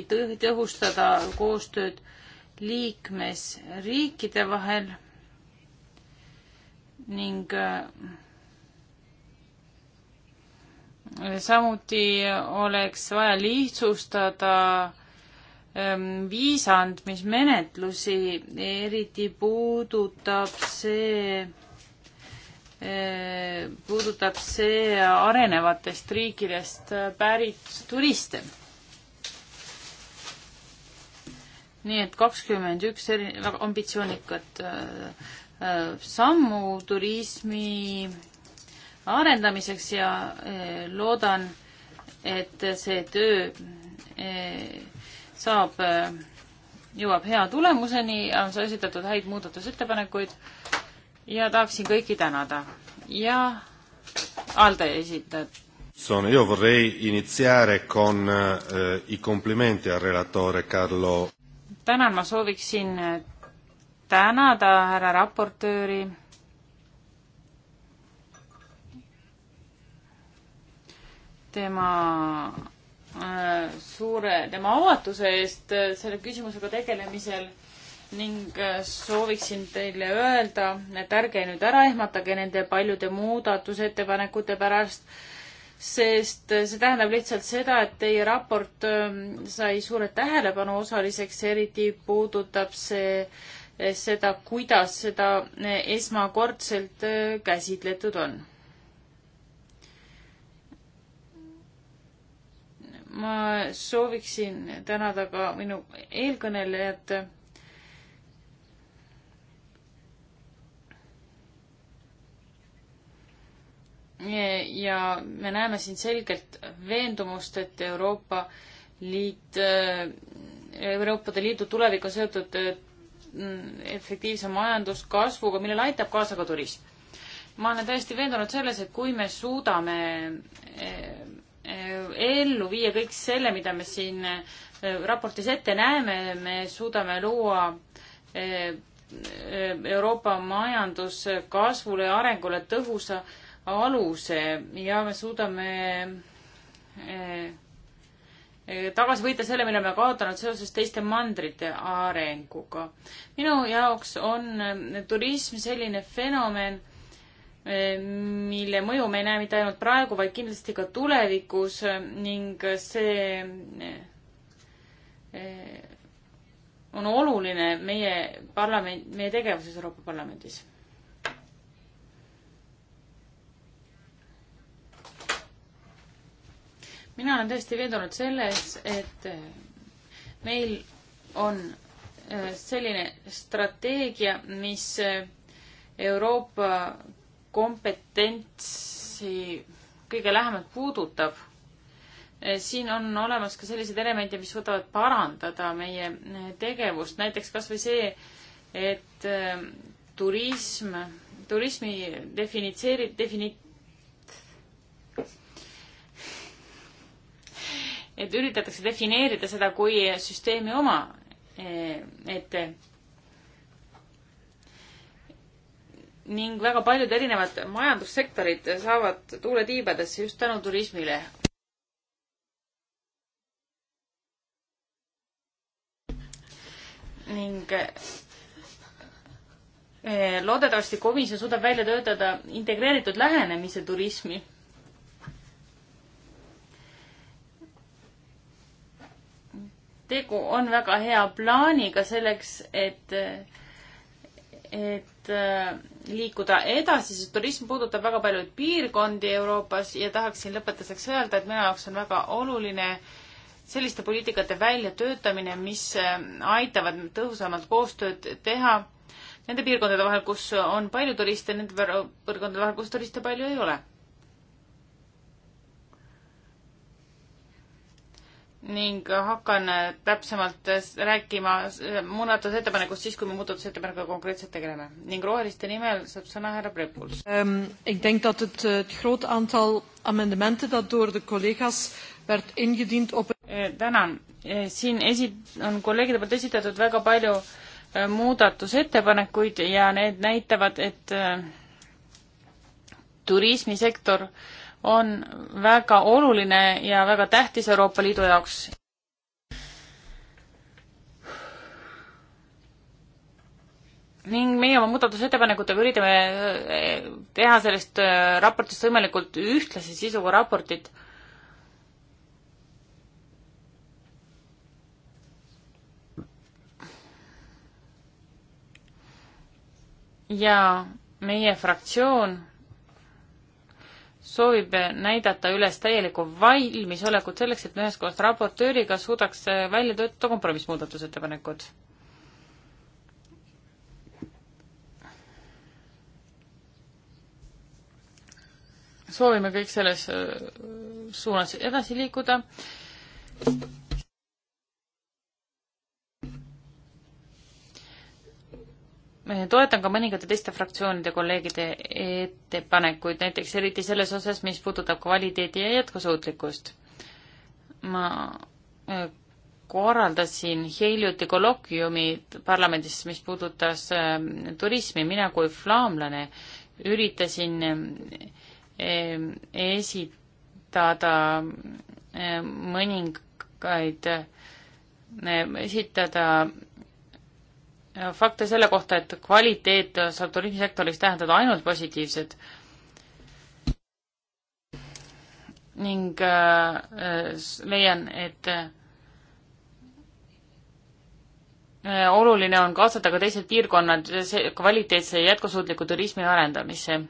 A: tõhustada koostööd liikmesriikide vahel ning äh, samuti oleks vaja lihtsustada ähm, viisa andmismenetlusi, eriti puudutab see puudutab see arenevatest riikidest pärit turiste. nii et kakskümmend üks eri-, väga ambitsioonikat äh, äh, sammu turismi arendamiseks ja äh, loodan, et see töö saab, jõuab hea tulemuseni, on esitatud häid muudatusettepanekuid ja tahaksin kõiki tänada ja Alde esitab.
B: Io vorrei iniziare con eh, i complimenti al relatore Carlo.
A: tänan, ma sooviksin tänada härra raportööri tema äh, suure, tema avatuse eest äh, selle küsimusega tegelemisel ning äh, sooviksin teile öelda, et ärge nüüd ära ehmatage nende paljude muudatusettepanekute pärast, sest äh, see tähendab lihtsalt seda, et teie raport ähm, sai suure tähelepanu osaliseks, eriti puudutab see äh, seda, kuidas seda esmakordselt käsitletud on. ma sooviksin tänada ka minu eelkõnelejat ja me näeme siin selgelt veendumust, et Euroopa Liit, äh, Euroopa Liidu tulevik on seotud äh, efektiivse majanduskasvuga, millele aitab kaasa ka turism. ma olen täiesti veendunud selles, et kui me suudame äh, ellu viia kõik selle, mida me siin raportis ette näeme, me suudame luua Euroopa majanduskasvule ja arengule tõhusa aluse ja me suudame eh, eh, tagasi võita selle, mille me kaotanud seoses teiste mandrite arenguga. minu jaoks on eh, turism selline fenomen, mille mõju me ei näe mitte ainult praegu, vaid kindlasti ka tulevikus ning see on oluline meie parlament, meie tegevuses Euroopa Parlamendis mina olen tõesti veendunud selles, et eh, meil on eh, selline strateegia, mis eh, Euroopa kompetentsi kõige lähemalt puudutab. siin on olemas ka selliseid elemente, mis suudavad parandada meie tegevust, näiteks kas või see, et turism, turismi definitseeri-, defini-, et üritatakse defineerida seda kui süsteemi oma, et ning väga paljud erinevad majandussektorid saavad tuule tiibadesse just tänu turismile. ning eh, loodetavasti komisjon suudab välja töötada integreeritud lähenemise turismi tegu on väga hea plaaniga selleks, et, et äh, liikuda edasi, sest turism puudutab väga paljuid piirkondi Euroopas ja tahaksin lõpetuseks öelda, et minu jaoks on väga oluline selliste poliitikate väljatöötamine, mis äh, aitavad tõhusamalt koostööd teha nende piirkondade vahel, kus on palju turiste, nende piirkondade vahel, kus turiste palju ei ole ning hakkan täpsemalt rääkima muudatusettepanekust siis, kui me muudatusettepanekuga konkreetselt tegeleme. ning roheliste nimel saab sõna härra Prepuls um,. Ik denk dat het, eh, het groot aantal amendementen dat door de collega's werd ingediend op eh, tänan. Eh, siin esi-, on kolleegide poolt esitatud väga palju muudatusettepanekuid ja need näitavad, et turismisektor äh, on väga oluline ja väga tähtis Euroopa Liidu jaoks. ning meie oma muudatusettepanekutega üritame eh, teha sellest eh, raportist võimalikult ühtlase sisuga raportit. ja meie fraktsioon soovib näidata üles täielikku valmisolekut selleks, et me üheskoos raportööriga suudaks välja töötada kompromissmuudatusettepanekud. soovime kõik selles äh, suunas edasi liikuda toetan ka mõningate teiste fraktsioonide kolleegide ettepanekuid, näiteks eriti selles osas, mis puudutab kvaliteedi ja jätkusuutlikkust. ma äh, korraldasin hiljuti kolokviumi parlamendis, mis puudutas äh, turismi, mina kui flaamlane üritasin äh, esitada mõningaid, esitada fakte selle kohta, et kvaliteet saab turismisektoris tähendada ainult positiivset. ning äh, leian, et äh, oluline on kaasata ka teised piirkonnad kvaliteetse jätkusuutliku turismi arendamisse.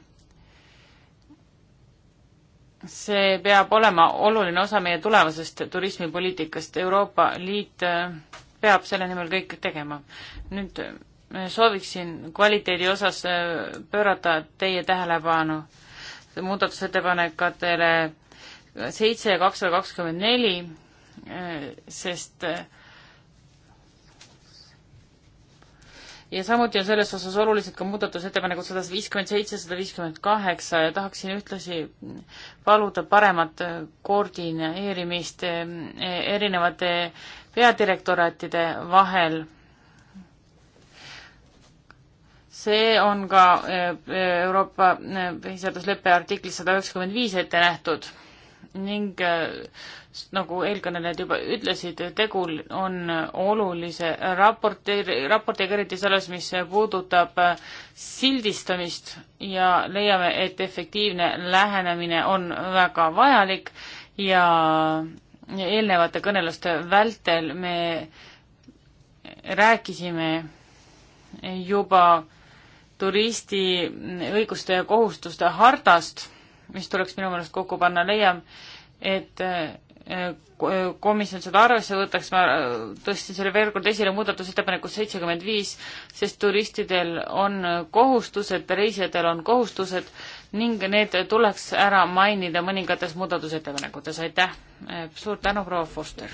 A: see peab olema oluline osa meie tulevasest turismipoliitikast. Euroopa Liit äh, peab selle nimel kõik tegema. nüüd äh, sooviksin kvaliteedi osas äh, pöörata teie tähelepanu muudatusettepanekatele seitse ja kakssada kakskümmend neli, äh, sest äh, ja samuti on selles osas olulised ka muudatusettepanekud sada viiskümmend seitse, sada viiskümmend kaheksa ja tahaksin ühtlasi paluda paremat koordineerimist eh, erinevate peadirektoraatide vahel see on ka eh, Euroopa eh, põhiseadusleppe artiklis sada üheksakümmend viis ette nähtud ning nagu eelkõnelejad juba ütlesid, tegul on olulise raporti, raportiga eriti selles, mis puudutab sildistamist ja leiame, et efektiivne lähenemine on väga vajalik ja eelnevate kõneluste vältel me rääkisime juba turisti õiguste ja kohustuste hardast, mis tuleks minu meelest kokku panna, leian, et komisjon seda arvesse võtaks, ma tõstsin selle veel kord esile muudatusettepanekus seitsekümmend viis, sest turistidel on kohustused, reisijatel on kohustused ning need tuleks ära mainida mõningates muudatusettepanekutes, aitäh. suur tänu, proua Foster.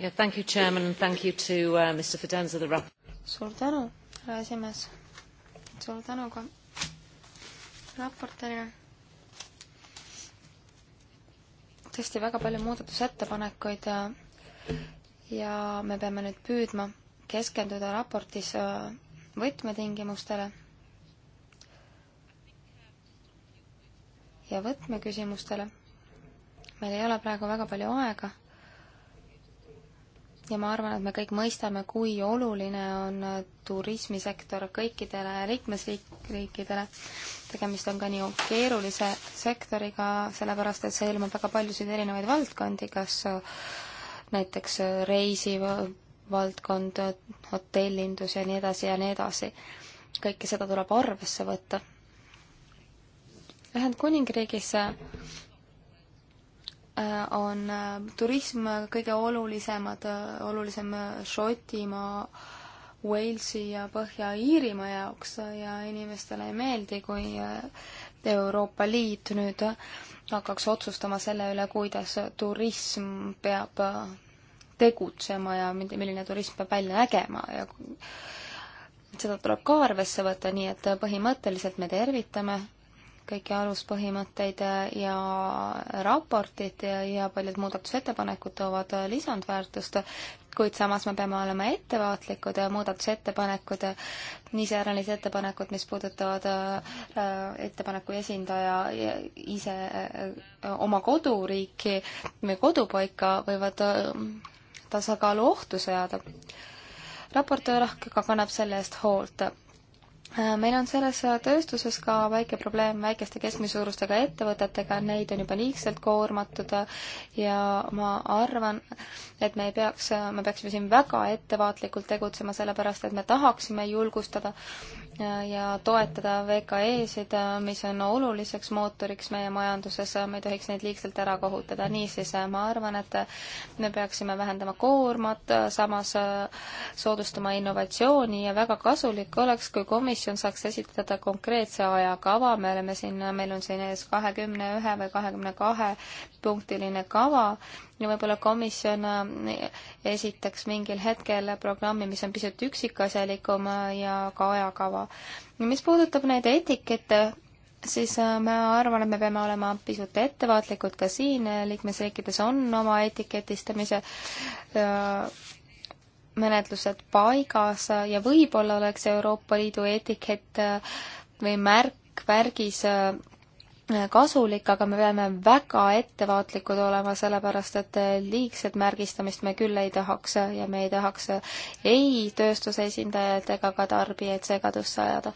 A: Yeah, thank you, chairman, thank you to uh, Mr Fidenza, the rap-.
B: suur tänu, härra esimees. suur tänu ka raportööle tõesti väga palju muudatusettepanekuid äh, ja me peame nüüd püüdma keskenduda raportis äh, võtmetingimustele ja võtmeküsimustele. meil ei ole praegu väga palju aega ja ma arvan, et me kõik mõistame, kui oluline on äh, turismisektor kõikidele liikmesriikidele tegemist on ka nii keerulise sektoriga, sellepärast et see hõlmab väga paljusid erinevaid valdkondi, kas näiteks reisivaldkond, hotellindus ja nii edasi ja nii edasi. kõike seda tuleb arvesse võtta. Ühendkuningriigis äh, on äh, turism kõige olulisemad, äh, olulisem Šotimaa Walesi ja Põhja-Iirimaa jaoks ja inimestele ei meeldi, kui äh, Euroopa Liit nüüd hakkaks otsustama selle üle, kuidas turism peab äh, tegutsema ja milline turism peab välja nägema ja seda tuleb ka arvesse võtta, nii et põhimõtteliselt me tervitame kõiki aluspõhimõtteid ja raportit ja, ja paljud muudatusettepanekud toovad lisandväärtust kuid samas me peame olema ettevaatlikud ja muudatusettepanekud, niiseäranis ettepanekud, mis puudutavad äh, ettepaneku esindaja ise äh, oma koduriiki või kodupaika, võivad äh, tasakaalu ohtu seada. raportöör ka kannab selle eest hoolt Äh, meil on selles äh, tööstuses ka väike probleem väikeste keskmisuurustega ettevõtetega, neid on juba liigselt koormatud äh, ja ma arvan, et me ei peaks, me peaksime siin väga ettevaatlikult tegutsema, sellepärast et me tahaksime julgustada ja toetada VKE-sid, äh, mis on oluliseks mootoriks meie majanduses, äh, me ei tohiks neid liigselt ära kohutada, niisiis äh, ma arvan, et me peaksime vähendama koormat, samas soodustama innovatsiooni ja väga kasulik oleks, kui komisjon saaks esitada konkreetse ajakava, me oleme siin, meil on siin ees kahekümne ühe või kahekümne kahe punktiline kava ja võib-olla komisjon äh, esitaks mingil hetkel programmi, mis on pisut üksikasjalikum äh, ja ka ajakava. mis puudutab neid etikette, siis äh, ma arvan, et me peame olema pisut ettevaatlikud ka siin, liikmesriikides on oma etiketistamise menetlused paigas ja võib-olla oleks Euroopa Liidu etikett või märk, värgis kasulik, aga me peame väga ettevaatlikud olema, sellepärast et liigset märgistamist me küll ei tahaks ja me ei tahaks ei tööstuse esindajaid ega ka tarbijaid segadusse ajada.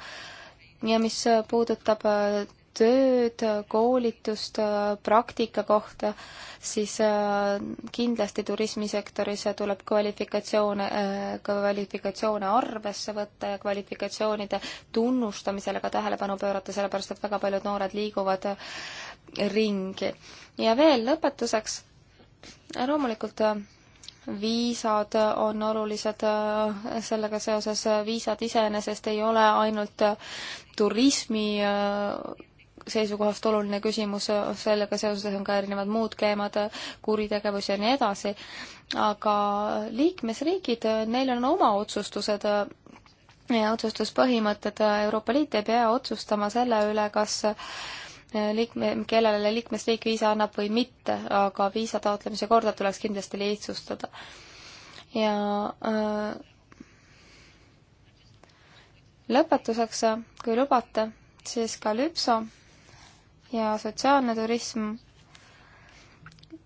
B: ja mis puudutab tööd, koolitust praktika kohta, siis äh, kindlasti turismisektoris tuleb kvalifikatsioone, äh, kvalifikatsioone arvesse võtta ja kvalifikatsioonide tunnustamisele ka tähelepanu pöörata, sellepärast et väga paljud noored liiguvad ringi. ja veel lõpetuseks, loomulikult äh, viisad on olulised sellega seoses, viisad iseenesest ei ole ainult turismi seisukohast oluline küsimus, sellega seoses on ka erinevad muud teemad, kuritegevus ja nii edasi, aga liikmesriigid, neil on oma otsustused ja otsustuspõhimõtted, Euroopa Liit ei pea otsustama selle üle, kas liikme, kellele liikmesriik viisa annab või mitte, aga viisa taotlemise korda tuleks kindlasti lihtsustada. ja öö, äh, lõpetuseks, kui lubate, siis Kalüpso ja sotsiaalne turism.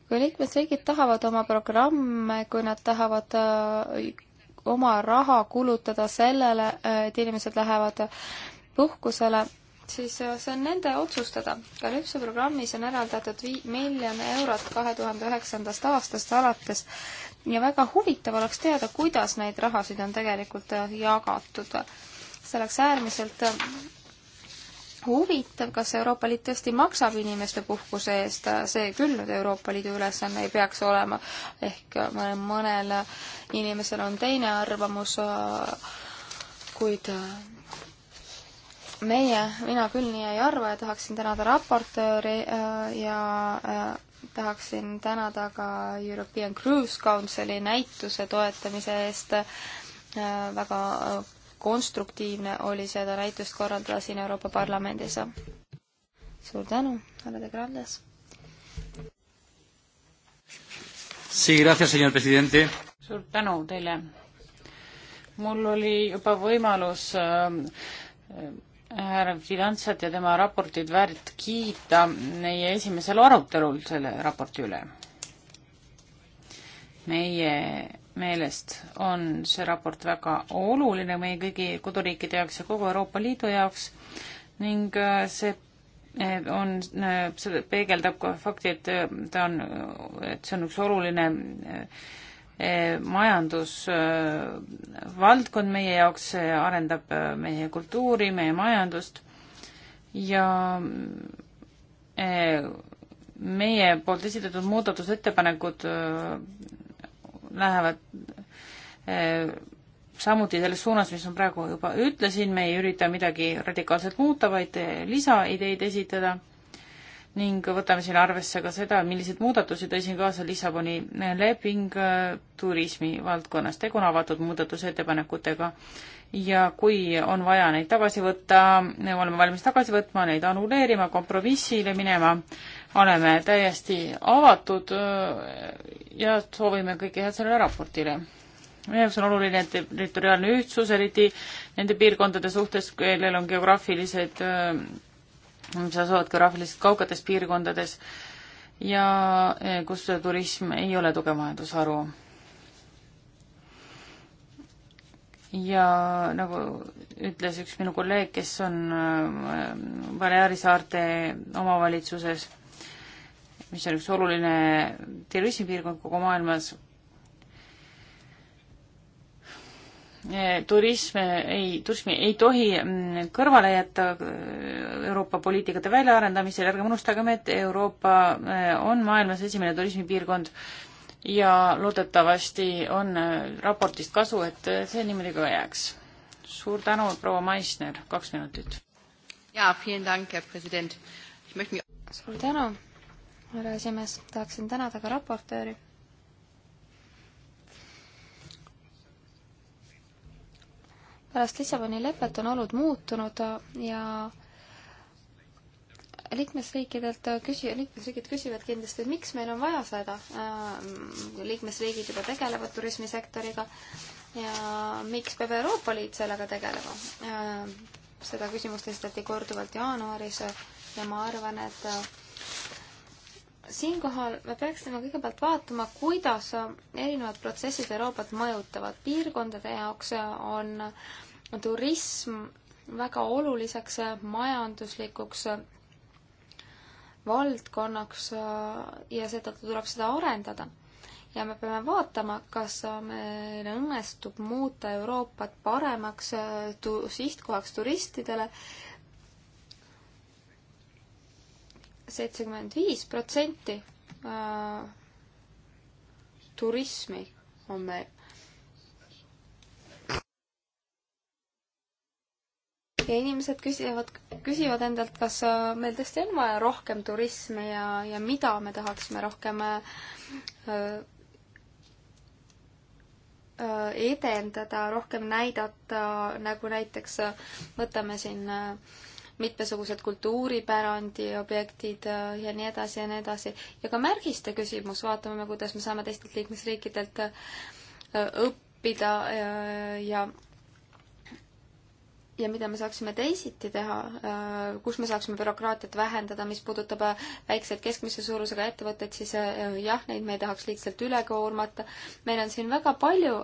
B: kui liikmesriigid tahavad oma programme, kui nad tahavad äh, oma raha kulutada sellele, et inimesed lähevad puhkusele, siis äh, see on nende otsustada. Kalüpso programmis on eraldatud vii-, miljon eurot kahe tuhande üheksandast aastast alates ja väga huvitav oleks teada, kuidas neid rahasid on tegelikult äh, jagatud. see oleks äärmiselt huvitav, kas Euroopa Liit tõesti maksab inimeste puhkuse eest, see küll nüüd Euroopa Liidu ülesanne ei peaks olema, ehk mõnel inimesel on teine arvamus, kuid meie, mina küll nii ei arva ja tahaksin tänada raportööri ja tahaksin tänada ka European Cruise Councili näituse toetamise eest, väga konstruktiivne oli seda näitust korraldada siin Euroopa Parlamendis. suur tänu, härra De Grandes.
A: suur tänu teile. mul oli juba võimalus äh, härra äh, Fidantsat ja tema raportit väärt kiita meie esimesel arutelul selle raporti üle. meie meelest on see raport väga oluline meie kõigi koduriikide jaoks ja kogu Euroopa Liidu jaoks ning äh, see äh, on, äh, see peegeldab ka fakti, et ta on, et see on üks oluline majandusvaldkond meie jaoks, see arendab meie kultuuri, meie majandust ja meie poolt esitatud muudatusettepanekud lähevad eh, samuti selles suunas, mis ma praegu juba ütlesin, me ei ürita midagi radikaalselt muuta, vaid eh, lisaideid esitada ning võtame siin arvesse ka seda, millised muudatused tõi siin kaasa Lissaboni eh, leping turismi valdkonnas. tegu on avatud muudatusettepanekutega ja kui on vaja neid tagasi võtta, me oleme valmis tagasi võtma, neid annuleerima, kompromissile minema oleme täiesti avatud äh, ja soovime kõike head sellele raportile. meie jaoks on oluline territoriaalne ühtsus, eriti nende piirkondade suhtes, kellel on geograafilised, äh, mis asuvad geograafiliselt kaugetes piirkondades ja äh, kus turism ei ole tugev majandusharu. ja nagu ütles üks minu kolleeg, kes on Baleari saarte omavalitsuses mis on üks oluline terrorismipiirkond kogu maailmas. turism ei, turismi ei tohi mm, kõrvale jätta äh, Euroopa poliitikate väljaarendamisel, ärgem unustagem, et Euroopa äh, on maailmas esimene turismipiirkond ja loodetavasti on äh, raportist kasu, et see niimoodi ka jääks. suur tänu, proua Maisner, kaks minutit.
B: jaa, vielen dank, herr president. suur tänu härra esimees, tahaksin tänada ka raportööri. pärast Lissaboni lepet on olud muutunud ja liikmesriikidelt küsi-, liikmesriigid küsivad kindlasti, et miks meil on vaja seda. liikmesriigid juba tegelevad turismisektoriga ja miks peab Euroopa Liit sellega tegelema? seda küsimust esitati korduvalt jaanuaris ja ma arvan, et siinkohal me peaksime kõigepealt vaatama, kuidas erinevad protsessid Euroopat mõjutavad. piirkondade jaoks on turism väga oluliseks majanduslikuks valdkonnaks ja seetõttu tuleb seda arendada. ja me peame vaatama, kas meil õnnestub muuta Euroopat paremaks tu-, sihtkohaks turistidele seitsekümmend viis protsenti äh, turismi on meil. ja inimesed küsivad, küsivad endalt, kas äh, meil tõesti on vaja rohkem turismi ja, ja mida me tahaksime rohkem äh, äh edendada, rohkem näidata, nagu näiteks võtame siin äh, mitmesugused kultuuripärandi objektid äh, ja nii edasi ja nii edasi. ja ka märgiste küsimus, vaatame, kuidas me saame teistelt liikmesriikidelt äh, õppida äh, ja ja mida me saaksime teisiti teha, äh, kus me saaksime bürokraatiat vähendada, mis puudutab äh, väikseid keskmise suurusega ettevõtteid, siis äh, jah, neid me ei tahaks lihtsalt üle koormata. meil on siin väga palju,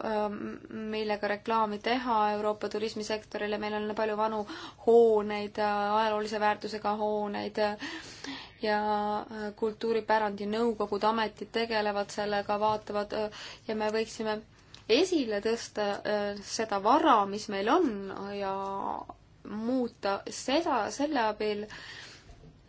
B: millega reklaami teha Euroopa turismisektorile, meil on palju vanu hooneid, ajaloolise väärtusega hooneid ja kultuuripärandi nõukogud, ametid tegelevad sellega, vaatavad ja me võiksime esile tõsta äh, seda vara, mis meil on ja muuta seda, selle abil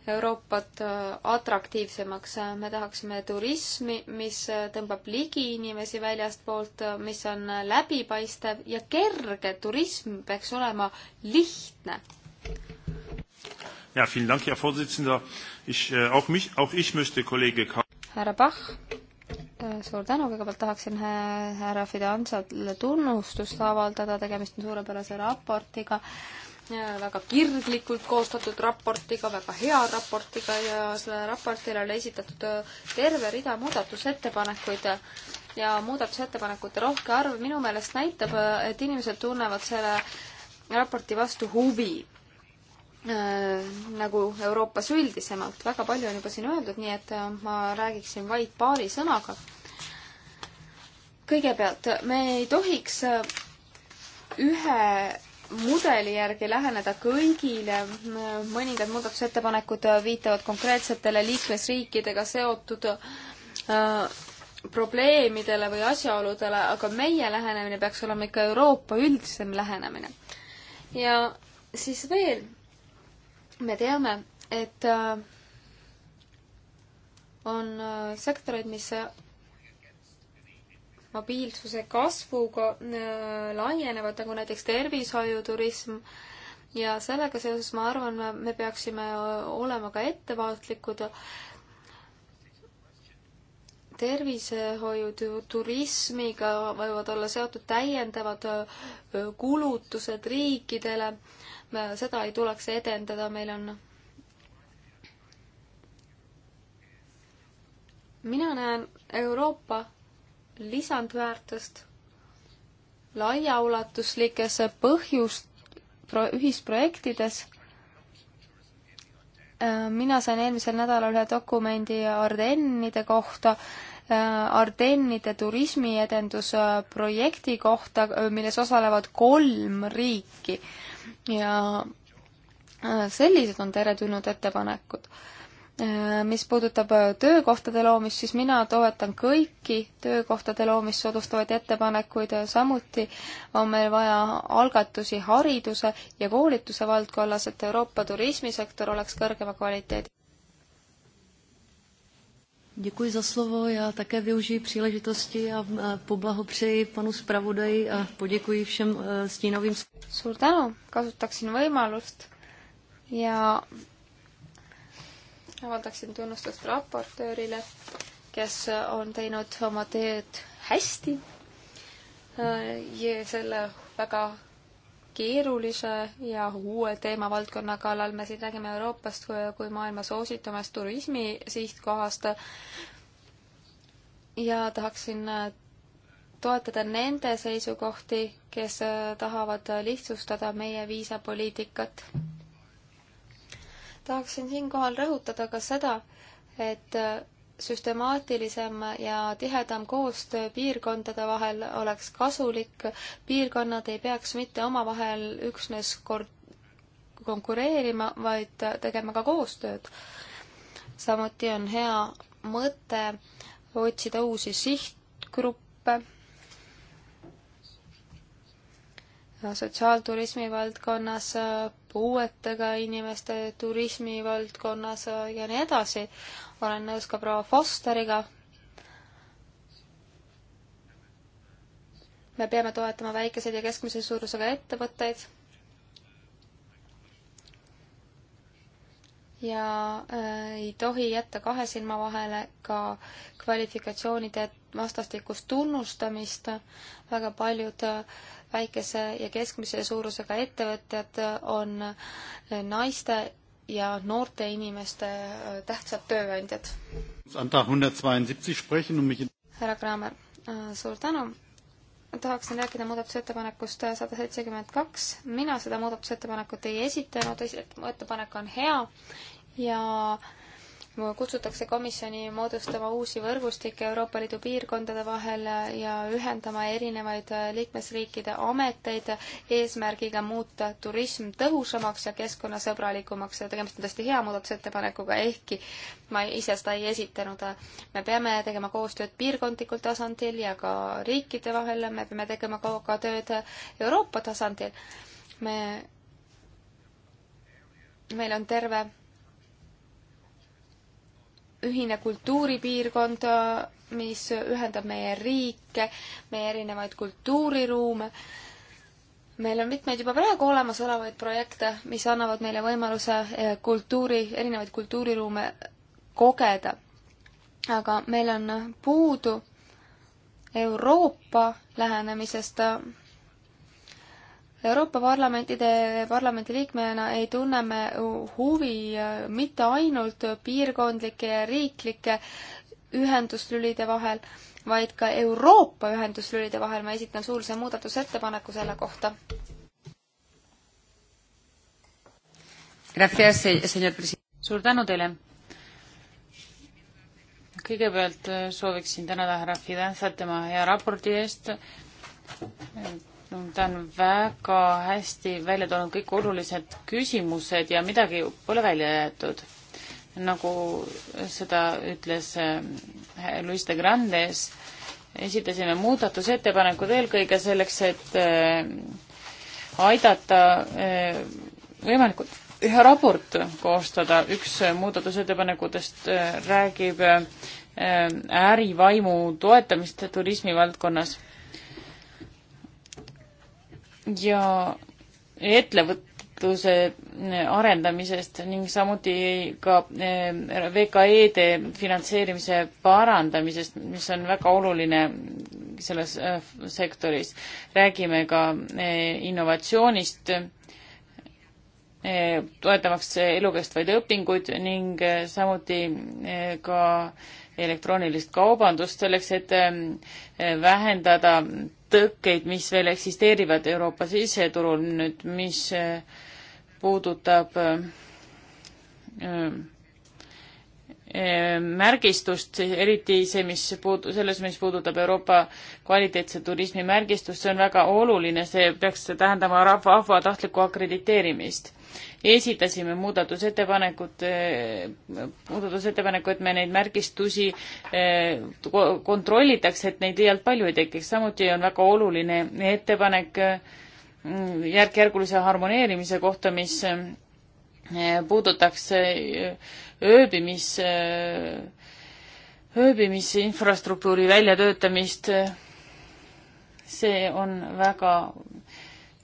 B: Euroopat äh, atraktiivsemaks. me tahaksime turismi, mis äh, tõmbab ligi inimesi väljastpoolt, mis on läbipaistev ja kerge. turism peaks olema lihtne.
A: Ja, vielen Dank, Herr Vorsitzender. Ich, äh, auch, mich, auch ich möchte Kollege Ka-
B: härra Bach suur tänu, kõigepealt tahaksin äh, härra Fidanzale tunnustust avaldada, tegemist on suurepärase raportiga, äh, väga kirglikult koostatud raportiga, väga hea raportiga ja sellele raportile oli esitatud äh, terve rida muudatusettepanekuid ja muudatusettepanekute rohke arv minu meelest näitab, et inimesed tunnevad selle raporti vastu huvi nagu Euroopas üldisemalt. väga palju on juba siin öeldud, nii et ma räägiksin vaid paari sõnaga kõigepealt me ei tohiks äh, ühe mudeli järgi läheneda kõigile, mõningad muudatusettepanekud äh, viitavad konkreetsetele liikmesriikidega seotud äh, probleemidele või asjaoludele, aga meie lähenemine peaks olema ikka Euroopa üldisem lähenemine. ja siis veel, me teame, et äh, on äh, sektoreid, mis mobiilsuse kasvuga äh, laienevad, nagu näiteks tervishoiuturism ja sellega seoses ma arvan, me peaksime olema ka ettevaatlikud. tervishoiuturismiga võivad olla seotud täiendavad äh, kulutused riikidele, seda ei tuleks edendada, meil on mina näen Euroopa lisandväärtust, laiaulatuslikes põhjust, ühisprojektides. Äh, mina sain eelmisel nädalal ühe dokumendi Ardennide kohta, äh, Ardennide turismiedendusprojekti kohta, äh, milles osalevad kolm riiki ja sellised on teretulnud ettepanekud Äh, mis puudutab äh, töökohtade loomist, siis mina toetan kõiki töökohtade loomist soodustavaid ettepanekuid, samuti on meil vaja algatusi hariduse ja koolituse valdkonnas, et Euroopa turismisektor oleks kõrgema kvaliteedi. Děkuji za slovo. Já také využiji příležitosti a poblahopřeji panu zpravodaji a poděkuji všem e, stínovým. Suur tänu, kasutaksin võimalust ja avaldaksin tunnustust raportöörile, kes on teinud oma tööd hästi äh, ja selle väga keerulise ja uue teemavaldkonna kallal. me siin räägime Euroopast kui, kui maailma soositumast turismi sihtkohast. ja tahaksin äh, toetada nende seisukohti, kes äh, tahavad lihtsustada meie viisapoliitikat tahaksin siinkohal rõhutada ka seda, et süstemaatilisem ja tihedam koostöö piirkondade vahel oleks kasulik, piirkonnad ei peaks mitte omavahel üksnes kord-, konkureerima, vaid tegema ka koostööd. samuti on hea mõte otsida uusi sihtgruppe sotsiaalturismi valdkonnas, puuetega inimeste turismi valdkonnas ja nii edasi. olen nõus ka proua Fosteriga. me peame toetama väikeseid ja keskmise suurusega ettevõtteid ja äh, ei tohi jätta kahe silma vahele ka kvalifikatsioonide vastastikust tunnustamist. väga paljud äh, väikese ja keskmise suurusega ettevõtjad äh, on äh, naiste ja noorte inimeste äh, tähtsad tööandjad. härra Kramer äh,, suur tänu tahaksin rääkida muudatusettepanekust sada seitsekümmend kaks. mina seda muudatusettepanekut ei esitanud, ettepanek on hea ja kutsutakse komisjoni moodustama uusi võrgustikke Euroopa Liidu piirkondade vahel ja ühendama erinevaid liikmesriikide ameteid eesmärgiga muuta turism tõhusamaks ja keskkonnasõbralikumaks ja tegemist on tõesti hea muudatusettepanekuga, ehkki ma ise seda ei esitanud. me peame tegema koostööd piirkondlikul tasandil ja ka riikide vahel, me peame tegema ka, ka tööd Euroopa tasandil. me, meil on terve ühine kultuuripiirkond, mis ühendab meie riike, meie erinevaid kultuuriruume. meil on mitmeid juba praegu olemasolevaid projekte, mis annavad meile võimaluse eh, kultuuri, erinevaid kultuuriruume kogeda. aga meil on puudu Euroopa lähenemisest Euroopa Parlamentide, parlamendi liikmena ei tunne me huvi äh, mitte ainult piirkondlike ja riiklike ühenduslülide vahel, vaid ka Euroopa ühenduslülide vahel. ma esitan suurse muudatusettepaneku selle kohta.
A: suur tänu teile. kõigepealt äh, sooviksin tänada härra Fidanzat tema hea raporti eest ta on väga hästi välja toonud kõik olulised küsimused ja midagi pole välja jäetud. nagu seda ütles eh, Luis de Grandes, esitasime muudatusettepanekud eelkõige selleks, et eh, aidata eh, võimalikult ühe raport koostada, üks muudatusettepanekutest räägib ärivaimu toetamist turismivaldkonnas ja ettevõtluse arendamisest ning samuti ka eh, VKE-de finantseerimise parandamisest, mis on väga oluline selles eh, sektoris. räägime ka eh, innovatsioonist, toetamaks elukestvaid õpinguid ning samuti ka elektroonilist kaubandust selleks, et vähendada tõkkeid, mis veel eksisteerivad Euroopa siseturul nüüd, mis eh, puudutab eh, eh, märgistust, eriti see, mis puudu-, selles, mis puudutab Euroopa kvaliteetse turismi märgistust, see on väga oluline, see peaks tähendama rahva, rahva tahtlikku akrediteerimist esitasime muudatusettepanekud, eh, muudatusettepaneku, et me neid märgistusi eh, kontrollitakse, et neid liialt palju ei tekiks, samuti on väga oluline ettepanek mm, järk-järgulise harmoneerimise kohta, mis eh, puudutaks ööbimis, ööbimisinfrastruktuuri väljatöötamist. see on väga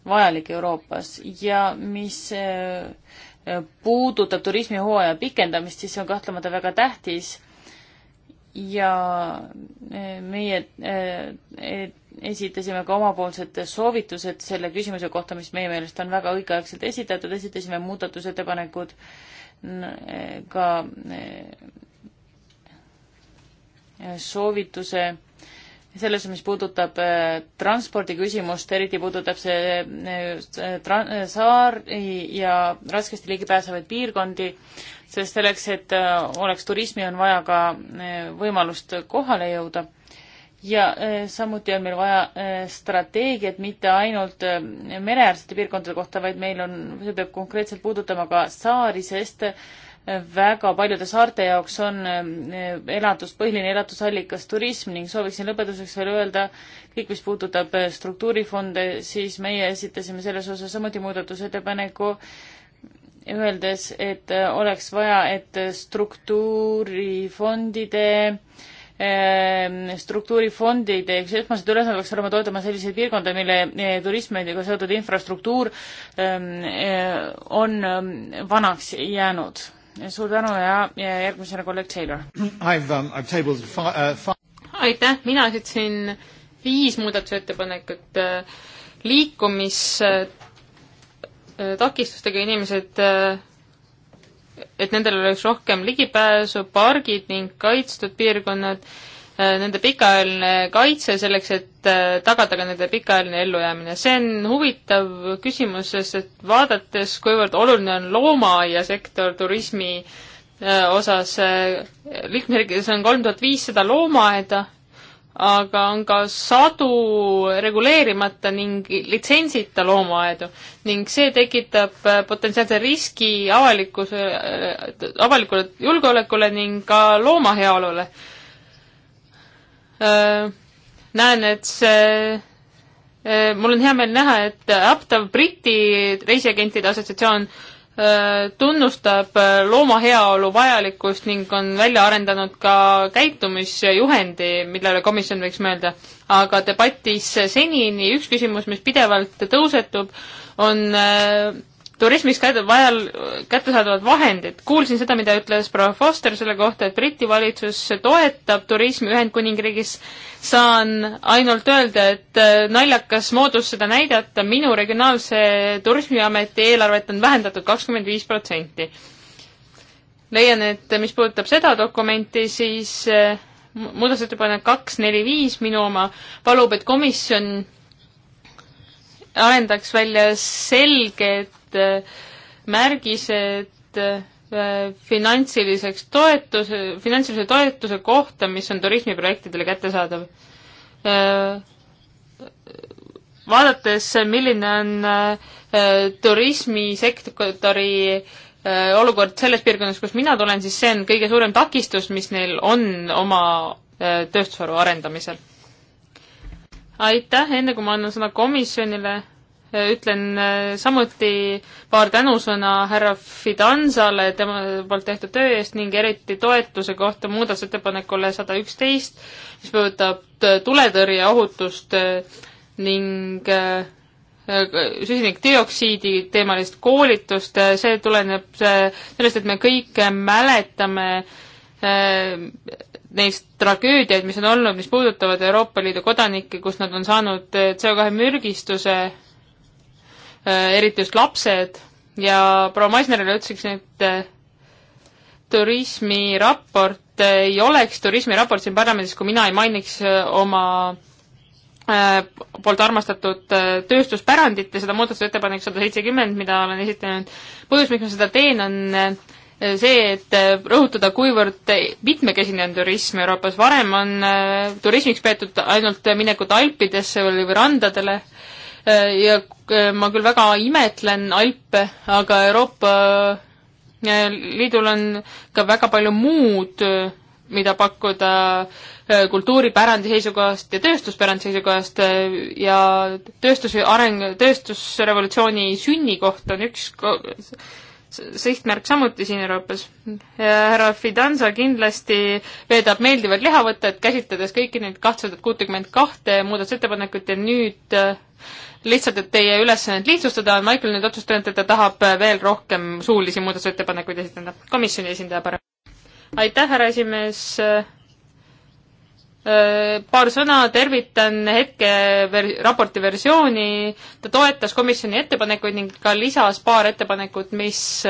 A: vajalik Euroopas ja mis eh, puudutab turismihooaja pikendamist, siis see on kahtlemata väga tähtis ja eh, meie eh, e-, esitasime ka omapoolsed soovitused selle küsimuse kohta, mis meie meelest on väga õigeaegselt esitatud, esitasime muudatusettepanekud ka soovituse selles, mis puudutab äh, transpordiküsimust, eriti puudutab see äh, äh, saari ja raskesti ligipääsevaid piirkondi, sest selleks, et oleks turismi, on vaja ka võimalust kohale jõuda. ja samuti on meil vaja strateegiat mitte ainult mereäärsete piirkondade kohta, vaid meil on, see peab konkreetselt puudutama ka saari, sest väga paljude saarte jaoks on eh, elatus, põhiline elatusallikas turism ning sooviksin lõpetuseks veel öelda, kõik, mis puudutab eh, struktuurifonde, siis meie esitasime selles osas samuti muudatusettepaneku, öeldes, et eh, oleks vaja, et struktuurifondide struktuurifondide üks esmased ülesanded peaks olema toetama selliseid piirkondi, mille turismiga seotud infrastruktuur on vanaks jäänud suur tänu ja, ja järgmisena kolleeg Taylor. Um, uh, aitäh,
C: mina esitasin viis muudatusettepanekut äh, liikumistakistustega äh, inimesed äh,, et nendel oleks rohkem ligipääsu, pargid ning kaitstud piirkonnad Äh, nende pikaajaline kaitse selleks, et äh, tagada ka nende pikaajaline ellujäämine. see on huvitav küsimus, sest et vaadates, kuivõrd oluline on loomaaiasektor turismi äh, osas, liikmesriikides on kolm tuhat viissada loomaaeda, aga on ka sadu reguleerimata ning litsentsita loomaaedu ning see tekitab potentsiaalse riski avalikkuse, avalikule julgeolekule ning ka looma heaolule. Äh, näen, et see äh, mul on hea meel näha, et Aptav Briti reisiagentide assotsiatsioon äh, tunnustab looma heaolu vajalikkust ning on välja arendanud ka käitumisjuhendi, millele komisjon võiks mõelda. aga debatis senini üks küsimus, mis pidevalt tõusetub, on turismis vajal kättesaadavad vahendid. kuulsin seda, mida ütles proua Foster selle kohta, et Briti valitsus toetab turismi Ühendkuningriigis. saan ainult öelda, et äh, naljakas moodus seda näidata, minu regionaalse turismiameti eelarvet on vähendatud kakskümmend viis protsenti. leian, et mis puudutab seda dokumenti, siis äh, muudatusettepanek kaks, neli, viis minu oma palub, et komisjon arendaks välja selged sellised äh, märgised äh, finantsiliseks toetuse, finantsilise toetuse kohta, mis on turismiprojektidele kättesaadav. Äh, vaadates, milline on turismisektori olukord selles piirkonnas, kus mina tulen, siis see on kõige suurem takistus, mis neil on oma tööstusharu arendamisel. aitäh, enne kui ma annan sõna komisjonile ütlen äh, samuti paar tänusõna härra Fidanzale tema poolt tehtud töö eest ning eriti toetuse kohta muudatusettepanekule sada üksteist, mis puudutab tuletõrje ohutust äh, ning äh, süsinikdioksiidi teemalist koolitust, see tuleneb sellest, et me kõik mäletame neist tragöödiaid, mis on olnud, mis puudutavad Euroopa Liidu kodanikke, kus nad on saanud CO2 mürgistuse Äh, eriti just lapsed ja proua Maisnerile ütleks, et äh, turismiraport äh, ei oleks turismiraport siin parlamendis, kui mina ei mainiks oma poolt armastatud tööstuspärandit ja seda muudatusettepanekut sada seitsekümmend, mida olen esitanud. põhjus, miks ma seda teen, on see, et rõhutada, kuivõrd mitmekesine on turism Euroopas. varem on turismiks peetud ainult minekut Alpidesse või randadele Äh, ja äh, ma küll väga imetlen Alpe, aga Euroopa äh, Liidul on ka väga palju muud, mida pakkuda kultuuripärandi seisukohast ja tööstuspärandi seisukohast ja tööstuse areng, tööstusrevolutsiooni sünnikoht on üks sihtmärk samuti siin Euroopas. härra Fidanza kindlasti veedab meeldivat lihavõtet, käsitledes kõiki neid kahtesadat kuutekümmet kahte muudatusettepanekut ja nüüd lihtsalt, et teie ülesannet lihtsustada, on Michael nüüd otsustanud, et ta tahab veel rohkem suulisi muudatusettepanekuid esitada. komisjoni esindaja parem. aitäh, härra esimees. Äh, paar sõna, tervitan hetke ver-, raporti versiooni. ta toetas komisjoni ettepanekuid ning ka lisas paar ettepanekut, mis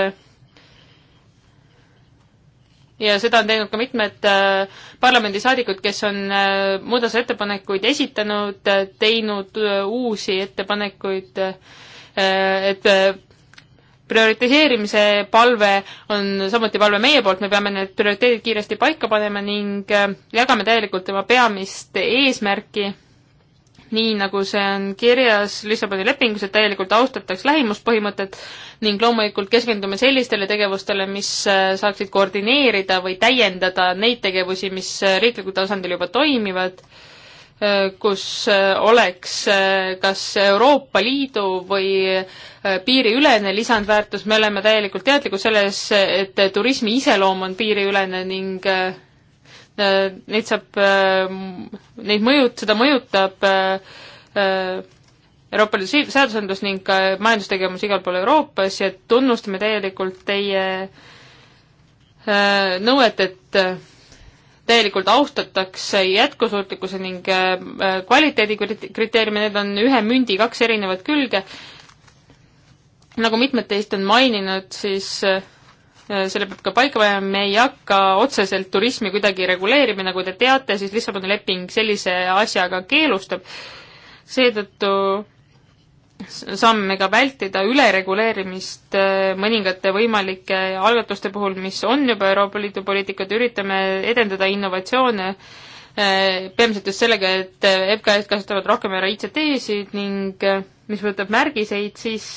C: ja seda on teinud ka mitmed äh, parlamendisaadikud, kes on äh, muudatusettepanekuid esitanud, äh, teinud uusi ettepanekuid, et prioritiseerimise palve on samuti palve meie poolt, me peame need prioriteedid kiiresti paika panema ning jagame täielikult tema peamist eesmärki nii nagu see on kirjas Lissaboni lepingus, et täielikult austataks lähimuspõhimõtet ning loomulikult keskendume sellistele tegevustele, mis äh, saaksid koordineerida või täiendada neid tegevusi, mis äh, riiklikul tasandil juba toimivad, äh, kus oleks kas Euroopa Liidu või piiriülene lisandväärtus, me oleme täielikult teadlikud selles, et turismi iseloom on piiriülene ning Äh, neid saab, äh, neid mõjut-, seda mõjutab äh, Euroopa Liidu seadusandlus ning ka majandustegevus igal pool Euroopas ja tunnustame täielikult teie nõuet, et täielikult austatakse jätkusuutlikkuse ning kvaliteedi kriteeriume, need on ühe mündi kaks erinevat külge. nagu mitmed teist on maininud, siis Äh, selle peab ka paika panema, me ei hakka otseselt turismi kuidagi reguleerima, nagu te teate, siis Lissaboni leping sellise asjaga keelustab. seetõttu samme ka vältida ülereguleerimist äh, mõningate võimalike algatuste puhul, mis on juba Euroopa Liidu poliitikad, üritame edendada innovatsioone, äh, peamiselt just sellega, et EBKS kasutavad rohkem ära ICT-sid ning mis puudutab märgiseid, siis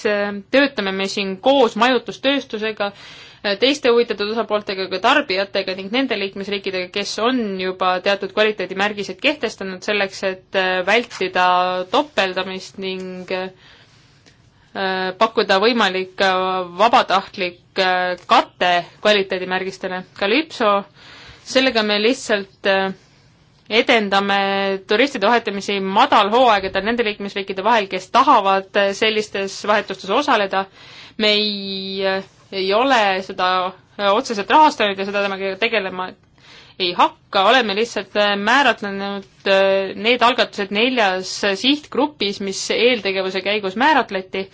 C: töötame me siin koos majutustööstusega, teiste huvitatud osapooltega, ka tarbijatega ning nende liikmesriikidega, kes on juba teatud kvaliteedimärgised kehtestanud selleks, et äh, vältida topeldamist ning äh, pakkuda võimalik äh, vabatahtlik kate kvaliteedimärgistele. Calypso, sellega me lihtsalt edendame turistide vahetamisi madalhooaegadel nende liikmesriikide vahel, kes tahavad sellistes vahetustes osaleda. me ei ei ole seda äh, otseselt rahastanud ja seda temaga tegelema ei hakka, oleme lihtsalt äh, määratlenud äh, need algatused neljas sihtgrupis, mis eeltegevuse käigus määratleti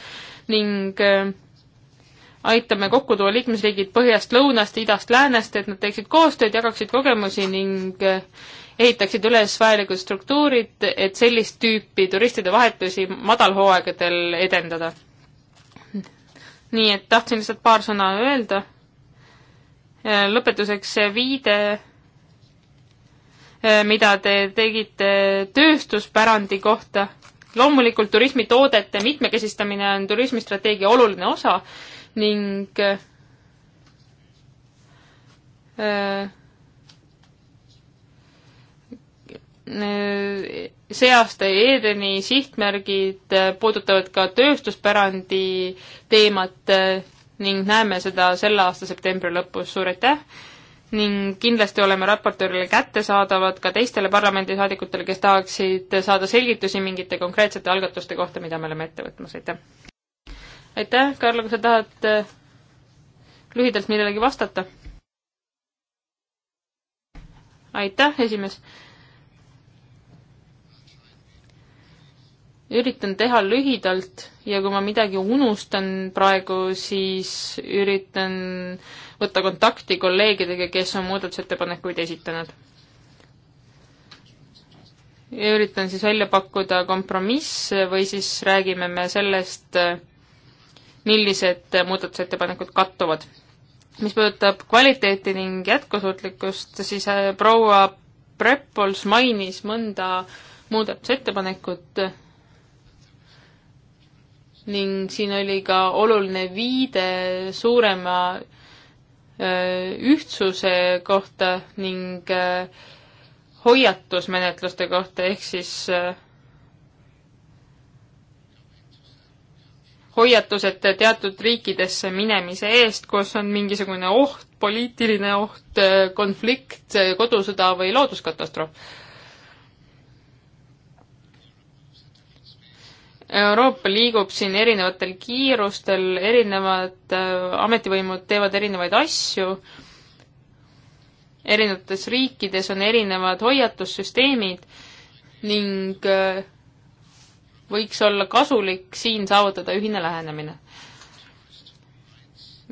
C: ning aitame kokku tuua liikmesriigid põhjast, lõunast, idast, läänest, et nad teeksid koostööd, jagaksid kogemusi ning ehitaksid üles vajalikud struktuurid, et sellist tüüpi turistide vahetusi madalhooaegadel edendada nii et tahtsin lihtsalt paar sõna öelda. lõpetuseks see viide, e, mida te tegite tööstuspärandi kohta. loomulikult turismitoodete mitmekesistamine on turismistrateegia oluline osa ning äh, Äh, see aasta Edeni sihtmärgid äh, puudutavad ka tööstuspärandi teemat äh, ning näeme seda selle aasta septembri lõpus, suur aitäh! ning kindlasti oleme raportöörile kättesaadavad ka teistele parlamendisaadikutele, kes tahaksid saada selgitusi mingite konkreetsete algatuste kohta, mida me oleme ette võtmas, aitäh! aitäh, Karl, kas sa tahad lühidalt millelegi vastata? aitäh, esimees! üritan teha lühidalt ja kui ma midagi unustan praegu, siis üritan võtta kontakti kolleegidega, kes on muudatusettepanekuid esitanud. ja üritan siis välja pakkuda kompromisse või siis räägime me sellest, millised muudatusettepanekud kattuvad. mis puudutab kvaliteeti ning jätkusuutlikkust, siis äh, proua Prepols mainis mõnda muudatusettepanekut, ning siin oli ka oluline viide suurema ühtsuse kohta ning hoiatusmenetluste kohta, ehk siis hoiatused teatud riikidesse minemise eest, kus on mingisugune oht, poliitiline oht, konflikt, kodusõda või looduskatastroof Euroopa liigub siin erinevatel kiirustel, erinevad äh, ametivõimud teevad erinevaid asju, erinevates riikides on erinevad hoiatussüsteemid ning äh, võiks olla kasulik siin saavutada ühine lähenemine.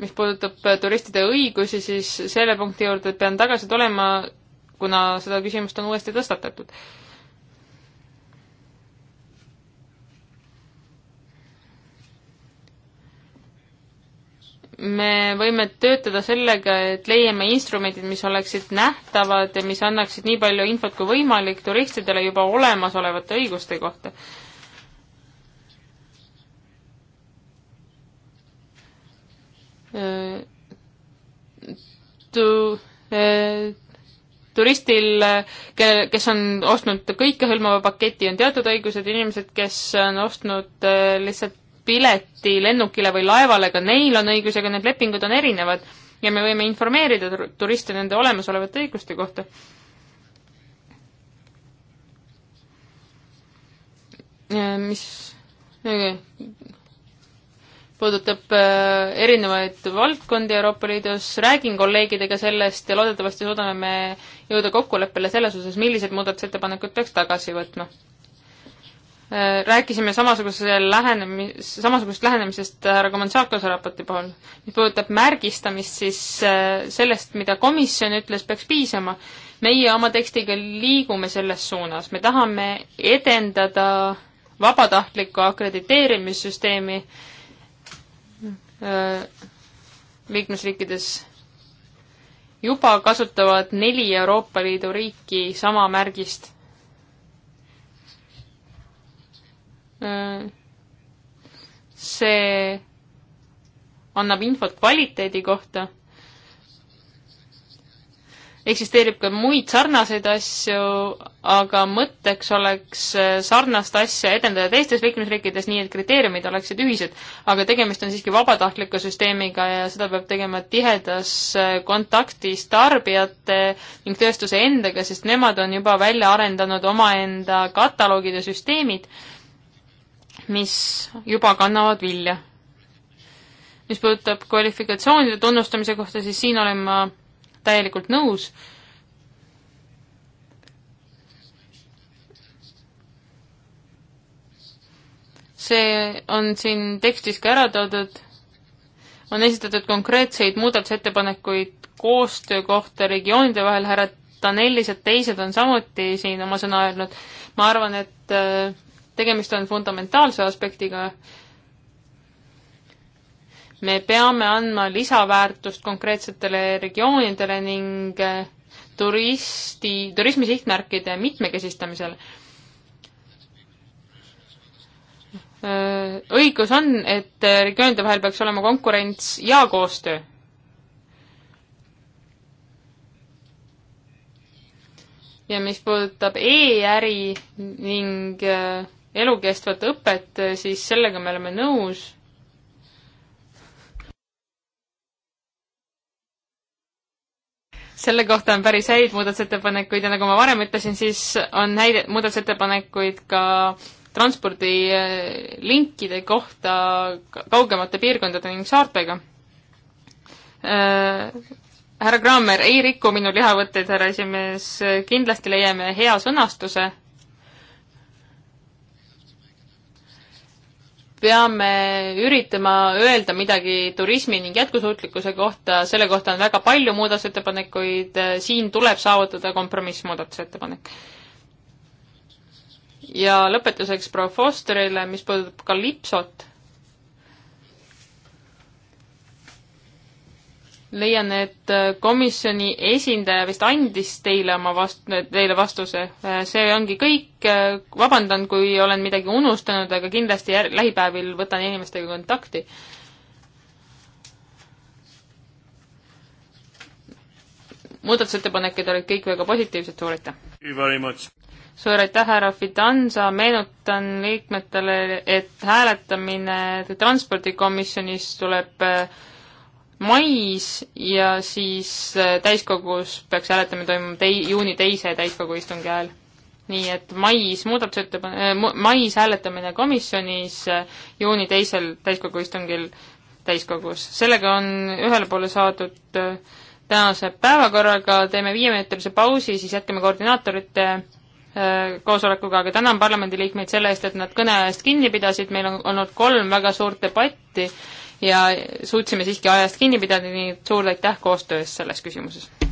C: mis puudutab äh, turistide õigusi, siis selle punkti juurde pean tagasi tulema, kuna seda küsimust on uuesti tõstatatud me võime töötada sellega, et leiame instrumendid, mis oleksid nähtavad ja mis annaksid nii palju infot kui võimalik turistidele juba olemasolevate õiguste kohta. Tu-, turistil, kelle, kes on ostnud kõikehõlmava paketi, on teatud õigused, inimesed, kes on ostnud eh, lihtsalt pileti lennukile või laevale, ka neil on õigus, aga need lepingud on erinevad ja me võime informeerida turiste nende olemasolevate õiguste kohta. mis puudutab äh, erinevaid valdkondi Euroopa Liidus, räägin kolleegidega sellest ja loodetavasti suudame me jõuda kokkuleppele selles osas, millised muudatusettepanekud peaks tagasi võtma. Äh, rääkisime samasugusel lähenemis, samasugusest lähenemisest härra Komantsakose raporti puhul. mis puudutab märgistamist, siis äh, sellest, mida komisjon ütles, peaks piisama. meie oma tekstiga liigume selles suunas, me tahame edendada vabatahtlikku akrediteerimissüsteemi äh, liikmesriikides juba kasutavad neli Euroopa Liidu riiki sama märgist Mm. see annab infot kvaliteedi kohta. eksisteerib ka muid sarnaseid asju, aga mõtteks oleks äh, sarnast asja edendada teistes liikmesriikides, nii et kriteeriumid oleksid ühised. aga tegemist on siiski vabatahtliku süsteemiga ja seda peab tegema tihedas äh, kontaktis tarbijate ning tööstuse endaga, sest nemad on juba välja arendanud omaenda kataloogid ja süsteemid mis juba kannavad vilja. mis puudutab kvalifikatsioonide tunnustamise kohta, siis siin olen ma täielikult nõus. see on siin tekstis ka ära toodud, on esitatud konkreetseid muudatusettepanekuid koostöö kohta regioonide vahel, härra Danelis ja teised on samuti siin oma sõna öelnud. ma arvan, et äh, tegemist on fundamentaalse aspektiga. me peame andma lisaväärtust konkreetsetele regioonidele ning eh, turisti, turismi sihtmärkide mitmekesistamisel. Äh, õigus on, et äh, regioonide vahel peaks olema konkurents ja koostöö ja mis puudutab e-äri ning äh, elukestvat õpet, siis sellega me oleme nõus selle kohta on päris häid muudatusettepanekuid ja nagu ma varem ütlesin, siis on häid muudatusettepanekuid ka transpordilinkide eh, kohta kaugemate piirkondade ning saartega äh,. härra Kraamer, ei riku minu lihavõtteid, härra esimees, kindlasti leiame hea sõnastuse peame üritama öelda midagi turismi ning jätkusuutlikkuse kohta, selle kohta on väga palju muudatusettepanekuid, siin tuleb saavutada kompromissmuudatusettepanek. ja lõpetuseks proua Fosterile, mis puudutab Kalipsot leian, et äh, komisjoni esindaja vist andis teile oma vast-, teile vastuse. Äh, see ongi kõik, äh, vabandan, kui olen midagi unustanud, aga kindlasti jär-, lähipäevil võtan inimestega kontakti. muudatusettepanekud olid kõik väga positiivsed, suur
B: aitäh!
C: suur aitäh, härra Fidanza, meenutan liikmetele, et hääletamine transpordikomisjonis tuleb äh, mais ja siis äh, täiskogus peaks hääletamine toimuma tei-, juuni teise täiskogu istungi ajal. nii et mais muudatusettepanek, äh, mais hääletamine komisjonis, äh, juuni teisel täiskogu istungil täiskogus. sellega on ühele poole saadud tänase päevakorraga, teeme viieminutilise pausi, siis jätkame koordinaatorite koosolekuga, aga tänan parlamendiliikmeid selle eest, et nad kõne eest kinni pidasid, meil on olnud kolm väga suurt debatti ja suutsime siiski ajast kinni pidada, nii et suur aitäh koostöö eest selles küsimuses!